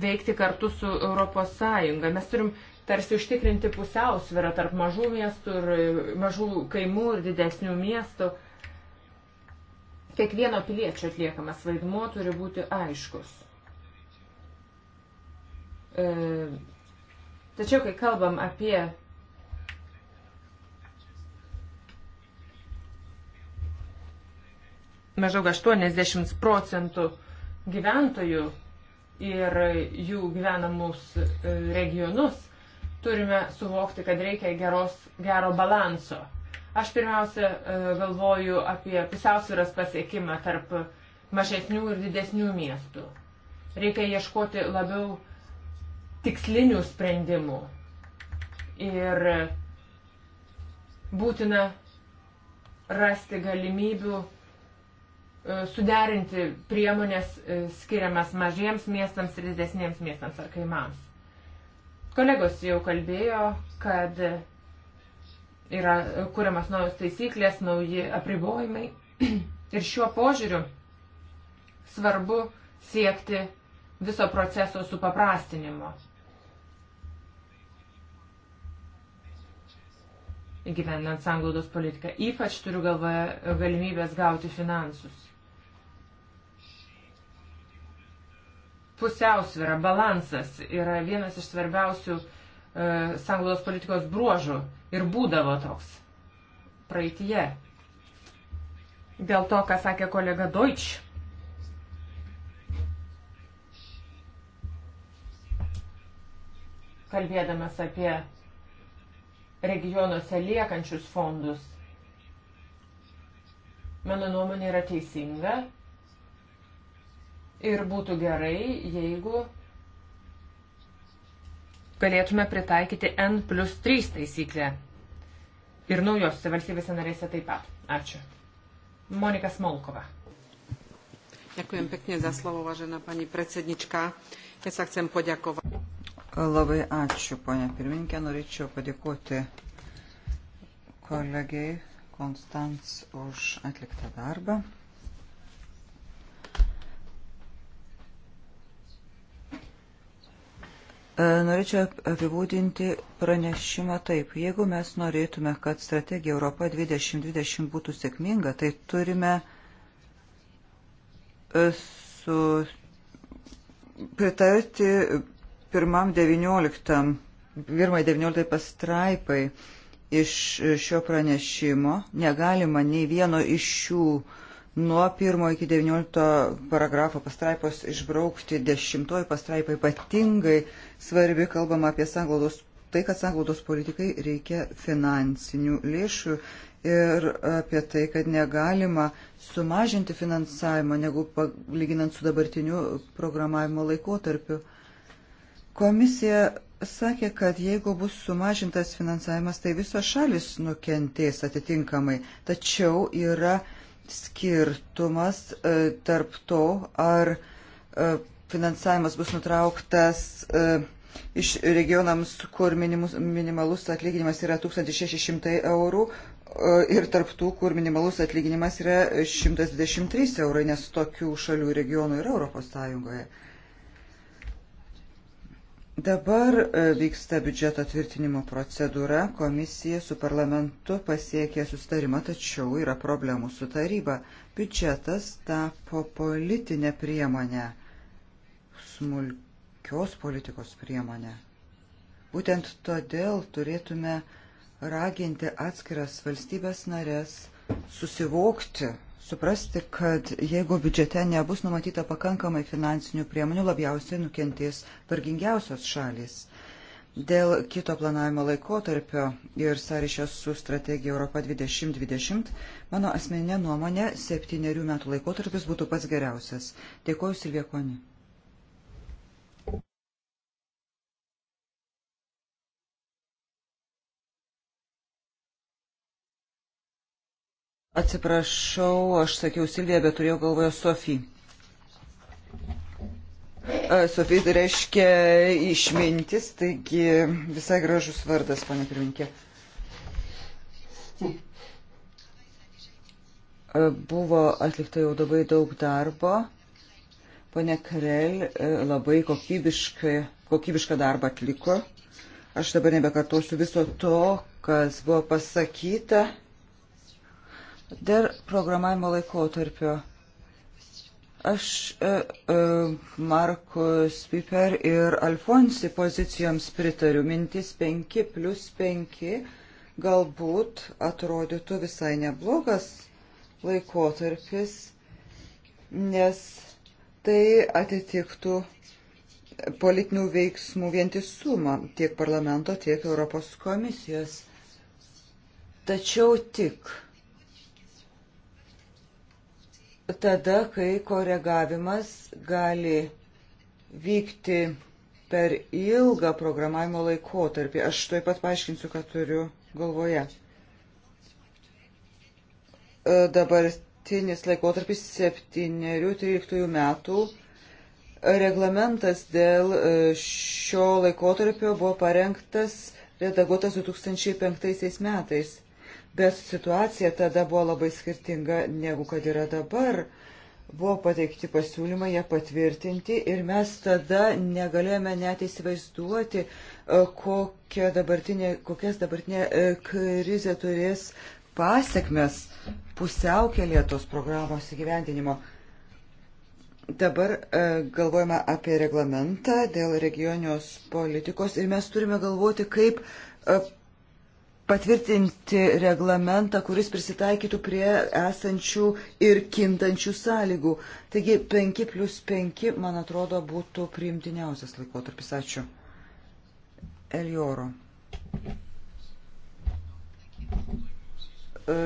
veikti kartu su ES. Mes turim tarsi užtikrinti pusiausvyrą tarp mažų miestų ir e, mažų kaimų ir didesnių miestų. Kiekvieno piliečio atliekamas vaidmuo turi būti aiškus. E, tačiau, kai kalbam apie maždaug 80 procentų gyventojų ir jų gyvenamus e, regionus, turime suvokti, kad reikia geros, gero balanso. Aš pirmiausia e, galvoju apie pusiausvyros pasiekimą tarp mažesnių ir didesnių miestų. Reikia ieškoti labiau tikslinių sprendimų. Ir būtina rasti galimybių E, suderinti priemonės e, skiriamas mažiems miestams ir didesniems miestams ar kaimams. Kolegos jau kalbėjo, kad yra kuriamas naujos taisyklės, nauji apribojimai. Ir šiuo požiūriu svarbu siekti viso proceso supaprastinimo. Įgyvendinant sanglaudos politiką. Ypač turiu galvoje galimybės gauti finansus. pusiausvėra, balansas yra vienas iš svarbiausių e, sanglaudos politikos bruožų ir būdavo toks praeitie. Dėl to, ką sakė kolega Deutsch. Kalbėdamas apie regionuose liekančius fondus, mano nuomonė yra teisinga, ir būtų gerai, jeigu galėtume pritaikyti N plus 3 taisyklę. Ir naujosiuose valstybėse narėse taip pat. Ačiū. Monika Smolkova. Ďakujem pekne za slovo, vážená pani predsednička. Ja sa chcem poďakovať. Labai ačiū, ponia pirmininkė. Norėčiau padėkoti kolegiai Konstans už atliktą darbą. E, norėčiau apibūdinti pranešimą taip. Jeigu mes norėtume, kad strategija Europa 2020 būtų sėkminga, tai turime e, su pritarti pirmam 19, pirmai 19 pastraipai iš šio pranešimo. Negalima nei vieno iš šių nuo 1 iki 19 paragrafo pastraipos išbraukti 10 pastraipą ypatingai svarbi, kalbama apie sanglaudos, tai, kad sanglaudos politikai reikia finansinių lėšų ir apie tai, kad negalima sumažinti finansavimo, negu lyginant su dabartiniu programavimo laikotarpiu. Komisija sakė, kad jeigu bus sumažintas finansavimas, tai visos šalis nukentės atitinkamai. Tačiau yra skirtumas e, tarp to, ar e, finansavimas bus nutrauktas e, iš regionams, kur minimus, minimalus atlyginimas yra 1600 eurų e, ir tarptų, kur minimalus atlyginimas yra 123 eurai, nes tokių šalių regionų yra Europos Sąjungoje. Dabar e, vyksta biudžeto tvirtinimo procedūra, komisija su parlamentu pasiekė sustarimą, tačiau yra problemų su taryba. Biudžetas tapo politinė priemonė smulkios politikos priemonė. Būtent todėl turėtume raginti atskiras valstybės narės susivokti, suprasti, kad jeigu biudžete nebus numatyta pakankamai finansinių priemonių, labiausiai nukentės vargingiausios šalis. Dėl kito planavimo laikotarpio ir sąryšio su strategija Europa 2020, mano asmeninė nuomonė, septyniarių metų laikotarpis būtų pats geriausias. Dėkuoju Silviekoni. Atsiprašau, aš sakiau Silvija, bet turėjau galvoje Sofiją. Sofija tai reiškia išmintis, taigi visai gražus vardas, pane pirminkė. Buvo atlikta jau labai daug darbo. Pane Karel labai kokybišką darbą atliko. Aš dabar nebekartosiu viso to, kas buvo pasakyta Dar programavimo laikotarpio. Aš e, e, Markus Piper ir Alfonsi pozicijoms pritariu. Mintis 5 plus 5 galbūt atrodytų visai neblogas laikotarpis, nes tai atitiktų politinių veiksmų vientisumą tiek parlamento, tiek Europos komisijos. Tačiau tik tada, kai koregavimas gali vykti per ilgą programavimo laikotarpį. Aš tuoj pat paaiškinsiu, ką turiu galvoje. E, dabartinis laikotarpis 7-13 metų reglamentas dėl e, šio laikotarpio buvo parengtas, redaguotas 2005 metais bet situacija tada buvo labai skirtinga negu kad yra dabar. Buvo pateikti pasiūlymai ją patvirtinti ir mes tada negalėjome net įsivaizduoti, e, kokia dabartinė, kokias dabartinė e, krizė turės pasiekmes pusiaukelė tos programos įgyvendinimo. Dabar e, galvojame apie reglamentą dėl regionios politikos ir mes turime galvoti, kaip patvirtinti reglamentą, kuris prisitaikytų prie esančių ir kintančių sąlygų. Taigi 5 plus 5, man atrodo, būtų priimtiniausias laikotarpis. Ačiū. Elioro. E,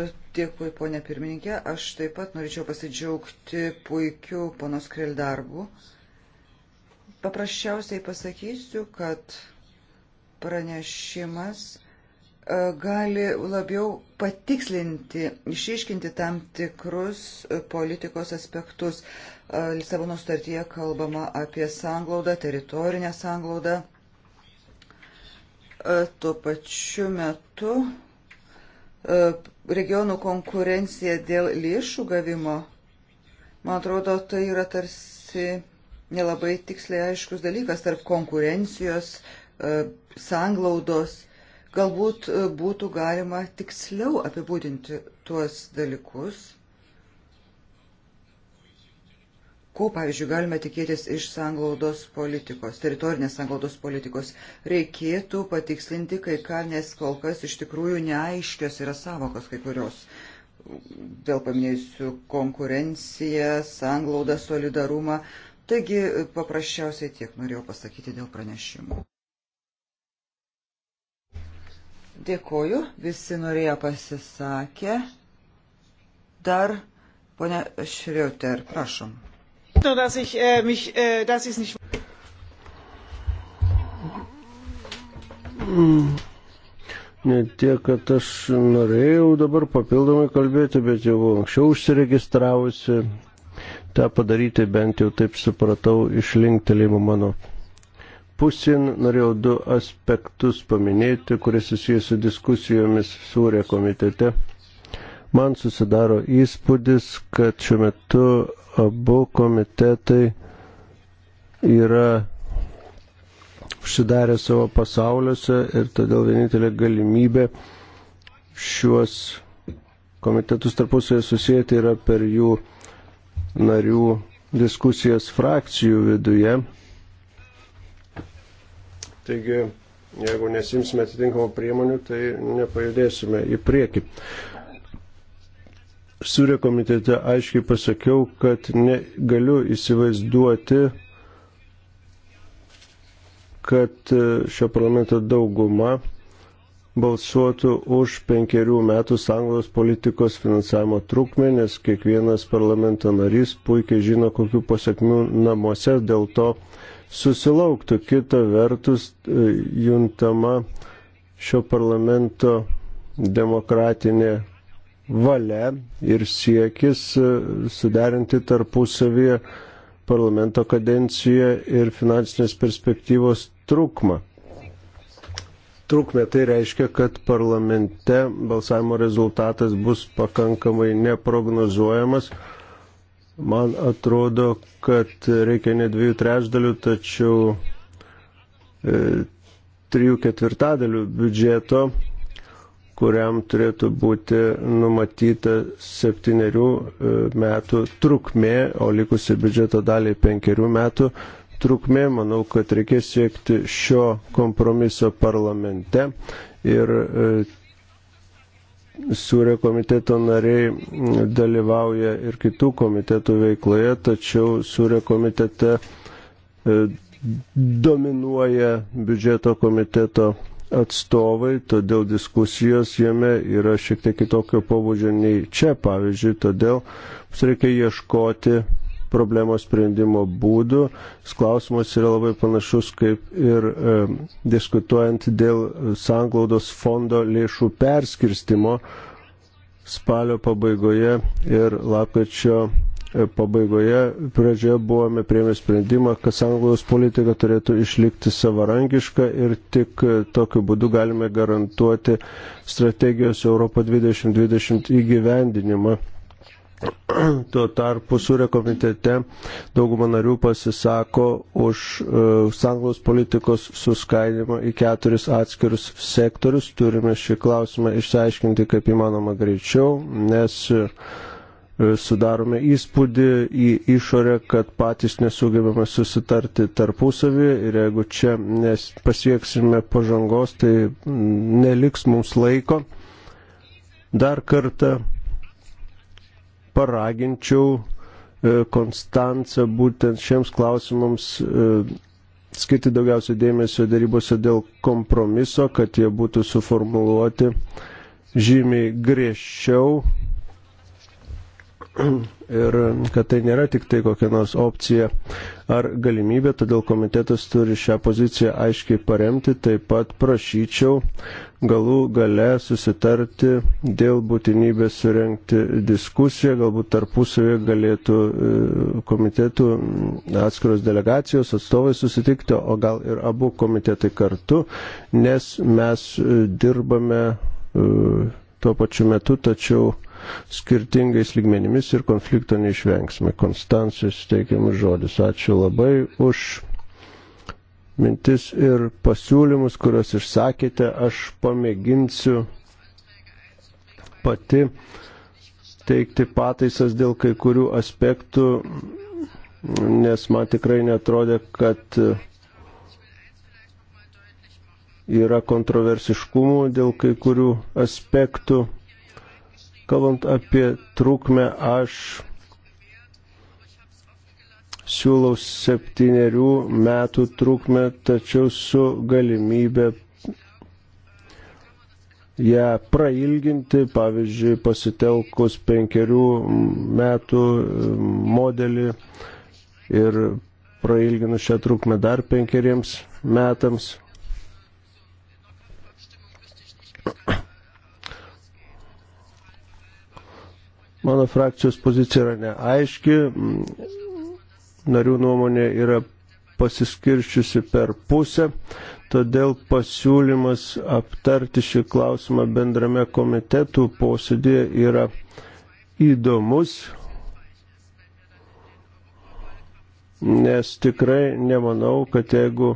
dėkui, ponė pirmininkė. Aš taip pat norėčiau pasidžiaugti puikiu ponos Krel darbu. Paprasčiausiai pasakysiu, kad pranešimas E, gali labiau patikslinti, išiškinti tam tikrus e, politikos aspektus. E, Lisabono sutartyje kalbama apie sanglaudą, teritorinę sanglaudą. Tuo pačiu metu regionų konkurencija dėl lėšų gavimo, man atrodo, tai yra tarsi nelabai tiksliai aiškus dalykas tarp konkurencijos, sanglaudos Galbūt e, būtų galima tiksliau apibūdinti tuos dalykus, ko, pavyzdžiui, galime tikėtis iš sanglaudos politikos, teritorinės sanglaudos politikos, reikėtų patikslinti kai ką, nes kol kas iš tikrųjų neaiškios yra savokos kai kurios. Vėl paminėsiu konkurenciją, sanglaudą, solidarumą. Taigi paprasčiausiai tiek norėjau pasakyti dėl pranešimų. Dėkoju, visi norėjo pasisakę. Dar, ponia Šriuter, prašom. Äh, äh, mm. Ne tiek, kad aš norėjau dabar papildomai kalbėti, bet jau anksčiau užsiregistravusi tą padaryti, bent jau taip supratau iš linktelėjimo mano Pusin norėjau du aspektus paminėti, kurie susijęs su diskusijomis Sūrė komitete. Man susidaro įspūdis, kad šiuo metu abu komitetai yra užsidarę savo pasauliuose ir todėl vienintelė galimybė šiuos komitetus tarpusavėje susijęti yra per jų narių diskusijas frakcijų viduje Taigi, jeigu nesimsime atitinkamų priemonių, tai nepajudėsime į priekį. Surė komitete aiškiai pasakiau, kad negaliu įsivaizduoti, kad e, šio parlamento dauguma balsuotų už penkerių metų sąjungos politikos finansavimo trukmę, nes kiekvienas parlamento narys puikiai žino, kokiu pasiekmių namuose dėl to susilauktų. Kita vertus, e, juntama šio parlamento demokratinė valia ir siekis e, suderinti tarpusavyje parlamento kadenciją ir finansinės perspektyvos trukmą. Trukmė tai reiškia, kad parlamente balsavimo rezultatas bus pakankamai neprognozuojamas Man atrodo, kad reikia ne dviejų trečdalių, tačiau e, trijų ketvirtadalių biudžeto, kuriam turėtų būti numatyta septyniarių e, metų trukmė, o likusi biudžeto daliai penkerių metų trukmė. Manau, kad reikės siekti šio kompromiso parlamente ir e, Sūrio komiteto nariai dalyvauja ir kitų komitetų veikloje, tačiau Sūrio komitete e, dominuoja biudžeto komiteto atstovai, todėl diskusijos jame yra šiek tiek kitokio pobūdžio nei čia, pavyzdžiui, todėl mums reikia ieškoti problemos sprendimo būdų. Klausimas yra labai panašus kaip ir e, diskutuojant dėl sanglaudos fondo lėšų perskirstimo spalio pabaigoje ir lapkričio e, pabaigoje, pradžioje buvome prieimę sprendimą, kad sanglaudos politika turėtų išlikti savarankiška ir tik e, tokiu būdu galime garantuoti strategijos Europo 2020 įgyvendinimą Tuo tarpu surė komitete dauguma narių pasisako už uh, e, sanglaus politikos suskaidimą į keturis atskirus sektorius. Turime šį klausimą išsiaiškinti kaip įmanoma greičiau, nes uh, sudarome įspūdį į išorę, kad patys nesugebame susitarti tarpusavį ir jeigu čia pasieksime pažangos, tai neliks mums laiko. Dar kartą paraginčiau e, Konstancą būtent šiems klausimams e, skirti daugiausia dėmesio darybose dėl kompromiso, kad jie būtų suformuluoti žymiai griežčiau ir kad tai nėra tik tai kokia nors opcija ar galimybė, todėl komitetas turi šią poziciją aiškiai paremti. Taip pat prašyčiau galų gale susitarti dėl būtinybės surenkti diskusiją, galbūt tarpusavėje galėtų e, komitetų atskiros delegacijos atstovai susitikti, o gal ir abu komitetai kartu, nes mes e, dirbame e, tuo pačiu metu, tačiau skirtingais lygmenimis ir konflikto neišvengsime. Konstancijos teikiamas žodis. Ačiū labai už mintis ir pasiūlymus, kuriuos išsakėte. Aš pamėginsiu pati teikti pataisas dėl kai kurių aspektų, nes man tikrai netrodė, kad yra kontroversiškumų dėl kai kurių aspektų. Kalbant apie trukmę, aš siūlau septyniarių metų trukmę, tačiau su galimybė ją prailginti, pavyzdžiui, pasitelkus penkerių metų modelį ir prailginus šią trukmę dar penkeriems metams. Mano frakcijos pozicija yra neaiški, narių nuomonė yra pasiskirščiusi per pusę, todėl pasiūlymas aptarti šį klausimą bendrame komitetų posėdėje yra įdomus, nes tikrai nemanau, kad jeigu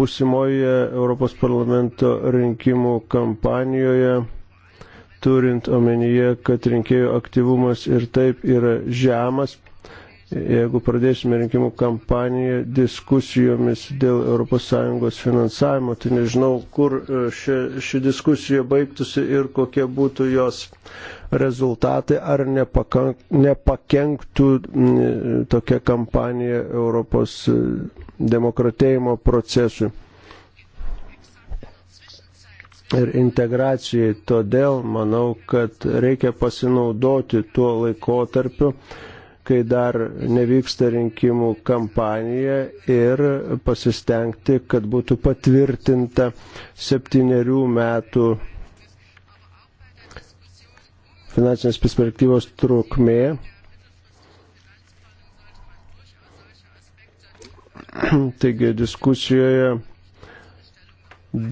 busimoje Europos parlamento rinkimų kampanijoje turint omenyje, kad rinkėjų aktyvumas ir taip yra žemas. Jeigu pradėsime rinkimų kampaniją diskusijomis dėl ES finansavimo, tai nežinau, kur e, ši, ši diskusija baigtųsi ir kokie būtų jos rezultatai, ar nepakank, nepakenktų tokia kampanija Europos demokratėjimo procesui ir integracijai. Todėl manau, kad reikia pasinaudoti tuo laikotarpiu, kai dar nevyksta rinkimų kampanija ir pasistengti, kad būtų patvirtinta septyniarių metų finansinės perspektyvos trukmė. Taigi diskusijoje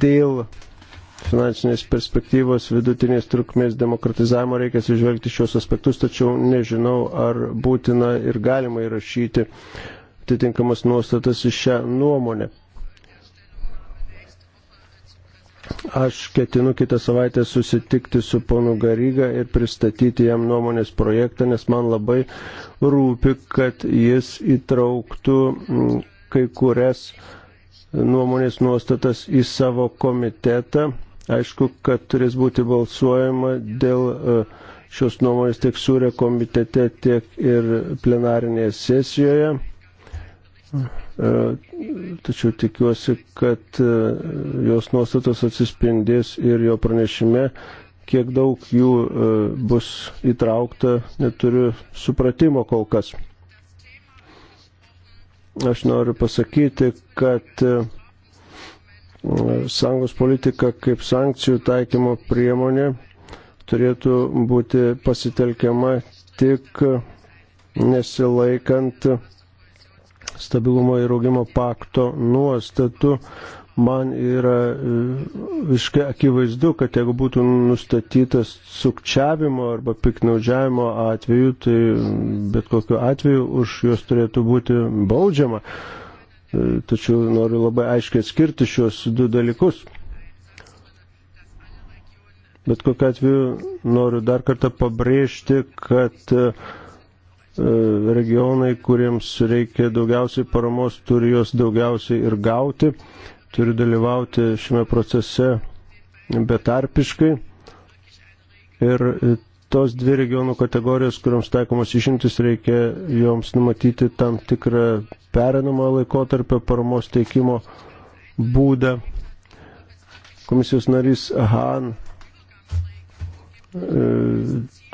dėl finansinės perspektyvos vidutinės trukmės demokratizavimo reikia atsižvelgti šios aspektus, tačiau nežinau, ar būtina ir galima įrašyti atitinkamas nuostatas į šią nuomonę. Aš ketinu kitą savaitę susitikti su ponu Garyga ir pristatyti jam nuomonės projektą, nes man labai rūpi, kad jis įtrauktų mm, kai kurias nuomonės nuostatas į savo komitetą Aišku, kad turės būti balsuojama dėl e, šios nuomonės tiek sūrė komitete, tiek ir plenarinėje sesijoje. E, tačiau tikiuosi, kad e, jos nuostatos atsispindės ir jo pranešime, kiek daug jų bus įtraukta, neturiu supratimo kol kas. Aš noriu pasakyti, kad sąjungos politika kaip sankcijų taikymo priemonė turėtų būti pasitelkiama tik nesilaikant stabilumo ir augimo pakto nuostatų. Man yra e, visiškai akivaizdu, kad jeigu būtų nustatytas sukčiavimo arba piknaudžiavimo atveju, tai bet kokiu atveju už juos turėtų būti baudžiama. Uh, Tačiau noriu labai aiškiai atskirti šios du dalykus. Bet kokiu atveju noriu dar kartą pabrėžti, kad e, regionai, kuriems reikia daugiausiai paramos, turi jos daugiausiai ir gauti, turi dalyvauti šiame procese betarpiškai. Ir tos dvi regionų kategorijos, kuriams taikomas išimtis, reikia joms numatyti tam tikrą perinamojo laikotarpio paramos teikimo būdą. Komisijos narys Han e,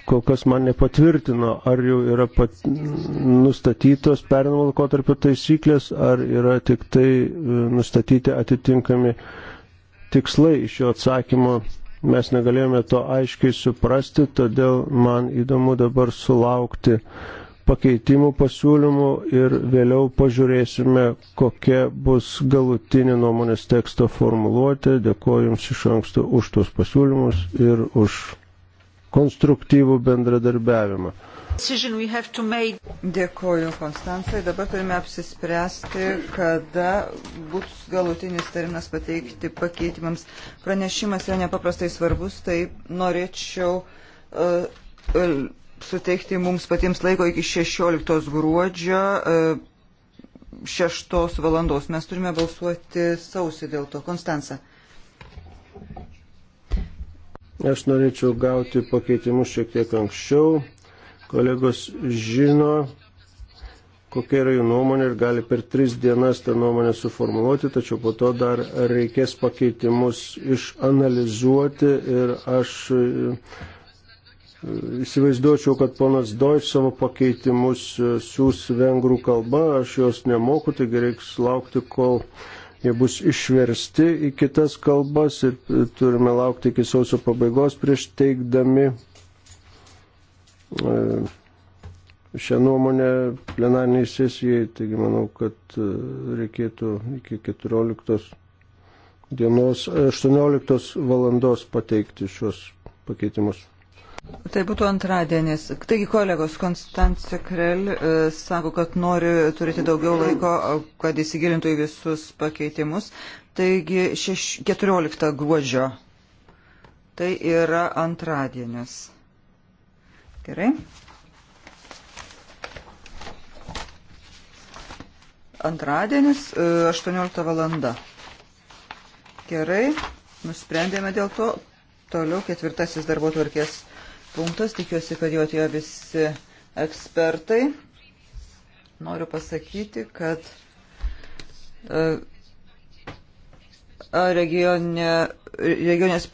kol kas man nepatvirtino, ar jau yra pat, nustatytos perinamo laikotarpio taisyklės, ar yra tik tai e, nustatyti atitinkami tikslai iš jo atsakymo. Mes negalėjome to aiškiai suprasti, todėl man įdomu dabar sulaukti uh, pakeitimų pasiūlymų ir vėliau pažiūrėsime, kokia bus galutinė nuomonės teksto formuluotė. Dėkuoju Jums iš anksto už tuos pasiūlymus ir už konstruktyvų bendradarbiavimą. Dėkuoju, Konstantai. Dabar turime apsispręsti, kada bus galutinis terminas pateikti pakeitimams. Pranešimas yra nepaprastai svarbus, tai norėčiau uh, suteikti mums patiems laiko iki 16 gruodžio 6 e, valandos. Mes turime balsuoti sausį dėl to. Konstanca. Aš norėčiau gauti pakeitimus šiek tiek anksčiau. Kolegos žino, kokia yra jų nuomonė ir gali per tris dienas tą nuomonę suformuoluoti, tačiau po to dar reikės pakeitimus išanalizuoti ir aš Įsivaizduočiau, kad ponas Doj savo pakeitimus e, siūs vengrų kalba, aš jos nemoku, taigi reiks laukti, kol jie bus išversti į kitas kalbas ir e, turime laukti iki sausio pabaigos prieš teikdami e, šią nuomonę plenarniai sesijai, taigi manau, kad reikėtų iki 14 dienos 18 valandos pateikti šios pakeitimus. Tai būtų antradienis. Taigi kolegos, Konstancija Krell e, sako, kad nori turėti daugiau laiko, e, kad įsigilintų į visus pakeitimus. Taigi šeš, 14 gruodžio. Tai yra antradienis. Gerai. Antradienis, e, 18 valanda. Gerai, nusprendėme dėl to. Toliau ketvirtasis darbo tvarkės punktas. Tikiuosi, kad jau atėjo visi ekspertai. Noriu pasakyti, kad e, regionė, regionės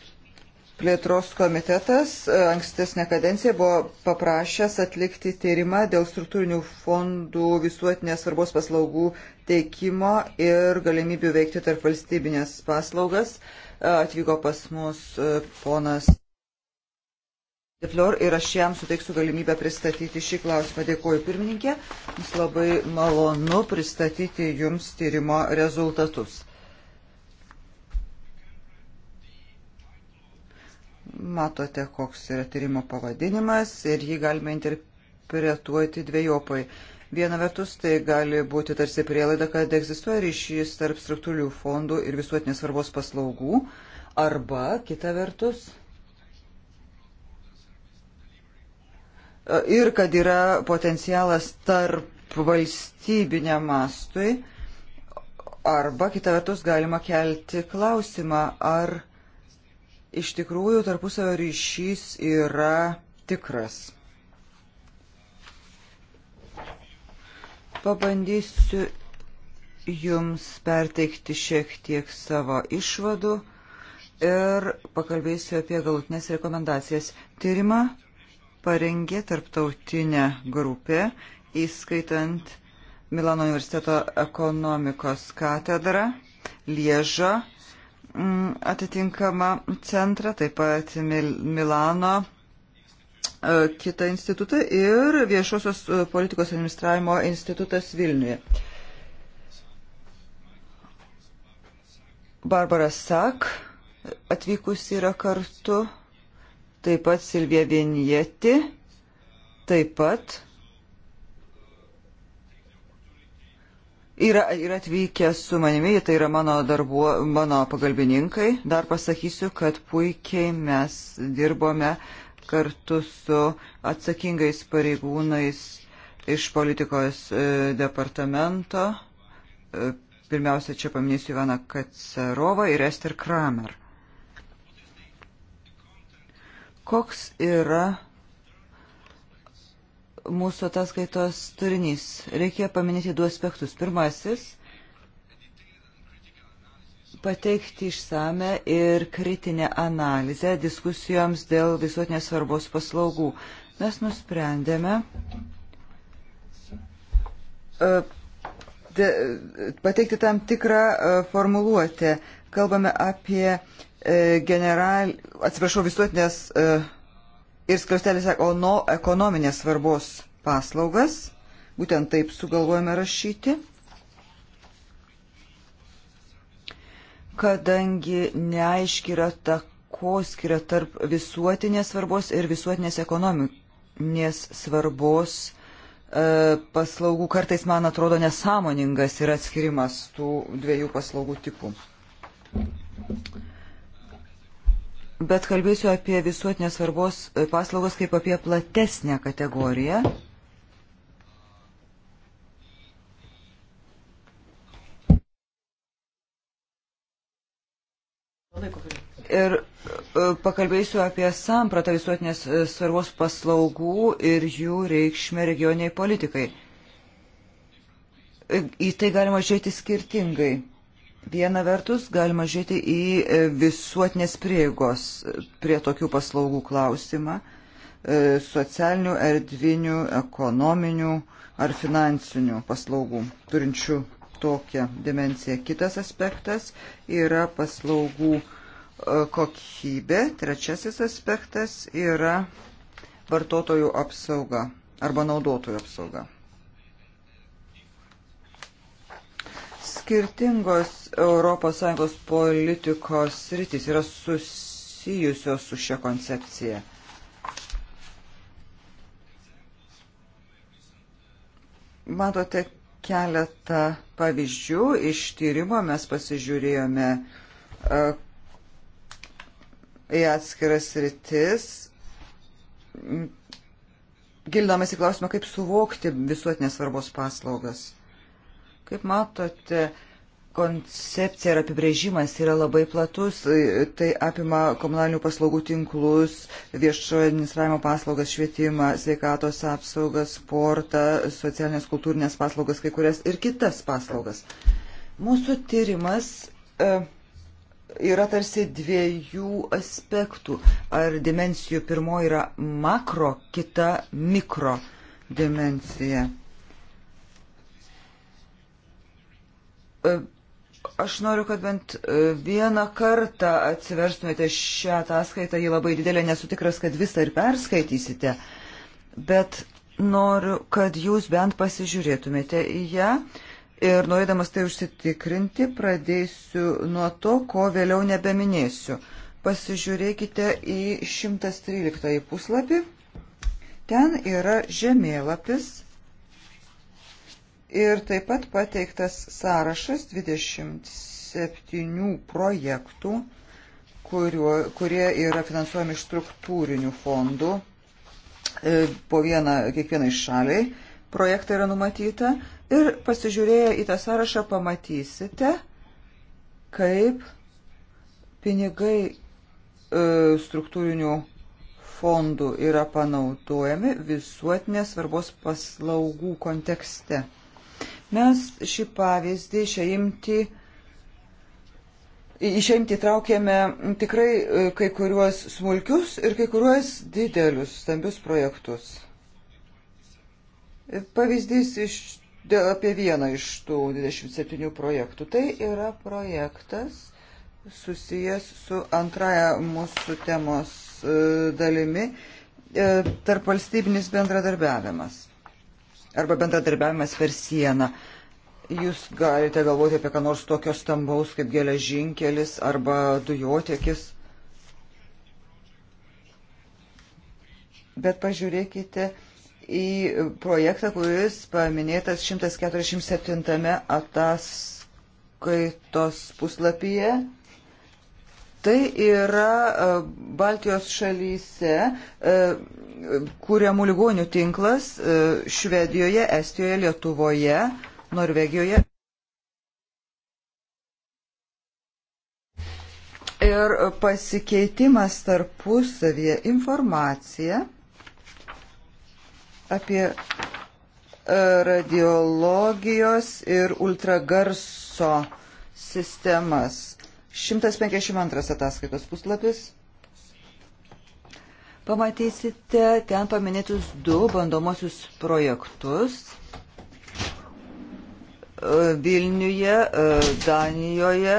plėtros komitetas e, ankstesnė kadencija buvo paprašęs atlikti tyrimą dėl struktūrinių fondų visuotinės svarbos paslaugų teikimo ir galimybių veikti tarp valstybinės paslaugas. E, atvyko pas mus ponas Flor ir aš jam suteiksiu galimybę pristatyti šį klausimą. Dėkuoju pirmininkė, jums labai malonu pristatyti jums tyrimo rezultatus. Matote, koks yra tyrimo pavadinimas ir jį galime interpretuoti dviejopai. Viena vertus, tai gali būti tarsi prielaida, kad egzistuoja ryšys tarp struktūrių fondų ir visuotinės svarbos paslaugų, arba kita vertus, ir kad yra potencialas tarp valstybiniam mastui. Arba kita vertus galima kelti klausimą, ar iš tikrųjų tarpusavio ryšys yra tikras. Pabandysiu Jums perteikti šiek tiek savo išvadų ir pakalbėsiu apie galutinės rekomendacijas. Tyrimą parengė tarptautinę grupę, įskaitant Milano universiteto ekonomikos katedrą, Liežo mm, atitinkamą centrą, taip pat Mil Milano e, kitą institutą ir viešosios e, politikos administravimo institutas Vilniuje. Barbara Sak atvykus yra kartu taip pat Silvija Vienieti, taip pat yra, yra atvykęs su manimi, tai yra mano, darbu, mano pagalbininkai. Dar pasakysiu, kad puikiai mes dirbome kartu su atsakingais pareigūnais iš politikos e, departamento. E, pirmiausia, čia paminėsiu Ivaną Kacerovą ir Ester Kramer. Koks yra mūsų ataskaitos turinys? Reikia paminėti du aspektus. Pirmasis - pateikti išsame ir kritinę analizę diskusijoms dėl visuotinės svarbos paslaugų. Mes nusprendėme e, pateikti tam tikrą e, formuluotę. Kalbame apie E, general, atsiprašau, visuotinės e, ir skliaustelis ekono, ekonominės svarbos paslaugas. Būtent taip sugalvojame rašyti. Kadangi neaiški yra ta koskira tarp visuotinės svarbos ir visuotinės ekonominės svarbos e, paslaugų, kartais man atrodo nesąmoningas yra atskirimas tų dviejų paslaugų tipų bet kalbėsiu apie visuotinės svarbos e, paslaugos kaip apie platesnę kategoriją. Ir e, pakalbėsiu apie sampratą visuotinės e, svarbos paslaugų ir jų reikšmę regioniai politikai. Į tai galima žiūrėti skirtingai. Viena vertus, galima žiūrėti į e, visuotinės prieigos e, prie tokių paslaugų klausimą e, - socialinių, erdvinių, ekonominių ar finansinių paslaugų turinčių tokią dimenciją. Kitas aspektas yra paslaugų kokybė. Trečiasis aspektas yra vartotojų apsauga arba naudotojų apsauga. Skirtingos ES politikos sritys yra susijusios su šia koncepcija. Matote keletą pavyzdžių iš tyrimo, mes pasižiūrėjome e, į atskiras rytis. Gildomės į klausimą, kaip suvokti visuotinės svarbos paslaugas. Kaip matote, koncepcija ir apibrėžimas yra labai platus. Tai apima komunalinių paslaugų tinklus, viešojo administravimo paslaugas, švietimą, sveikatos apsaugas, sportą, socialinės kultūrinės paslaugas, kai kurias ir kitas paslaugas. Mūsų tyrimas e, yra tarsi dviejų aspektų ar dimensijų. Pirmoji yra makro, kita mikro dimensija. E, aš noriu, kad bent e, vieną kartą atsiverstumėte šią ataskaitą, ji labai didelė, nesu tikras, kad visą ir perskaitysite, bet noriu, kad jūs bent pasižiūrėtumėte į ją. Ir norėdamas tai užsitikrinti, pradėsiu nuo to, ko vėliau nebeminėsiu. Pasižiūrėkite į 113 puslapį. Ten yra žemėlapis Ir taip pat pateiktas sąrašas 27 projektų, kuriuo, kurie yra finansuojami iš struktūrinių fondų e, po vieną kiekvienai šaliai. Projektai yra numatyta ir pasižiūrėję į tą sąrašą pamatysite, kaip pinigai e, struktūrinių fondų yra panaudojami visuotinės svarbos paslaugų kontekste. Mes šį pavyzdį išeimti. Išeimti traukėme tikrai e, kai kuriuos smulkius ir kai kuriuos didelius, stambius projektus. Pavyzdys iš, dėl, apie vieną iš tų 27 projektų. Tai yra projektas susijęs su antraja mūsų temos e, dalimi e, tarp valstybinis bendradarbiavimas arba bendradarbiavimas per sieną. Jūs galite galvoti apie ką nors tokio stambaus kaip geležinkelis arba dujotiekis. Bet pažiūrėkite į projektą, kuris paminėtas 147 ataskaitos puslapyje. Tai yra e, Baltijos šalyse e, kūriamų ligonių tinklas e, Švedijoje, Estijoje, Lietuvoje, Norvegijoje. Ir pasikeitimas tarpusavėje informacija apie radiologijos ir ultragarso sistemas 152 ataskaitos puslapis. Pamatysite ten paminėtus du bandomosius projektus. E, Vilniuje, e, Danijoje,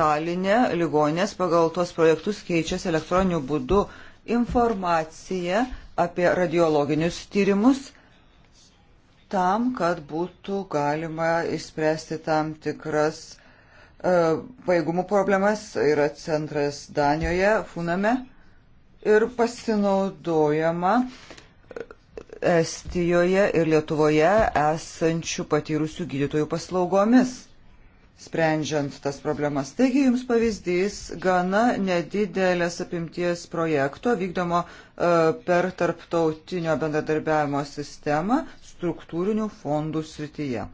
Talinė, ligonės pagal tuos projektus keičiasi elektroniniu būdu informacija apie radiologinius tyrimus tam, kad būtų galima išspręsti tam tikras E, pajėgumų problemas, yra centras Danijoje, Funame ir pasinaudojama Estijoje ir Lietuvoje esančių patyrusių gydytojų paslaugomis, sprendžiant tas problemas. Taigi jums pavyzdys gana nedidelės apimties projekto vykdomo e, per tarptautinio bendradarbiavimo sistemą struktūrinių fondų srityje.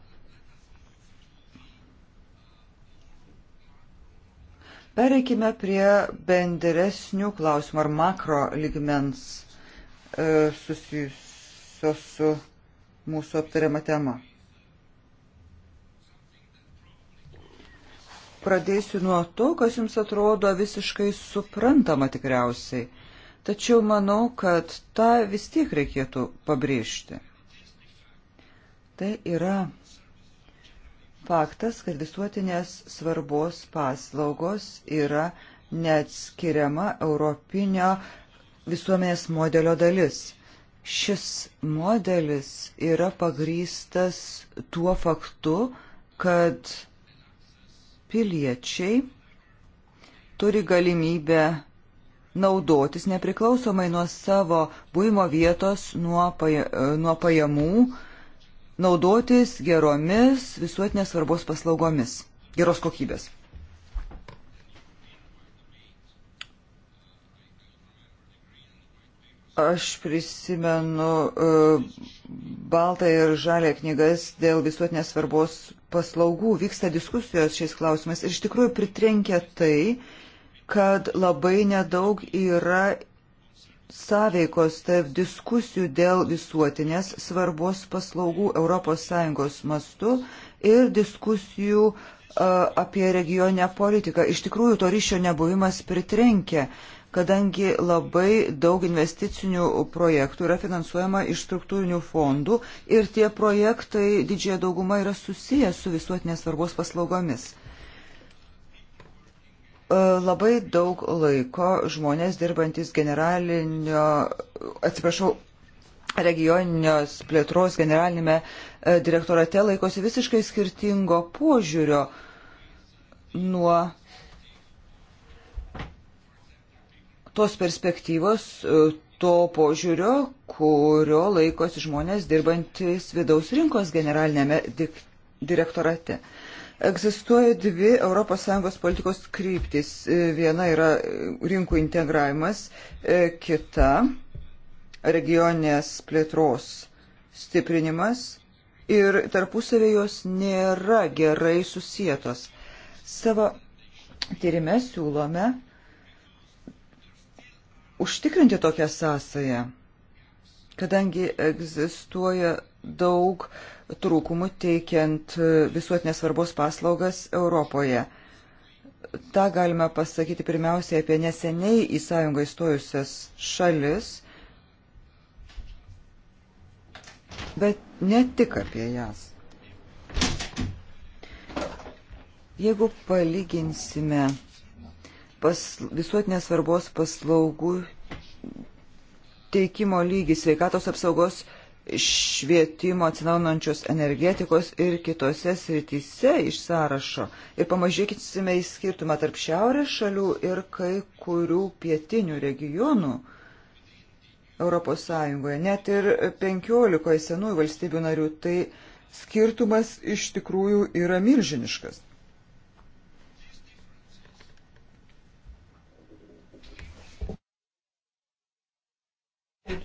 Pereikime prie bendresnių klausimų ar makro ligmens e, susijusios su mūsų aptariama tema. Pradėsiu nuo to, kas jums atrodo visiškai suprantama tikriausiai, tačiau manau, kad tą vis tiek reikėtų pabrėžti. Tai yra faktas, kad visuotinės svarbos paslaugos yra neatskiriama europinio visuomenės modelio dalis. Šis modelis yra pagrystas tuo faktu, kad piliečiai turi galimybę naudotis nepriklausomai nuo savo buvimo vietos, nuo, paja, nuo pajamų, naudotis geromis visuotinės svarbos paslaugomis, geros kokybės. Aš prisimenu uh, baltą ir žalę knygas dėl visuotinės svarbos paslaugų. Vyksta diskusijos šiais klausimais ir iš tikrųjų pritrenkia tai, kad labai nedaug yra sąveikos tarp diskusijų dėl visuotinės svarbos paslaugų ES mastu ir diskusijų apie regioninę politiką. Iš tikrųjų, to ryšio nebuvimas pritrenkia, kadangi labai daug investicinių projektų yra finansuojama iš struktūrinių fondų ir tie projektai didžiąją daugumą yra susiję su visuotinės svarbos paslaugomis. E, labai daug laiko žmonės dirbantis generalinio, atsiprašau, regioninės plėtros generalinėme e, direktorate laikosi visiškai skirtingo požiūrio nuo tos perspektyvos, e, to požiūrio, kurio laikosi žmonės dirbantis vidaus rinkos generalinėme direktorate. Egzistuoja dvi ES politikos kryptis. E, viena yra rinkų integravimas, e, kita regionės plėtros stiprinimas ir tarpusavė jos nėra gerai susijėtos. Savo tyrimę siūlome užtikrinti tokią sąsąją, kadangi egzistuoja daug uh, trūkumų teikiant visuotinės svarbos paslaugas Europoje. Ta galime pasakyti pirmiausiai apie neseniai į sąjungą įstojusias šalis, bet ne tik apie jas. Jeigu palyginsime pas, visuotinės svarbos paslaugų teikimo lygį sveikatos apsaugos švietimo atsinaunančios energetikos ir kitose srityse iš sąrašo. Ir pamažėkime į skirtumą tarp šiaurės šalių ir kai kurių pietinių regionų ES. Net ir 15 senųjų valstybių narių tai skirtumas iš tikrųjų yra milžiniškas.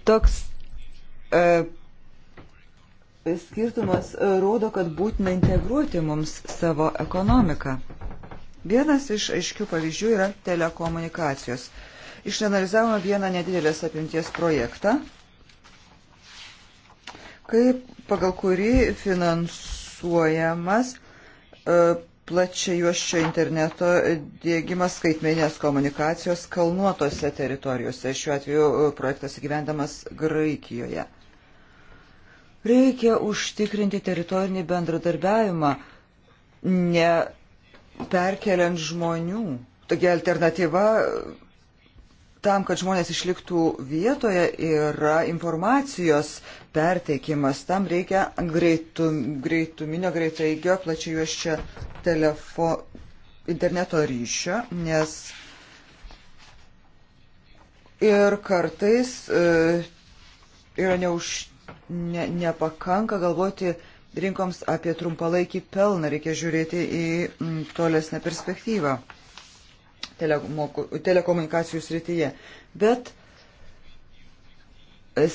Toks e, skirtumas e, rodo, kad būtina integruoti mums savo ekonomiką. Vienas iš aiškių pavyzdžių yra telekomunikacijos. Išanalizavome vieną nedidelės apimties projektą, kaip, pagal kurį finansuojamas e, plačiai juoščio interneto dėgymas skaitmenės komunikacijos kalnuotose teritorijose. Šiuo atveju e, projektas įgyvendamas Graikijoje. Reikia užtikrinti teritorinį bendradarbiavimą, neperkeliant žmonių. Tokia alternatyva tam, kad žmonės išliktų vietoje, yra informacijos perteikimas. Tam reikia greitum, greituminio greitaigio plačiai juos čia telefo, interneto ryšio, nes ir kartais e, yra neužtikrinti ne, nepakanka galvoti rinkoms apie trumpalaikį pelną, reikia žiūrėti į mm, tolesnę perspektyvą telekomunikacijų srityje. Bet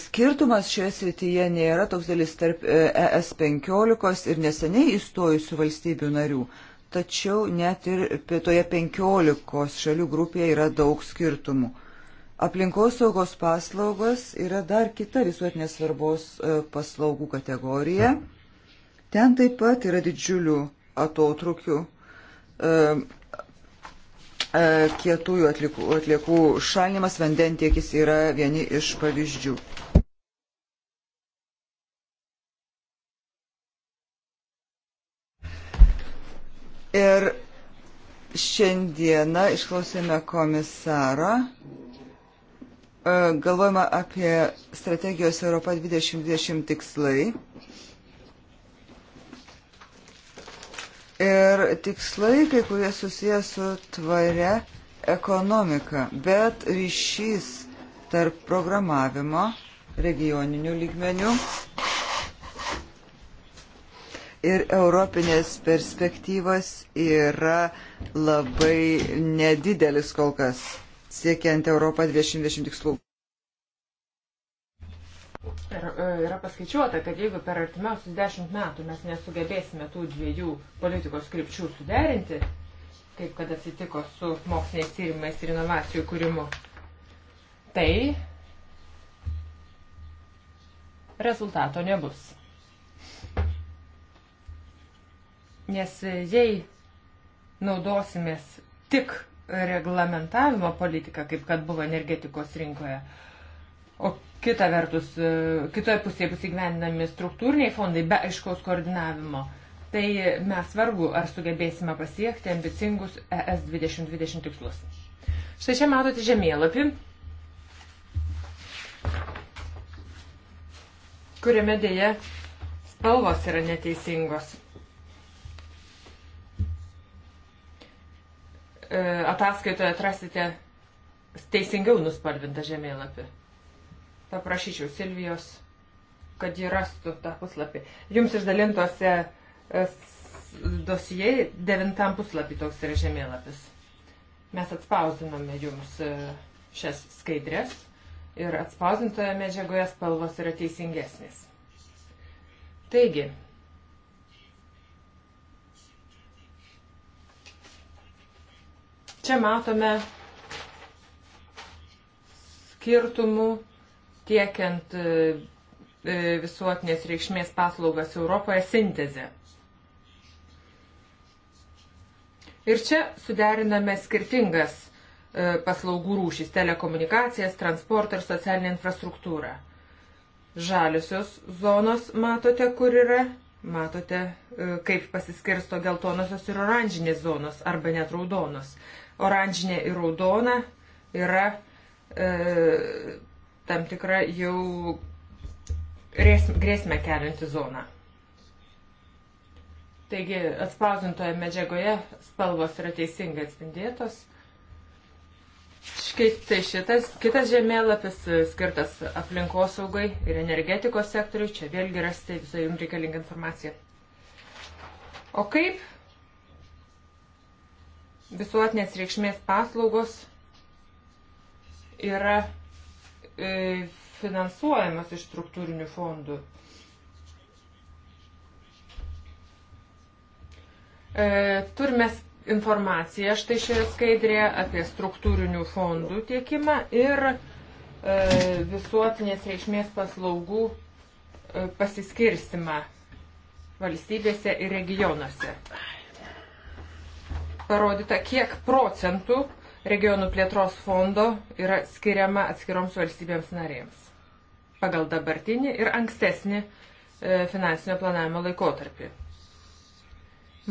skirtumas šioje srityje nėra toks dėlis tarp ES e 15 ir neseniai įstojusių valstybių narių. Tačiau net ir toje 15 šalių grupėje yra daug skirtumų. Aplinkosaugos paslaugos yra dar kita visuotinės svarbos e, paslaugų kategorija. Ten taip pat yra didžiulių atotrukių e, e, kietųjų atliekų, atliekų šalinimas vandentiekis yra vieni iš pavyzdžių. Ir šiandieną išklausėme komisarą E, galvojama apie strategijos Europa 2020 tikslai. Ir tikslai, kai kurie susiję su tvare ekonomika, bet ryšys tarp programavimo regioninių lygmenių ir europinės perspektyvas yra labai nedidelis kol kas siekiant Europą 2020 tikslų. Ir e, yra paskaičiuota, kad jeigu per artimiausius dešimt metų mes nesugebėsime tų dviejų politikos krypčių suderinti, kaip kad atsitiko su moksliniais tyrimais ir inovacijų kūrimu, tai rezultato nebus. Nes jei naudosimės tik reglamentavimo politiką, kaip kad buvo energetikos rinkoje. O kita vertus, e, kitoje pusėje bus įgyvendinami struktūriniai fondai be aiškaus koordinavimo. Tai mes vargu, ar sugebėsime pasiekti ambicingus ES 2020 tikslus. Štai čia matote žemėlapį, kuriame dėja spalvos yra neteisingos. E, ataskaitoje atrasite teisingiau nuspalvintą žemėlapį. Paprašyčiau Silvijos, kad ji rastų tą puslapį. Jums išdalintose e, dosijai devintam puslapį toks yra žemėlapis. Mes atspausdiname jums e, šias skaidrės ir atspausdintoje medžiagoje spalvos yra teisingesnės. Taigi, Čia matome skirtumų tiekiant e, e, visuotinės reikšmės paslaugas Europoje sintezė. Ir čia suderiname skirtingas e, paslaugų rūšys - telekomunikacijas, transportą ir socialinę infrastruktūrą. Žaliosios zonos matote, kur yra, matote, kaip pasiskirsto geltonosios ir oranžinės zonos arba net raudonos oranžinė ir raudona yra e, tam tikra jau grėsmę kelianti zona. Taigi atspausdintoje medžiagoje spalvos yra teisingai atspindėtos. Štai šitas kitas žemėlapis e, skirtas aplinkosaugai ir energetikos sektoriui. Čia vėlgi rasite visą jums reikalingą informaciją. O kaip Visuotinės reikšmės paslaugos yra e, finansuojamas iš struktūrinių fondų. E, turime informaciją štai šioje skaidrėje apie struktūrinių fondų tiekimą ir e, visuotinės reikšmės paslaugų e, pasiskirstimą valstybėse ir regionuose parodyta, kiek procentų regionų plėtros fondo yra skiriama atskiroms valstybėms narėms pagal dabartinį ir ankstesnį e, finansinio planavimo laikotarpį.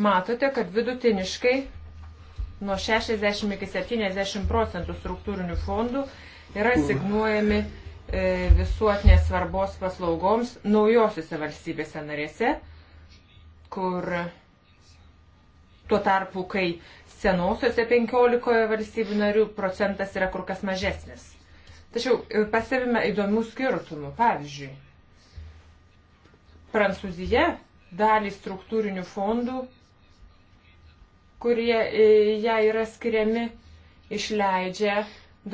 Matote, kad vidutiniškai nuo 60 iki 70 procentų struktūrinių fondų yra signuojami e, visuotinės svarbos paslaugoms naujosiuose valstybėse narėse, kur Tuo tarpu, kai senosiuose 15 valstybių narių procentas yra kur kas mažesnis. Tačiau e, pastebime įdomių skirtumų. Pavyzdžiui, Prancūzija dalį struktūrinių fondų, kurie e, ją yra skiriami, išleidžia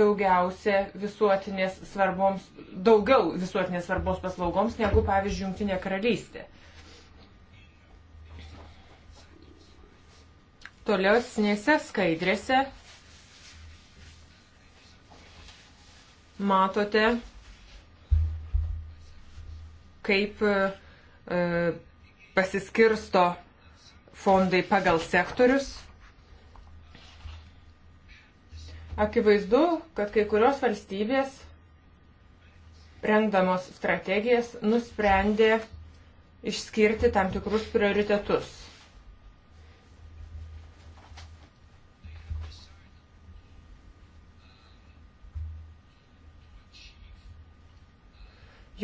daugiausia visuotinės svarboms, daugiau visuotinės svarbos paslaugoms negu, pavyzdžiui, Junktinė karalystė. Tolesnėse skaidrėse matote, kaip e, pasiskirsto fondai pagal sektorius. Akivaizdu, kad kai kurios valstybės, rengdamos strategijas, nusprendė išskirti tam tikrus prioritetus.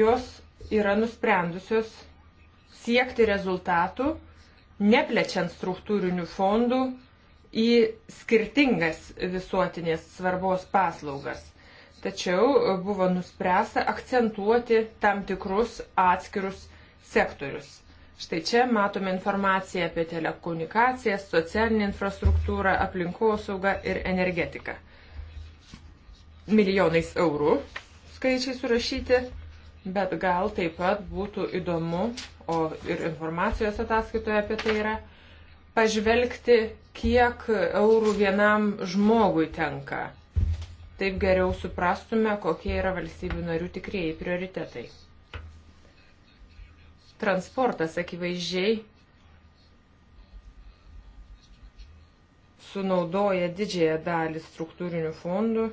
jos yra nusprendusios siekti rezultatų, neplečiant struktūrinių fondų į skirtingas visuotinės svarbos paslaugas. Tačiau buvo nuspręsta akcentuoti tam tikrus atskirus sektorius. Štai čia matome informaciją apie telekomunikacijas, socialinę infrastruktūrą, aplinkosaugą ir energetiką. Milijonais eurų skaičiai surašyti bet gal taip pat būtų įdomu, o ir informacijos ataskaitoje apie tai yra, pažvelgti, kiek eurų vienam žmogui tenka. Taip geriau suprastume, kokie yra valstybių narių tikrieji prioritetai. Transportas akivaizdžiai sunaudoja didžiąją dalį struktūrinių fondų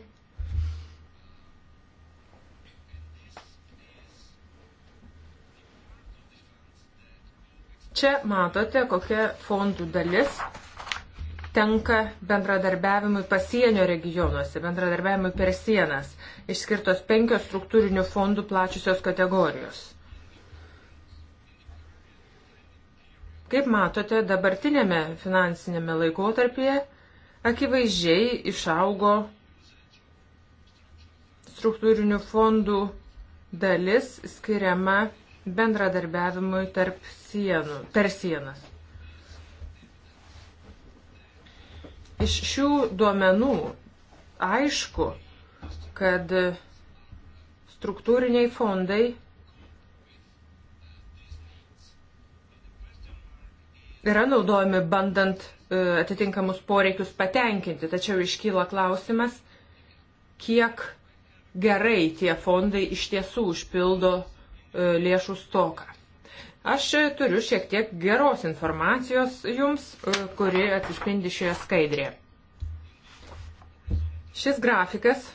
Čia matote, kokia fondų dalis tenka bendradarbiavimui pasienio regionuose, bendradarbiavimui per sienas, išskirtos penkios struktūrinių fondų plačiusios kategorijos. Kaip matote, dabartinėme finansinėme laikotarpyje akivaizdžiai išaugo struktūrinių fondų dalis skiriama bendradarbiavimui tarp sienų, per sienas. Iš šių duomenų aišku, kad struktūriniai fondai yra naudojami bandant e, atitinkamus poreikius patenkinti, tačiau iškyla klausimas, kiek gerai tie fondai iš tiesų užpildo uh, E, lėšų stoką. Aš e, turiu šiek tiek geros informacijos jums, e, kuri atsispindi šioje skaidrėje. Šis grafikas,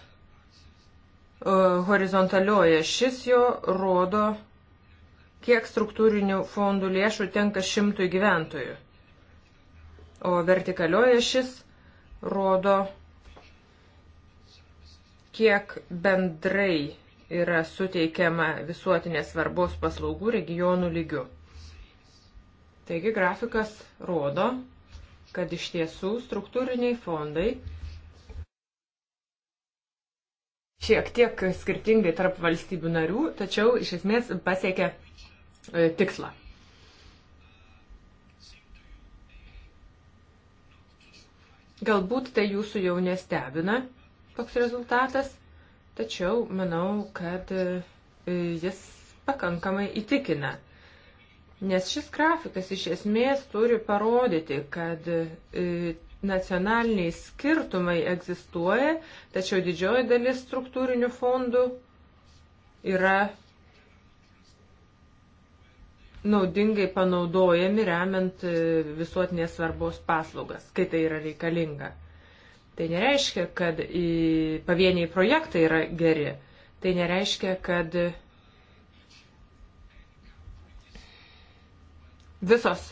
horizontalioje šis jo, rodo, kiek struktūrinių fondų lėšų tenka šimtui gyventojų. O vertikalioje šis rodo, kiek bendrai yra suteikiama visuotinės svarbos paslaugų regionų lygių. Taigi grafikas rodo, kad iš tiesų struktūriniai fondai šiek tiek skirtingai tarp valstybių narių, tačiau iš esmės pasiekia e, tikslą. Galbūt tai jūsų jau nestebina toks rezultatas, Tačiau manau, kad e, jis pakankamai įtikina. Nes šis grafikas iš esmės turi parodyti, kad e, nacionaliniai skirtumai egzistuoja, tačiau didžioji dalis struktūrinių fondų yra naudingai panaudojami remiant e, visuotinės svarbos paslaugas, kai tai yra reikalinga. Tai nereiškia, kad pavieniai projektai yra geri. Tai nereiškia, kad visos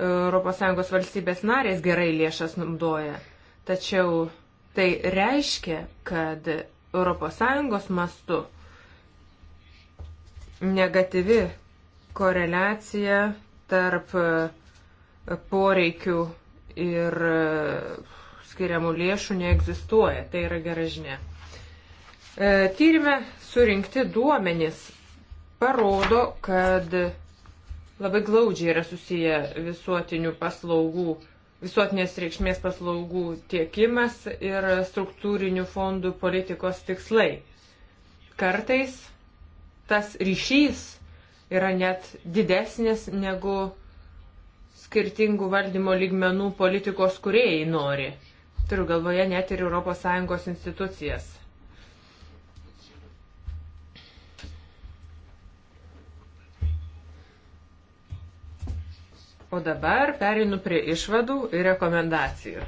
ES valstybės narės gerai lėšas naudoja. Tačiau tai reiškia, kad ES mastu negatyvi koreliacija tarp poreikių ir uh, skiriamų lėšų neegzistuoja. Tai yra gera žinia. E, tyrime surinkti duomenys parodo, kad labai glaudžiai yra susiję visuotinių paslaugų, visuotinės reikšmės paslaugų tiekimas ir struktūrinių fondų politikos tikslai. Kartais tas ryšys yra net didesnis negu skirtingų valdymo lygmenų politikos kuriejai nori. Turiu galvoje net ir ES institucijas. O dabar pereinu prie išvadų ir rekomendacijų.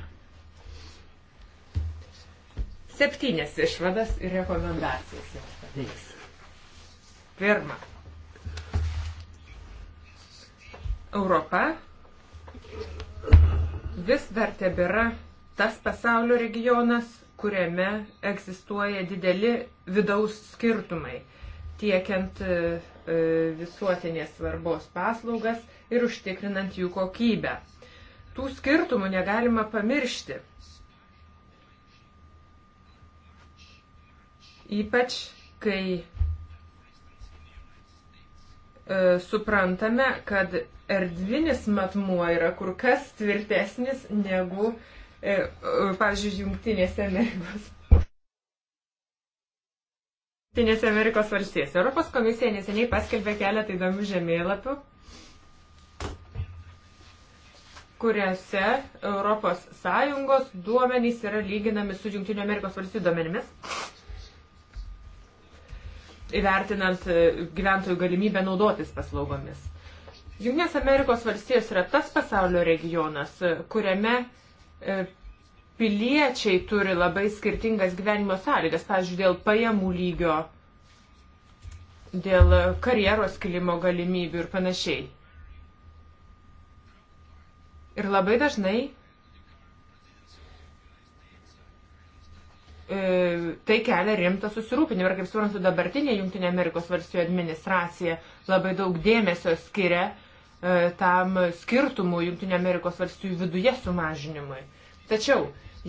Septynės išvadas ir rekomendacijas jums pateiksiu. Pirma. Europa vis dar tebėra tas pasaulio regionas, kuriame egzistuoja dideli vidaus skirtumai, tiekiant e, e, visuotinės svarbos paslaugas ir užtikrinant jų kokybę. Tų skirtumų negalima pamiršti. Ypač, kai e, suprantame, kad erdvinis matmuo yra kur kas tvirtesnis negu e, E, pavyzdžiui, Junktinėse Amerikos. Junktinėse Amerikos valstijose. Europos komisija neseniai paskelbė keletą įdomių žemėlapių, kuriuose Europos Sąjungos duomenys yra lyginami su Junktinio Amerikos valstijų duomenimis. Įvertinant e, gyventojų galimybę naudotis paslaugomis. Junktinės Amerikos valstijos yra tas pasaulio regionas, kuriame E, piliečiai turi labai skirtingas gyvenimo sąlygas, pavyzdžiui, dėl pajamų lygio, dėl karjeros kilimo galimybių ir panašiai. Ir labai dažnai e, tai kelia rimtą susirūpinimą. Ir kaip suprantu, dabartinė Junktinė Amerikos valstijų administracija labai daug dėmesio skiria uh, E, tam skirtumų Junktinio Amerikos valstybių viduje sumažinimui. Tačiau,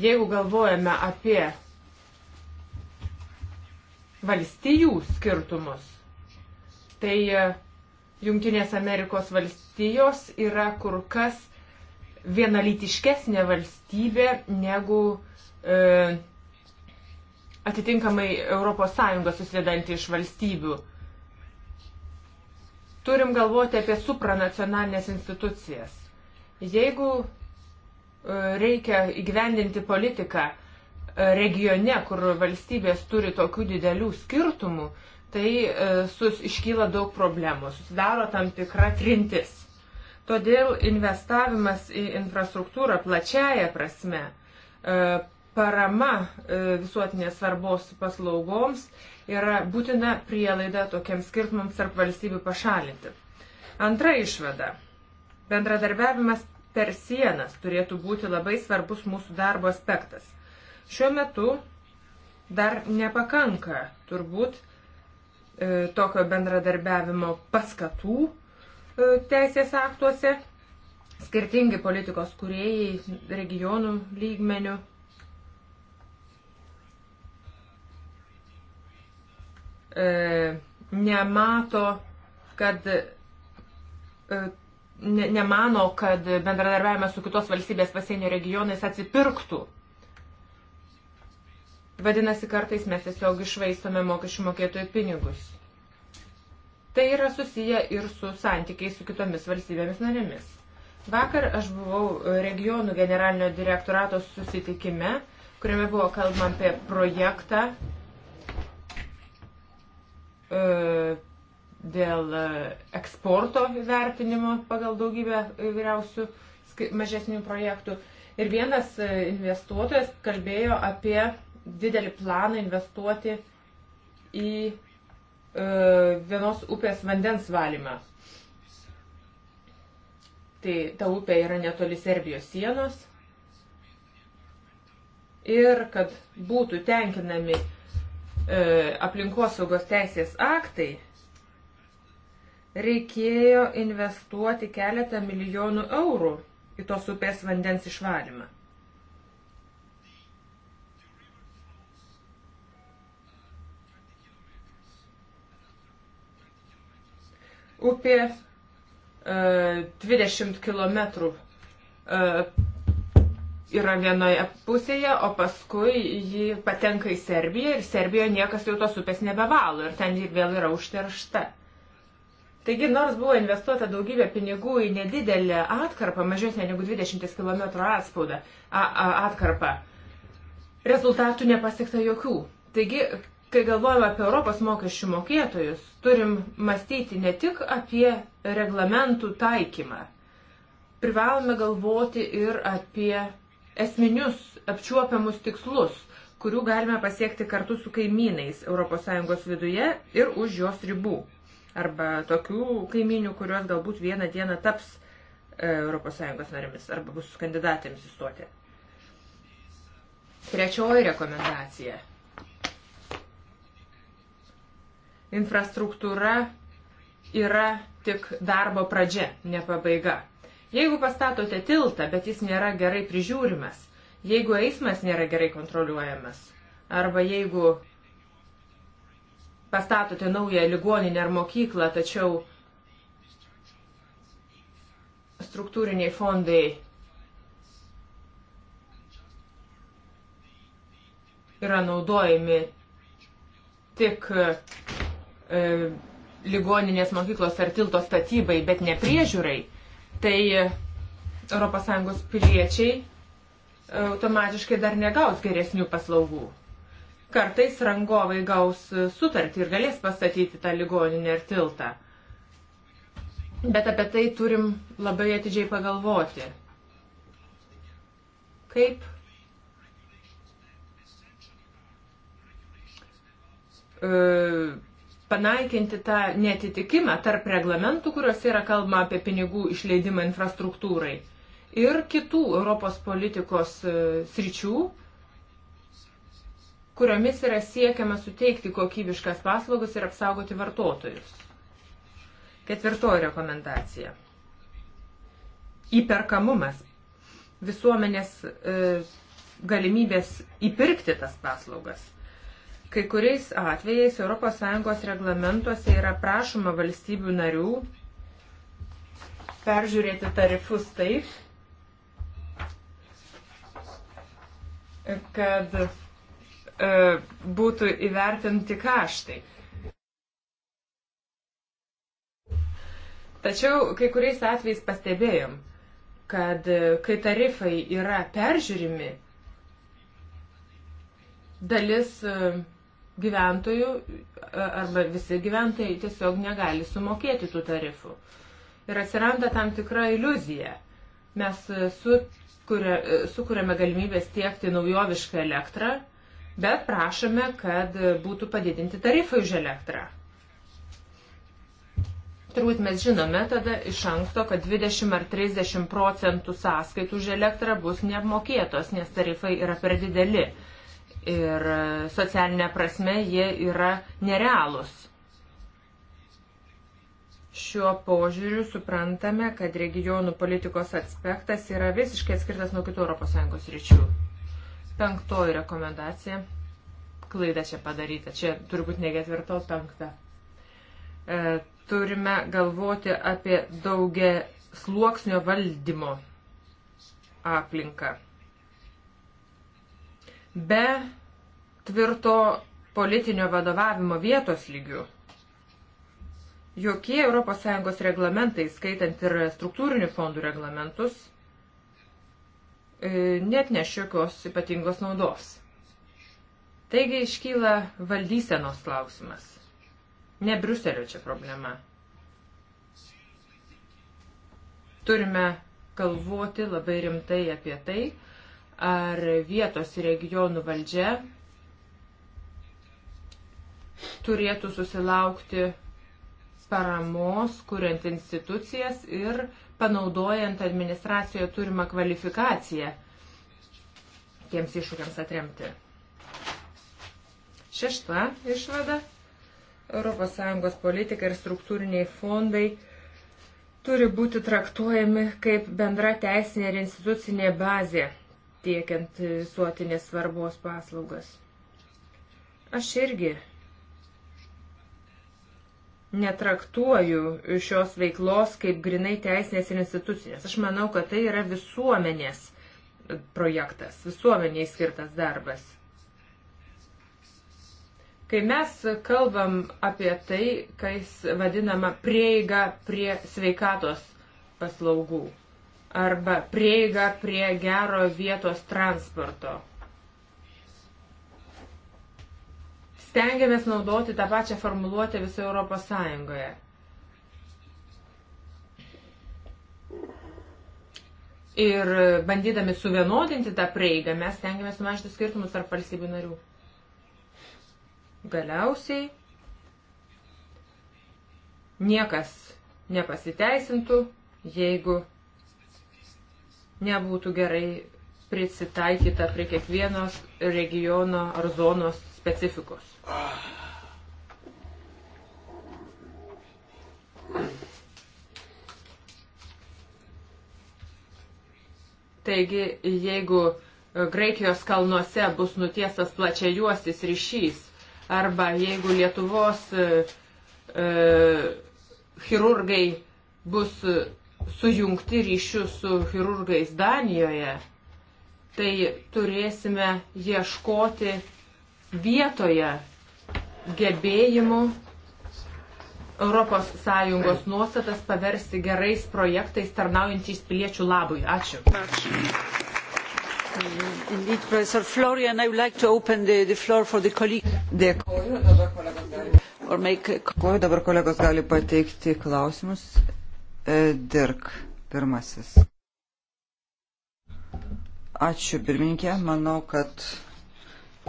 jeigu galvojame apie valstijų skirtumus, tai e, Junktinės Amerikos valstijos yra kur kas vienalytiškesnė valstybė negu e, atitinkamai ES susidedanti iš valstybių. Turim galvoti apie supranacionalinės institucijas. Jeigu e, reikia įgyvendinti politiką e, regione, kur valstybės turi tokių didelių skirtumų, tai e, sus, iškyla daug problemų, susidaro tam tikra trintis. Todėl investavimas į infrastruktūrą plačiaja prasme, parama visuotinės svarbos paslaugoms yra būtina prielaida tokiems skirtumams tarp valstybių pašalinti. Antra išvada. Bendradarbiavimas per sienas turėtų būti labai svarbus mūsų darbo aspektas. Šiuo metu dar nepakanka turbūt e, tokio bendradarbiavimo paskatų e, teisės aktuose. Skirtingi politikos kuriejai regionų lygmenių e, nemato, kad e, ne, nemano, kad bendradarbiavimas su kitos valstybės pasienio regionais atsipirktų. Vadinasi, kartais mes tiesiog išvaistome mokesčių mokėtojų pinigus. Tai yra susiję ir su santykiai su kitomis valstybėmis narėmis. Vakar aš buvau regionų generalinio direktorato susitikime, kuriame buvo kalbama apie projektą E, dėl e, eksporto vertinimo pagal daugybę įvairiausių mažesnių projektų. Ir vienas e, investuotojas kalbėjo apie didelį planą investuoti į e, vienos upės vandens valymą. Tai ta upė yra netoli Serbijos sienos. Ir kad būtų tenkinami E, aplinkosaugos teisės aktai reikėjo investuoti keletą milijonų eurų į tos upės vandens išvarimą. Upė e, 20 km e, yra vienoje pusėje, o paskui ji patenka į Serbiją ir Serbijoje niekas jau tos upės nebevalo ir ten ji vėl yra užteršta. Taigi, nors buvo investuota daugybė pinigų į nedidelę atkarpą, mažesnę negu 20 km atspaudą, a, a, atkarpą, rezultatų nepasiekta jokių. Taigi, kai galvojame apie Europos mokesčių mokėtojus, turim mąstyti ne tik apie reglamentų taikymą. Privalome galvoti ir apie esminius apčiuopiamus tikslus, kurių galime pasiekti kartu su kaimynais ES viduje ir už jos ribų. Arba tokių kaiminių, kurios galbūt vieną dieną taps ES narėmis arba bus kandidatėms įstoti. Trečioji rekomendacija. Infrastruktūra yra tik darbo pradžia, ne pabaiga. Jeigu pastatote tiltą, bet jis nėra gerai prižiūrimas, jeigu eismas nėra gerai kontroliuojamas, arba jeigu pastatote naują ligoninę ar mokyklą, tačiau struktūriniai fondai yra naudojami tik e, ligoninės mokyklos ar tilto statybai, bet ne priežiūrai, tai ES piliečiai e, automatiškai dar negaus geresnių paslaugų. Kartais rangovai gaus e, sutartį ir galės pastatyti tą ligoninę ir tiltą. Bet apie tai turim labai atidžiai pagalvoti. Kaip e, panaikinti tą netitikimą tarp reglamentų, kuriuose yra kalbama apie pinigų išleidimą infrastruktūrai ir kitų Europos politikos e, sričių, kuriomis yra siekiama suteikti kokybiškas paslaugas ir apsaugoti vartotojus. Ketvirtoji rekomendacija. Įperkamumas. Visuomenės e, galimybės įpirkti tas paslaugas. Kai kuriais atvejais ES reglamentuose yra prašoma valstybių narių peržiūrėti tarifus taip, kad e, būtų įvertinti kaštai. Tačiau kai kuriais atvejais pastebėjom, kad e, kai tarifai yra peržiūrimi, dalis e, gyventojų e, arba visi gyventojai tiesiog negali sumokėti tų tarifų. Ir atsiranda tam tikra iliuzija. Mes e, sukuria, e, sukūrėme galimybės tiekti naujovišką elektrą, bet prašome, kad būtų padidinti tarifai už elektrą. Turbūt mes žinome tada iš anksto, kad 20 ar 30 procentų sąskaitų už elektrą bus neapmokėtos, nes tarifai yra per dideli ir socialinė prasme jie yra nerealūs. Šiuo požiūriu suprantame, kad regionų politikos aspektas yra visiškai atskirtas nuo kitų ES ryčių. Penktoji rekomendacija. Klaida čia padaryta. Čia turbūt ne ketvirta, o penkta. E, turime galvoti apie daugia sluoksnio valdymo aplinką be tvirto politinio vadovavimo vietos lygių. Jokie ES reglamentai, skaitant ir struktūrinių fondų reglamentus, e, net neš jokios ypatingos naudos. Taigi iškyla valdysenos klausimas. Ne Briuselio čia problema. Turime galvoti labai rimtai apie tai, ar vietos regionų valdžia turėtų susilaukti paramos, kuriant institucijas ir panaudojant administracijoje turimą kvalifikaciją tiems iššūkiams atremti. Šešta išvada. ES politika ir struktūriniai fondai turi būti traktuojami kaip bendra teisinė ir institucinė bazė tiekiant visuotinės svarbos paslaugas. Aš irgi netraktuoju šios veiklos kaip grinai teisinės ir institucinės. Aš manau, kad tai yra visuomenės projektas, visuomeniai skirtas darbas. Kai mes kalbam apie tai, kai vadinama prieiga prie sveikatos paslaugų, arba prieiga prie gero vietos transporto. Stengiamės naudoti tą pačią formuluotę visoje Europos Sąjungoje. Ir bandydami suvienodinti tą prieigą, mes tengiamės sumažinti skirtumus tarp valstybių narių. Galiausiai niekas nepasiteisintų, jeigu nebūtų gerai prisitaikyta prie kiekvienos regiono ar zonos specifikos. Taigi, jeigu e, Graikijos kalnuose bus nutiestas plačiajuostis ryšys arba jeigu Lietuvos e, e chirurgai bus sujungti ryšių su chirurgais Danijoje, tai turėsime ieškoti vietoje gebėjimų ES nuostatas paversti gerais projektais tarnaujančiais piliečių labui. Ačiū. Dėkuoju, dabar kolegos gali pateikti klausimus. E, Dirk pirmasis. Ačiū pirmininkė, manau, kad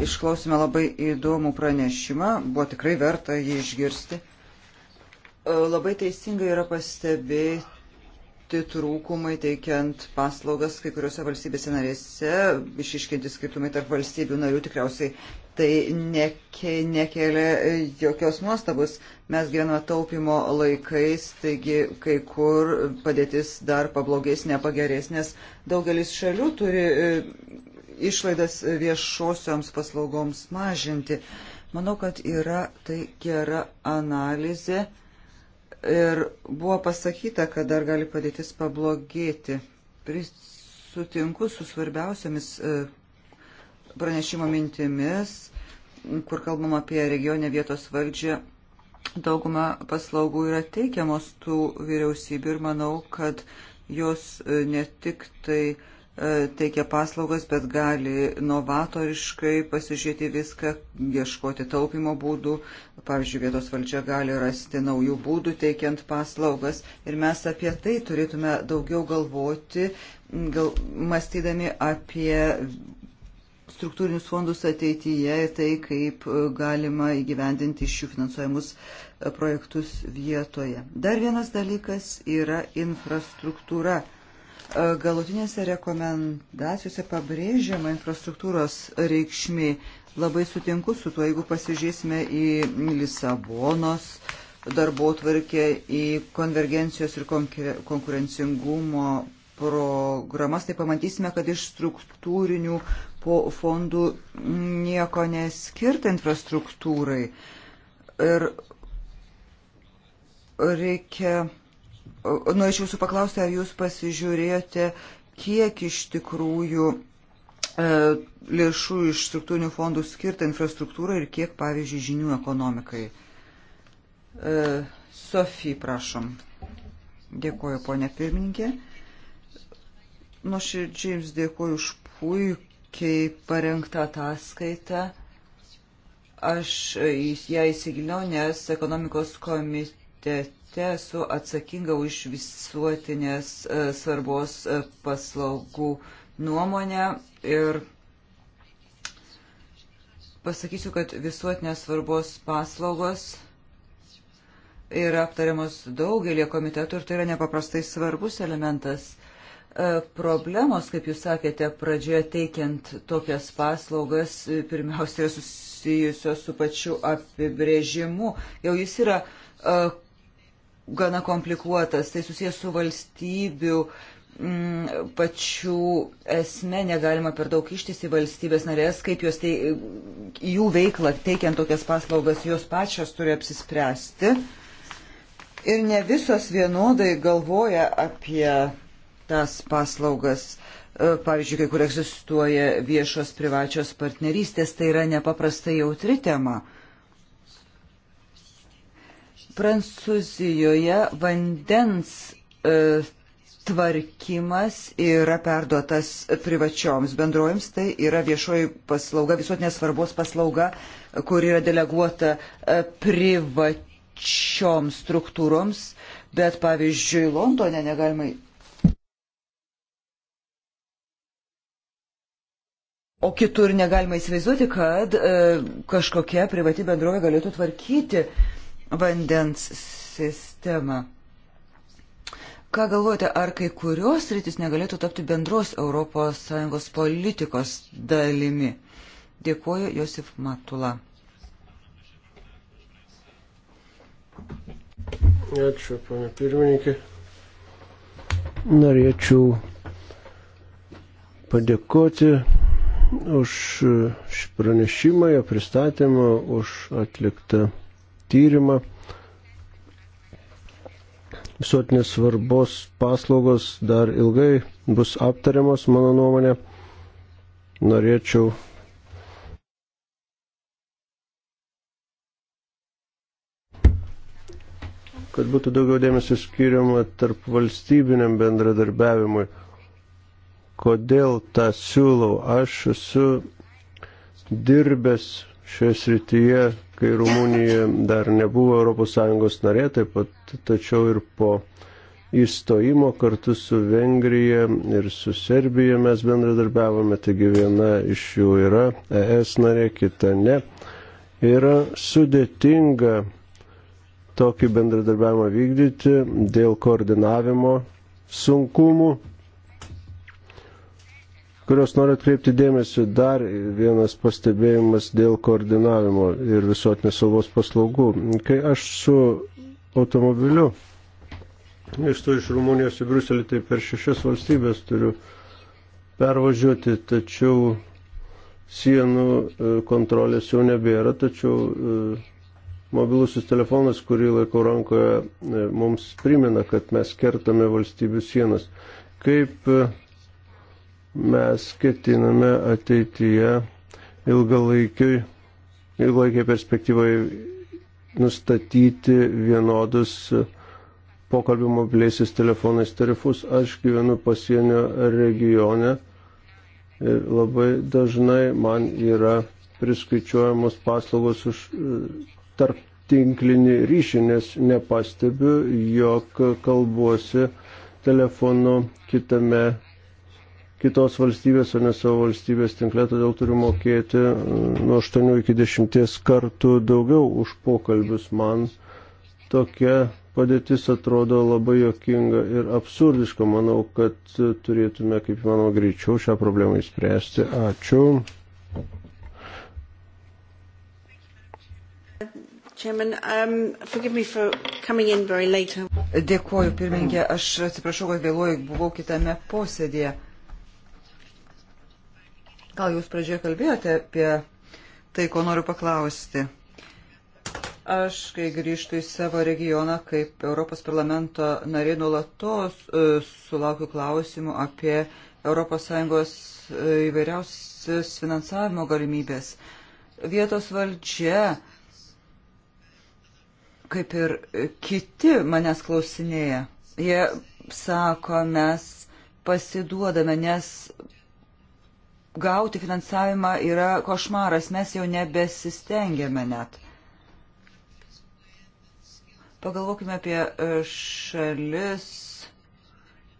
išklausime labai įdomų pranešimą, buvo tikrai verta jį išgirsti. E, labai teisingai yra pastebėti trūkumai teikiant paslaugas kai kuriuose valstybėse narėse, išiškinti skirtumai tarp valstybių narių tikriausiai tai neke, nekelia jokios nuostabus. Mes gyvename taupimo laikais, taigi kai kur padėtis dar pablogės, nepagerės, nes daugelis šalių turi e, išlaidas viešosioms paslaugoms mažinti. Manau, kad yra tai gera analizė ir buvo pasakyta, kad dar gali padėtis pablogėti. Prisutinku su svarbiausiamis e, pranešimo mintimis, kur kalbam apie regionę vietos valdžią. Dauguma paslaugų yra teikiamos tų vyriausybių ir manau, kad jos e, ne tik tai e, teikia paslaugas, bet gali novatoriškai pasižiūrėti viską, ieškoti taupimo būdų. Pavyzdžiui, vietos valdžia gali rasti naujų būdų teikiant paslaugas. Ir mes apie tai turėtume daugiau galvoti, gal, mąstydami apie struktūrinius fondus ateityje ir tai, kaip e, galima įgyvendinti šių finansuojamus e, projektus vietoje. Dar vienas dalykas yra infrastruktūra. E, galutinėse rekomendacijose pabrėžiama infrastruktūros reikšmė. Labai sutinku su tuo, jeigu pasižiūrėsime į Lisabonos darbo tvarkę, į konvergencijos ir konkurencingumo programas, tai pamatysime, kad iš struktūrinių fondų nieko neskirta infrastruktūrai. Ir reikia, norėčiau nu, jūsų paklausti, ar jūs pasižiūrėjote, kiek iš tikrųjų e, lėšų iš struktūrinių fondų skirta infrastruktūrai ir kiek, pavyzdžiui, žinių ekonomikai. E, Sofija, prašom. Dėkuoju, ponė pirmininkė. Nuoširdžiai jums dėkuoju už puikų puikiai parengta ataskaita. Aš ją įsigilinau, nes ekonomikos komitete esu atsakinga už visuotinės e, svarbos e, paslaugų nuomonę ir pasakysiu, kad visuotinės svarbos paslaugos yra aptariamos daugelį komitetų ir tai yra nepaprastai svarbus elementas E, problemos, kaip jūs sakėte, pradžioje teikiant tokias paslaugas, e, pirmiausia, yra susijusios su pačiu apibrėžimu. Jau jis yra uh, gana komplikuotas, tai susijęs su valstybių mm, pačių esme, negalima per daug ištis į valstybės narės, kaip jos tei, jų veiklą teikiant tokias paslaugas, jos pačios turi apsispręsti. Ir ne visos vienodai galvoja apie tas paslaugas. E, pavyzdžiui, kai kur egzistuoja viešos privačios partnerystės, tai yra nepaprastai jautri tema. Prancūzijoje vandens e, tvarkymas yra perduotas privačioms bendrojams, tai yra viešoji paslauga, visuotinės svarbos paslauga, kur yra deleguota e, privačioms struktūroms, bet pavyzdžiui, Londone negalima O kitur negalima įsivaizduoti, kad e, kažkokia privati bendrovė galėtų tvarkyti vandens sistemą. Ką galvojate, ar kai kurios rytis negalėtų tapti bendros ES politikos dalimi? Dėkuoju, Josif Matula. Ačiū, panė pirmininkė. Norėčiau padėkoti už e, pranešimą, jo pristatymą, už atliktą tyrimą. Visuotinės svarbos paslaugos dar ilgai bus aptariamos, mano nuomonė. Norėčiau kad būtų daugiau dėmesio skiriama tarp valstybiniam bendradarbiavimui. Kodėl tą siūlau? Aš esu dirbęs šioje srityje, kai Rumunija dar nebuvo ES narė, taip pat tačiau ir po įstojimo kartu su Vengrija ir su Serbija mes bendradarbiavome, taigi viena iš jų yra ES narė, kita ne. Yra sudėtinga tokį bendradarbiavimą vykdyti dėl koordinavimo sunkumų kurios noriu atkreipti dėmesį. Dar vienas pastebėjimas dėl koordinavimo ir visuotinės saugos paslaugų. Kai aš su automobiliu išstu iš Rumunijos į Bruselį, tai per šešias valstybės turiu pervažiuoti, tačiau sienų e, kontrolės jau nebėra, tačiau e, mobilusis telefonas, kurį laikau rankoje, e, mums primena, kad mes kertame valstybių sienas. Kaip mes ketiname ateityje ilgalaikiai, ilgalaikiai perspektyvai nustatyti vienodus pokalbių mobiliaisiais telefonais tarifus. Aš gyvenu pasienio regione ir labai dažnai man yra priskaičiuojamos paslaugos už e, tarp tinklinį ryšį, nes nepastebiu, jog kalbuosi telefonu kitame kitos valstybės, o ne savo valstybės tinkle, todėl turiu mokėti mm, nuo 8 iki 10 kartų daugiau už pokalbius. Man tokia padėtis atrodo labai jokinga ir absurdiška. Manau, kad turėtume kaip įmanoma greičiau šią problemą įspręsti. Ačiū. Chairman, um, forgive me for coming in very late. Dėkuoju, pirmininkė, aš atsiprašau, kad vėluoju, buvau kitame posėdėje. Gal jūs pradžioje kalbėjote apie tai, ko noriu paklausti. Aš, kai grįžtu į savo regioną, kaip Europos parlamento narė nuolatos e, sulaukiu klausimų apie ES e, įvairiausias finansavimo galimybės. Vietos valdžia, kaip ir kiti manęs klausinėja, jie sako, mes pasiduodame, nes gauti finansavimą yra košmaras, mes jau nebesistengiame net. Pagalvokime apie e, šalis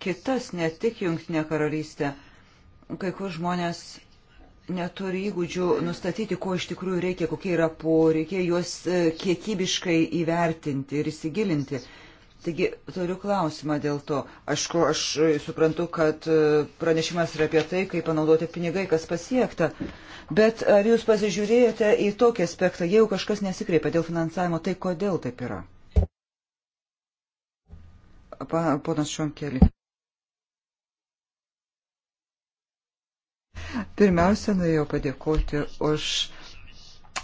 kitas, ne tik Junktinė karalystė. Kai kur žmonės neturi įgūdžių nustatyti, ko iš tikrųjų reikia, kokie yra poreikiai, juos e, kiekybiškai įvertinti ir įsigilinti. Uh, Taigi turiu klausimą dėl to. Aišku, aš suprantu, kad e, pranešimas yra apie tai, kaip panaudoti pinigai, kas pasiekta. Bet ar jūs pasižiūrėjote į tokį aspektą, jeigu kažkas nesikreipia dėl finansavimo, tai kodėl taip yra? Pa, ponas Šonkelį. Pirmiausia, norėjau padėkoti už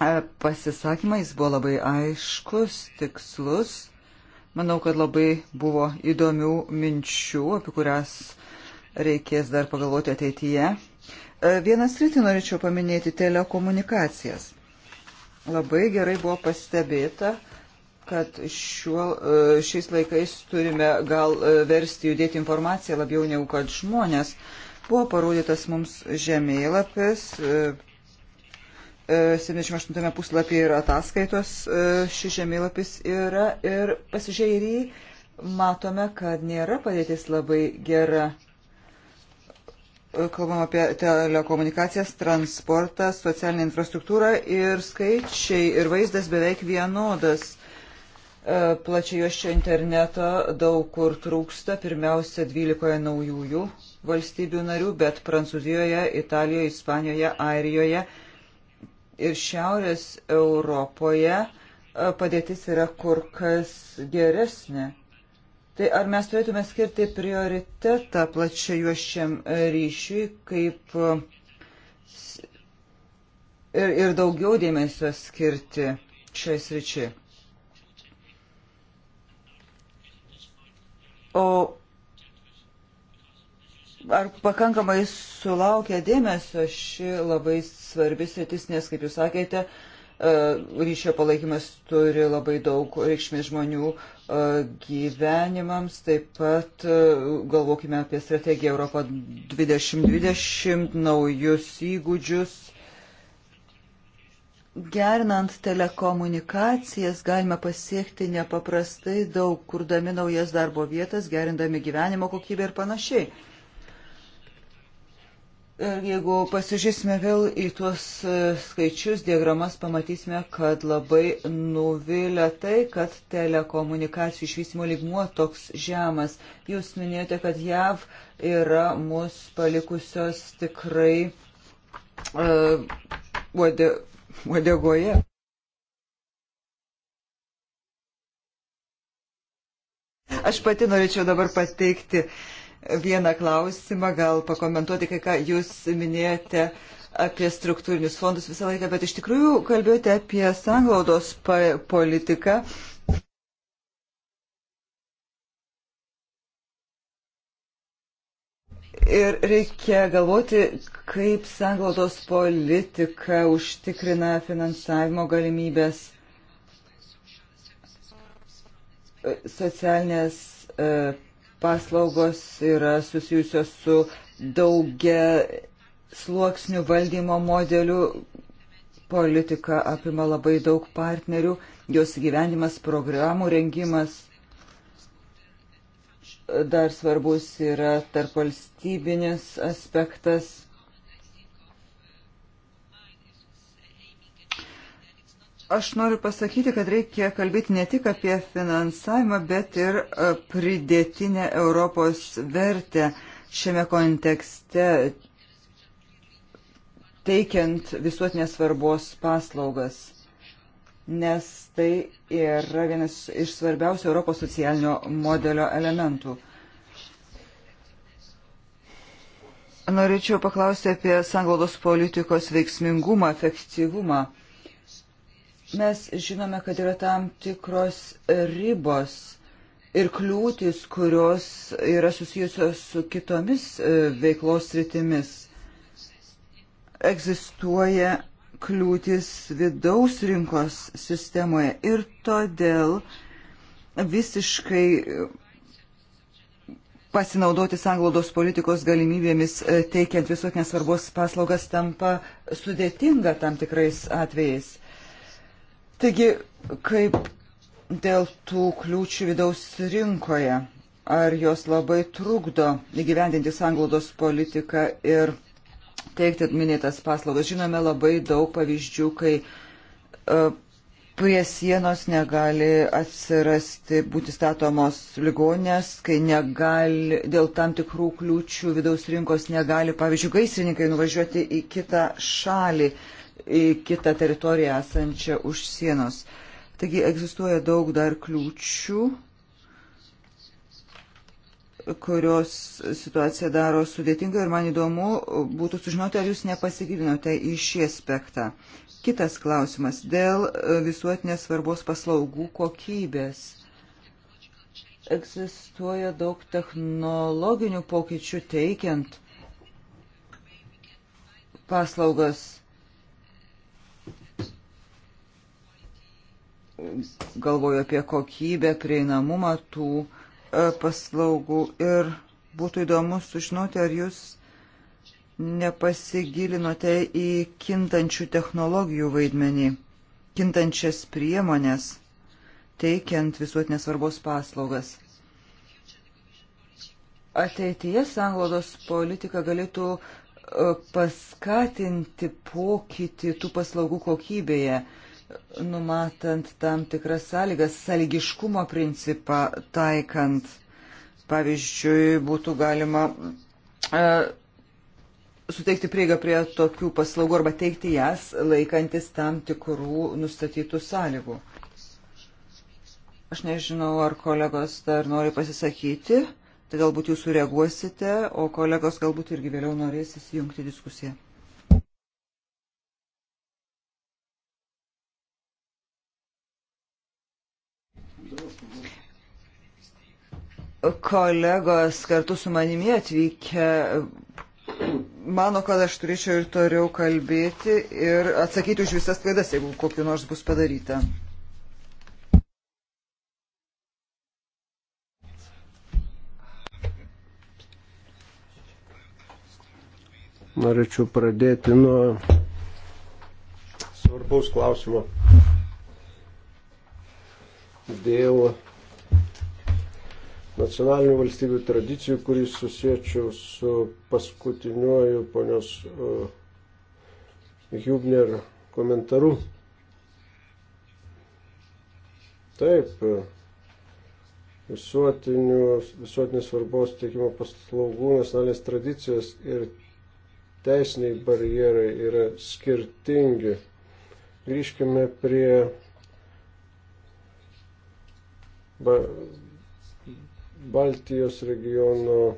e, pasisakymą. Jis buvo labai aiškus, tikslus Manau, kad labai buvo įdomių minčių, apie kurias reikės dar pagalvoti ateityje. E, Vienas rytį norėčiau paminėti telekomunikacijas. Labai gerai buvo pastebėta, kad šiuo, e, šiais laikais turime gal e, versti judėti informaciją labiau negu kad žmonės. Buvo parodytas mums žemėlapis, 78 e, puslapyje yra ataskaitos e, šis žemėlapis yra ir pasižiūrėjai, matome, kad nėra padėtis labai gera. E, kalbam apie telekomunikacijas, transportą, socialinę infrastruktūrą ir skaičiai ir vaizdas beveik vienodas. Plačiai juos čia interneto daug kur trūksta, pirmiausia 12 naujųjų valstybių narių, bet Prancūzijoje, Italijoje, Ispanijoje, Airijoje ir Šiaurės Europoje e, padėtis yra kur kas geresnė. Tai ar mes turėtume skirti prioritetą plačiajuošiam e, ryšiui kaip e, ir, ir daugiau dėmesio skirti šiai sričiai? O ar pakankamai sulaukia dėmesio ši labai svarbi sritis, nes, kaip jūs sakėte, e, ryšio palaikymas turi labai daug reikšmės žmonių e, gyvenimams. Taip pat e, galvokime apie strategiją Europą 2020, naujus įgūdžius. Gernant telekomunikacijas galime pasiekti nepaprastai daug, kurdami naujas darbo vietas, gerindami gyvenimo kokybę ir panašiai. Jeigu pasižiūrėsime vėl į tuos e, skaičius, diagramas, pamatysime, kad labai nuvilia tai, kad telekomunikacijų išvystymo lygmuo toks žemas. Jūs minėjote, kad JAV yra mus palikusios tikrai uh, uode, uodegoje. Aš pati norėčiau dabar pateikti uh, vieną klausimą, gal pakomentuoti, kai ką jūs minėjote apie struktūrinius fondus visą laiką, bet iš tikrųjų kalbėjote apie sanglaudos politiką. Ir reikia galvoti, kaip sanglaudos politika užtikrina finansavimo galimybės e, socialinės uh, paslaugos yra susijusios su daugia sluoksnių valdymo modelių. Politika apima labai daug partnerių, jos gyvenimas, programų rengimas. Dar svarbus yra tarp valstybinis aspektas Aš noriu pasakyti, kad reikia kalbėti ne tik apie finansavimą, bet ir e, pridėtinę Europos vertę šiame kontekste, teikiant visuotinės svarbos paslaugas, nes tai yra vienas iš svarbiausių Europos socialinio modelio elementų. Norėčiau paklausti apie sanglaudos politikos veiksmingumą, efektyvumą Mes žinome, kad yra tam tikros ribos ir kliūtis, kurios yra susijusios su kitomis e, veiklos sritimis. Egzistuoja kliūtis vidaus rinkos sistemoje ir todėl visiškai pasinaudoti sanglaudos politikos galimybėmis e, teikiant visokias svarbos paslaugas tampa sudėtinga tam tikrais atvejais. Taigi, kaip dėl tų kliūčių vidaus rinkoje, ar jos labai trukdo įgyvendinti sanglaudos politiką ir teikti minėtas paslaugas. Žinome labai daug pavyzdžių, kai uh, prie sienos negali atsirasti, būti statomos ligonės, kai negali, dėl tam tikrų kliūčių vidaus rinkos negali, pavyzdžiui, gaisrininkai nuvažiuoti į kitą šalį. Uh, į kitą teritoriją esančią už sienos. Taigi egzistuoja daug dar kliūčių, kurios situacija daro sudėtingą ir man įdomu būtų sužinoti, ar jūs nepasigilinote į šį aspektą. Kitas klausimas dėl visuotinės svarbos paslaugų kokybės egzistuoja daug technologinių pokyčių teikiant paslaugas. galvoju apie kokybę, prieinamumą tų e, paslaugų ir būtų įdomu sužinoti, ar jūs nepasigilinote į kintančių technologijų vaidmenį, kintančias priemonės, teikiant visuotinės svarbos paslaugas. Ateityje sanglodos politika galėtų e, paskatinti pokytį tų paslaugų kokybėje. Uh, numatant tam tikras sąlygas, sąlygiškumo principą taikant. Pavyzdžiui, būtų galima e, suteikti prieigą prie tokių paslaugų arba teikti jas laikantis tam tikrų nustatytų sąlygų. Aš nežinau, ar kolegos dar nori pasisakyti, tai galbūt jūs sureaguosite, o kolegos galbūt irgi vėliau norės įsijungti diskusiją. kolegos kartu su manimi atvykę mano, kad aš turėčiau ir toliau kalbėti ir atsakyti už visas klaidas, jeigu kokiu nors bus padaryta. Norėčiau pradėti nuo svarbaus klausimo dėl nacionalinių valstybių tradicijų, kurį susiečiau su paskutiniuoju ponios uh, Hubner komentaru. Taip, visuotinės svarbos teikimo paslaugų nacionalinės tradicijos ir teisiniai barjerai yra skirtingi. Grįžkime prie ba, Baltijos regiono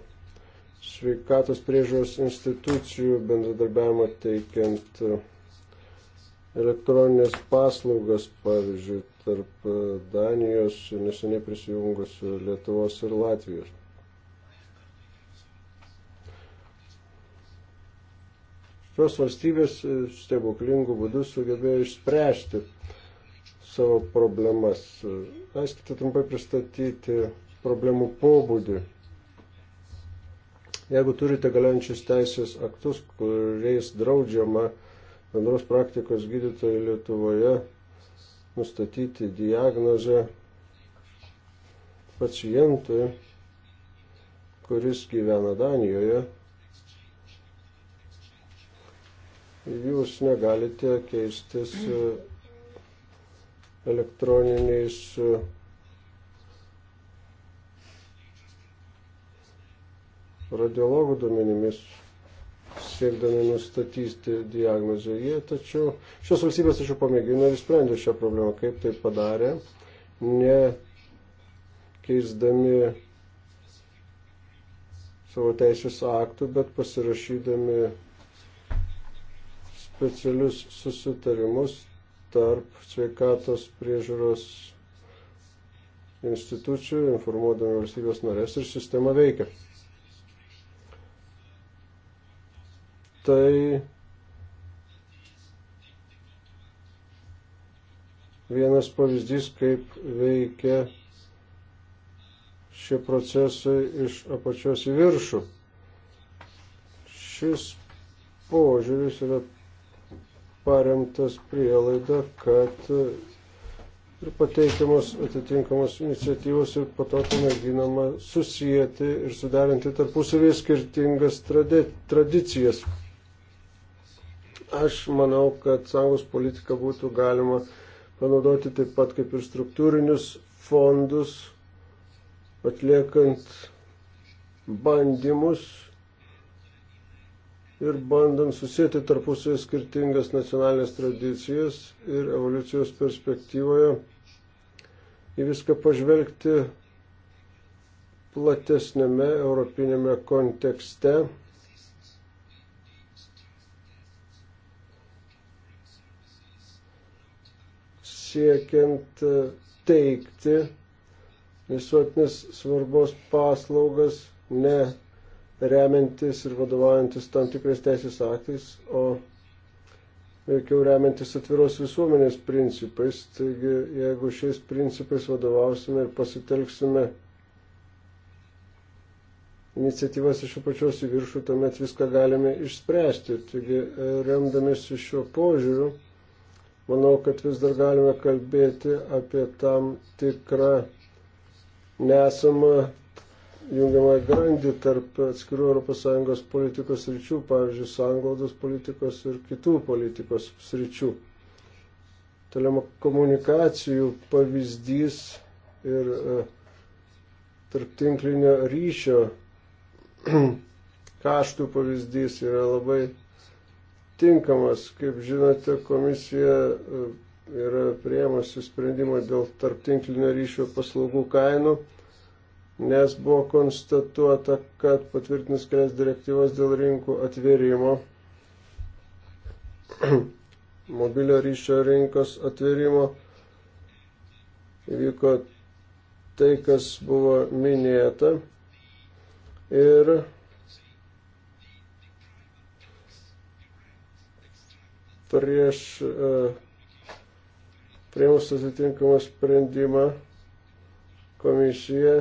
sveikatos priežiūros institucijų bendradarbiavimo teikiant e, elektroninės paslaugas, pavyzdžiui, tarp e, Danijos ir neseniai prisijungus Lietuvos ir Latvijos. Šios valstybės e, stebuklingų būdų sugebėjo išspręsti savo problemas. Leiskite trumpai pristatyti problemų pobūdį. Jeigu turite galiojančius teisės aktus, kuriais draudžiama bendros praktikos gydytojai Lietuvoje nustatyti diagnozę pacientui, kuris gyvena Danijoje, jūs negalite keistis e, elektroniniais e, radiologų duomenimis siekdami nustatyti diagnozę. Jie tačiau, šios valstybės tačiau pamėgino ir sprendė šią problemą, kaip tai padarė, ne keisdami savo teisės aktų, bet pasirašydami specialius susitarimus tarp sveikatos priežiūros institucijų, informuodami valstybės narės ir sistema veikia. tai vienas pavyzdys, kaip veikia šie procesai iš apačios į viršų. Šis požiūris yra paremtas prielaida, kad ir pateikiamos atitinkamos iniciatyvos ir po to pamėginama tai susijęti ir suderinti tarpusavėje skirtingas tradicijas. Aš manau, kad sąjungos politiką būtų galima panaudoti taip pat kaip ir struktūrinius fondus, atliekant bandymus ir bandant susėti tarpusavį skirtingas nacionalinės tradicijas ir evoliucijos perspektyvoje į viską pažvelgti platesnėme europinėme kontekste siekiant e, teikti visuotinės svarbos paslaugas ne remiantis ir vadovaujantis tam tikrais teisės aktais, o veikiau remiantis atviros visuomenės principais. Taigi, jeigu šiais principais vadovausime ir pasitelksime iniciatyvas iš apačios į viršų, tuomet viską galime išspręsti. Taigi, remdamėsi šiuo požiūriu, Manau, kad vis dar galime kalbėti apie tam tikrą nesamą jungiamą grandį tarp atskirų ES politikos ryčių, pavyzdžiui, sanglaudos politikos ir kitų politikos ryčių. Telekomunikacijų pavyzdys ir e, tarptinklinio ryšio kaštų pavyzdys yra labai tinkamas. Kaip žinote, komisija e, yra priemasi sprendimą dėl tarptinklinio ryšio paslaugų kainų, nes buvo konstatuota, kad patvirtinus kelias direktyvas dėl rinkų atvėrimo, mobilio ryšio rinkos atvėrimo, įvyko tai, kas buvo minėta. Ir prieš e, prieimus atitinkamą sprendimą komisija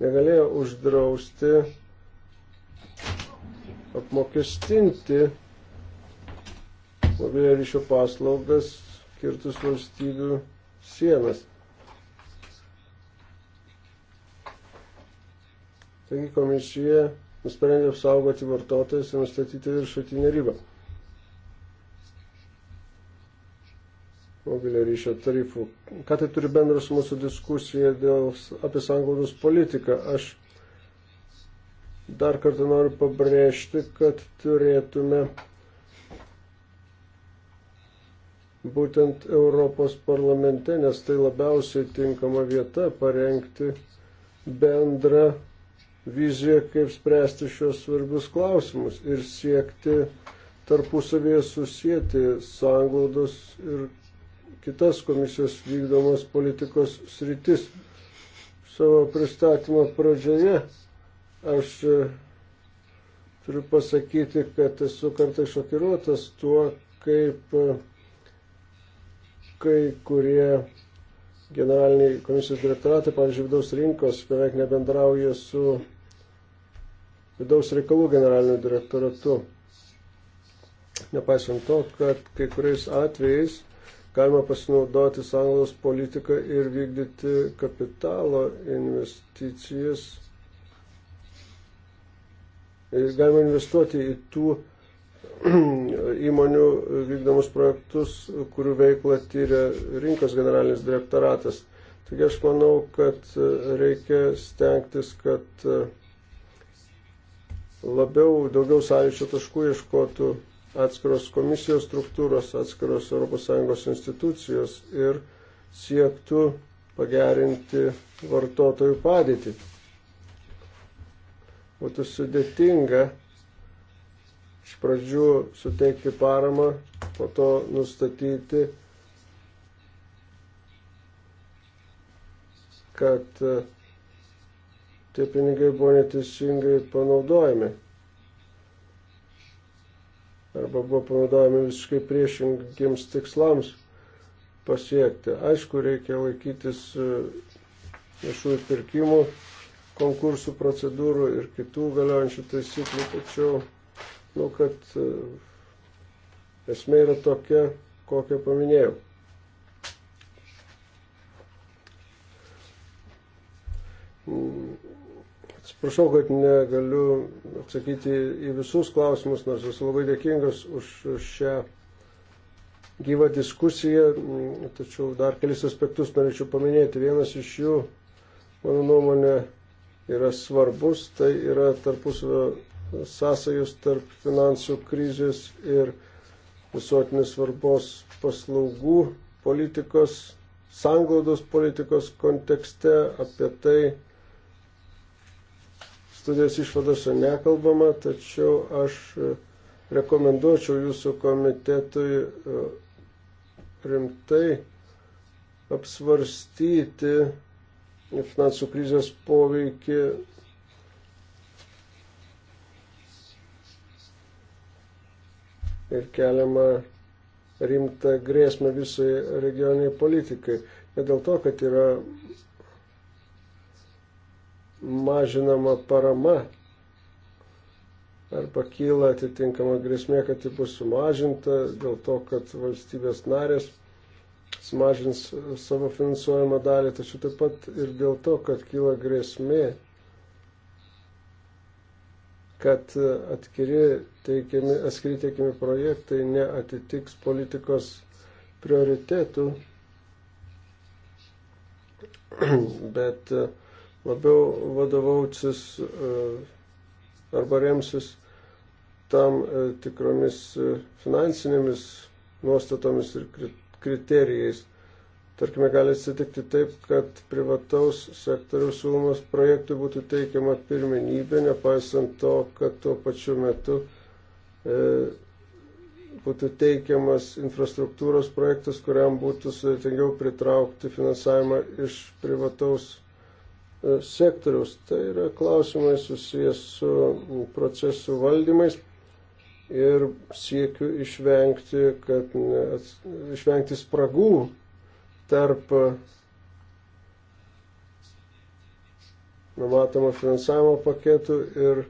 negalėjo uždrausti apmokestinti mobilio ryšio paslaugas kirtus valstybių sienas. Taigi komisija nusprendė apsaugoti vartotojus ir nustatyti viršutinę ribą. Mobilio ryšio tarifų. Ką tai turi bendra su mūsų diskusija dėl, apie sanglaudos politiką? Aš dar kartą noriu pabrėžti, kad turėtume būtent Europos parlamente, nes tai labiausiai tinkama vieta parengti bendrą viziją, kaip spręsti šios svarbius klausimus ir siekti tarpusavėje susijęti sąnglaudos ir kitas komisijos vykdomos politikos sritis. Savo pristatymo pradžioje aš e, turiu pasakyti, kad esu kartai šokiruotas tuo, kaip e, kai kurie generaliniai komisijos direktoratai, pavyzdžiui, vidaus rinkos beveik nebendrauja su vidaus reikalų generaliniu direktoratu. Nepaisant to, kad kai kuriais atvejais galima pasinaudoti sąnaudos politiką ir vykdyti kapitalo investicijas. Ir galima investuoti į tų įmonių vykdomus projektus, kurių veiklą tyria rinkos generalinis direktoratas. Taigi aš manau, kad reikia stengtis, kad labiau daugiau sąlyčio taškų ieškotų atskiros komisijos struktūros, atskiros ES institucijos ir siektų pagerinti vartotojų padėtį. Būtų sudėtinga iš pradžių suteikti paramą, po to nustatyti, kad uh, tie pinigai buvo neteisingai panaudojami. Arba buvo panaudojami visiškai priešingiems tikslams pasiekti. Aišku, reikia laikytis e, viešųjų pirkimų, konkursų procedūrų ir kitų galiojančių taisyklių, tačiau, nu, kad e, esmė yra tokia, kokią paminėjau. Atsiprašau, kad negaliu atsakyti į visus klausimus, nors esu labai dėkingas už šią gyvą diskusiją, tačiau dar kelis aspektus norėčiau paminėti. Vienas iš jų, mano nuomonė, yra svarbus, tai yra tarpusavio sąsajus tarp finansų krizės ir visuotinės svarbos paslaugų politikos, sanglaudos politikos kontekste apie tai studijos išvadose nekalbama, tačiau aš e, rekomenduočiau jūsų komitetui e, rimtai apsvarstyti finansų krizės poveikį ir keliamą rimtą grėsmę visai regioniniai politikai. Ne dėl to, kad yra mažinama parama arba kyla atitinkama grėsmė, kad ji bus sumažinta dėl to, kad valstybės narės sumažins savo finansuojamą dalį, tačiau taip pat ir dėl to, kad kyla grėsmė, kad atskiri teikiami, atskiri teikiami projektai neatitiks politikos prioritetų, bet uh, labiau vadovausis e, arba remsis tam e, tikromis e, finansinėmis nuostatomis ir kriterijais. Tarkime, gali atsitikti taip, kad privataus sektoriaus siūlomas projektui būtų teikiama pirmenybė, nepaisant to, kad tuo pačiu metu e, būtų teikiamas infrastruktūros projektas, kuriam būtų sudėtingiau pritraukti finansavimą iš privataus E, sektoriaus. Tai yra klausimai susijęs su procesų valdymais ir siekiu išvengti, kad nes, išvengti spragų tarp numatomo finansavimo paketų ir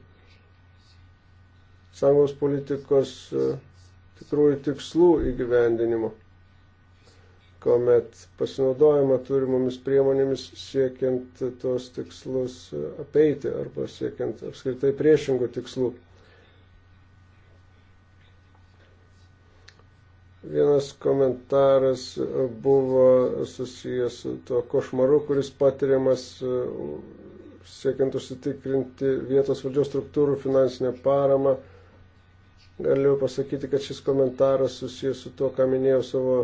sąjungos politikos e, tikrųjų tikslų įgyvendinimo kuomet pasinaudojama turimomis priemonėmis siekiant tos tikslus apeiti arba siekiant apskritai priešingų tikslų. Vienas komentaras buvo susijęs su tuo košmaru, kuris patiriamas e, siekiant užsitikrinti vietos valdžios struktūrų finansinę paramą. Galiu pasakyti, kad šis komentaras susijęs su tuo, ką minėjau savo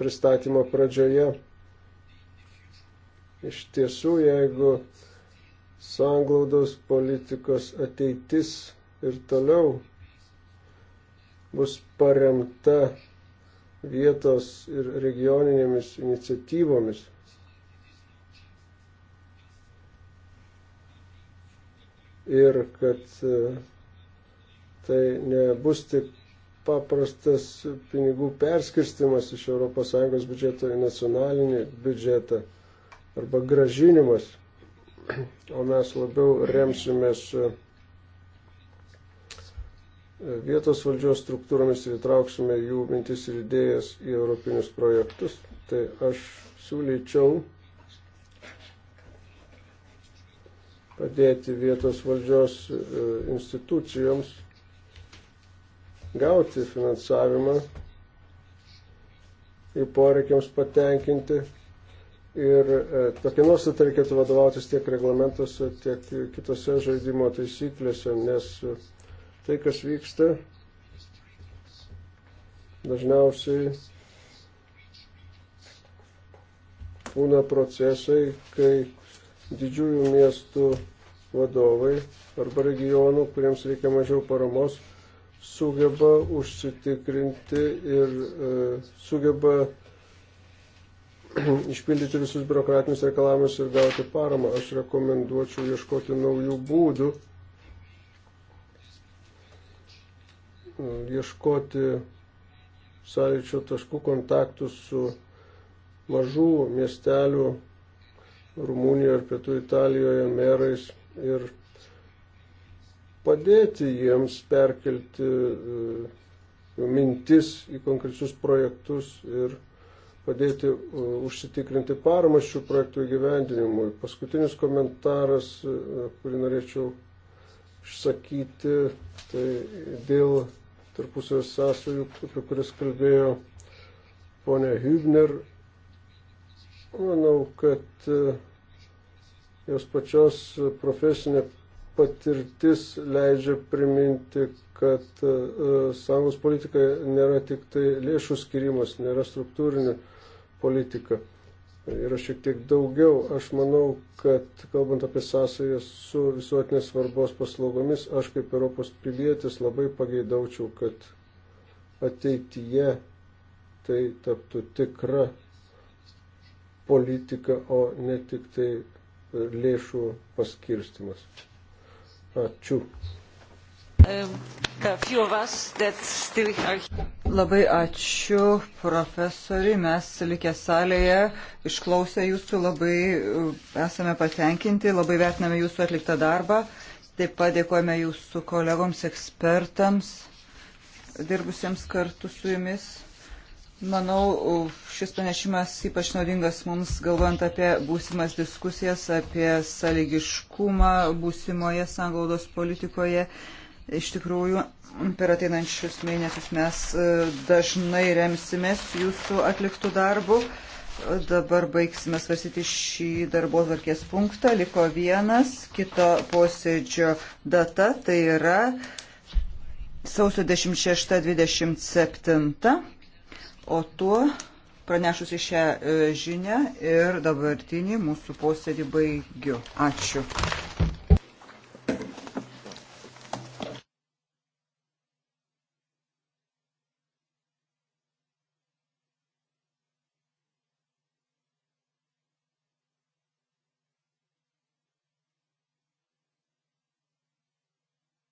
pristatymo pradžioje. Iš tiesų, jeigu sanglaudos politikos ateitis ir toliau bus paremta vietos ir regioninėmis iniciatyvomis. Ir kad e, tai nebus tik paprastas pinigų perskirstimas iš ES biudžeto į nacionalinį biudžetą arba gražinimas, o mes labiau remsimės e, vietos valdžios struktūromis ir įtrauksime jų mintis ir idėjas į europinius projektus, tai aš siūlyčiau padėti vietos valdžios e, institucijoms gauti finansavimą į poreikiams patenkinti. Ir e, tokia nuostata reikėtų vadovautis tiek reglamentuose, tiek kitose žaidimo taisyklėse, nes e, tai, kas vyksta, dažniausiai būna procesai, kai didžiųjų miestų vadovai arba regionų, kuriems reikia mažiau paramos, sugeba užsitikrinti ir e, sugeba išpildyti visus biurokratinius reikalavimus ir gauti paramą. Aš rekomenduočiau ieškoti naujų būdų, e, ieškoti sąlyčio taškų kontaktų su mažų miestelių Rumunijoje ir Pietų Italijoje merais ir padėti jiems perkelti e, mintis į konkrečius projektus ir padėti e, užsitikrinti paramą šių projektų įgyvendinimui. Paskutinis komentaras, e, kurį norėčiau išsakyti, tai dėl tarpusio sąsajų, apie kuris kalbėjo ponė Hübner. Manau, kad jos pačios profesinė patirtis leidžia priminti, kad e, sąjungos politika nėra tik tai lėšų skirimas, nėra struktūrinė politika. Yra šiek tiek daugiau. Aš manau, kad kalbant apie sąsąją su visuotinės svarbos paslaugomis, aš kaip Europos pilietis labai pageidaučiau, kad ateityje tai taptų tikra politika, o ne tik tai lėšų paskirstimas. Ačiū. Um, labai ačiū profesoriui, mes likę salėje, išklausę jūsų labai uh, esame patenkinti, labai vertiname jūsų atliktą darbą, taip pat dėkojame jūsų kolegoms ekspertams dirbusiems kartu su jumis. Manau, šis pranešimas ypač naudingas mums, galvant apie būsimas diskusijas, apie sąlygiškumą būsimoje sanglaudos politikoje. Iš tikrųjų, per ateinančius mėnesius mes e, dažnai remsimės jūsų atliktų darbų. Dabar baigsime svarsyti šį darbo tvarkės punktą. Liko vienas, kito posėdžio data, tai yra sausio 26-27. O tuo pranešusi šią e, žinę ir dabartinį mūsų posėdį baigiu. Ačiū.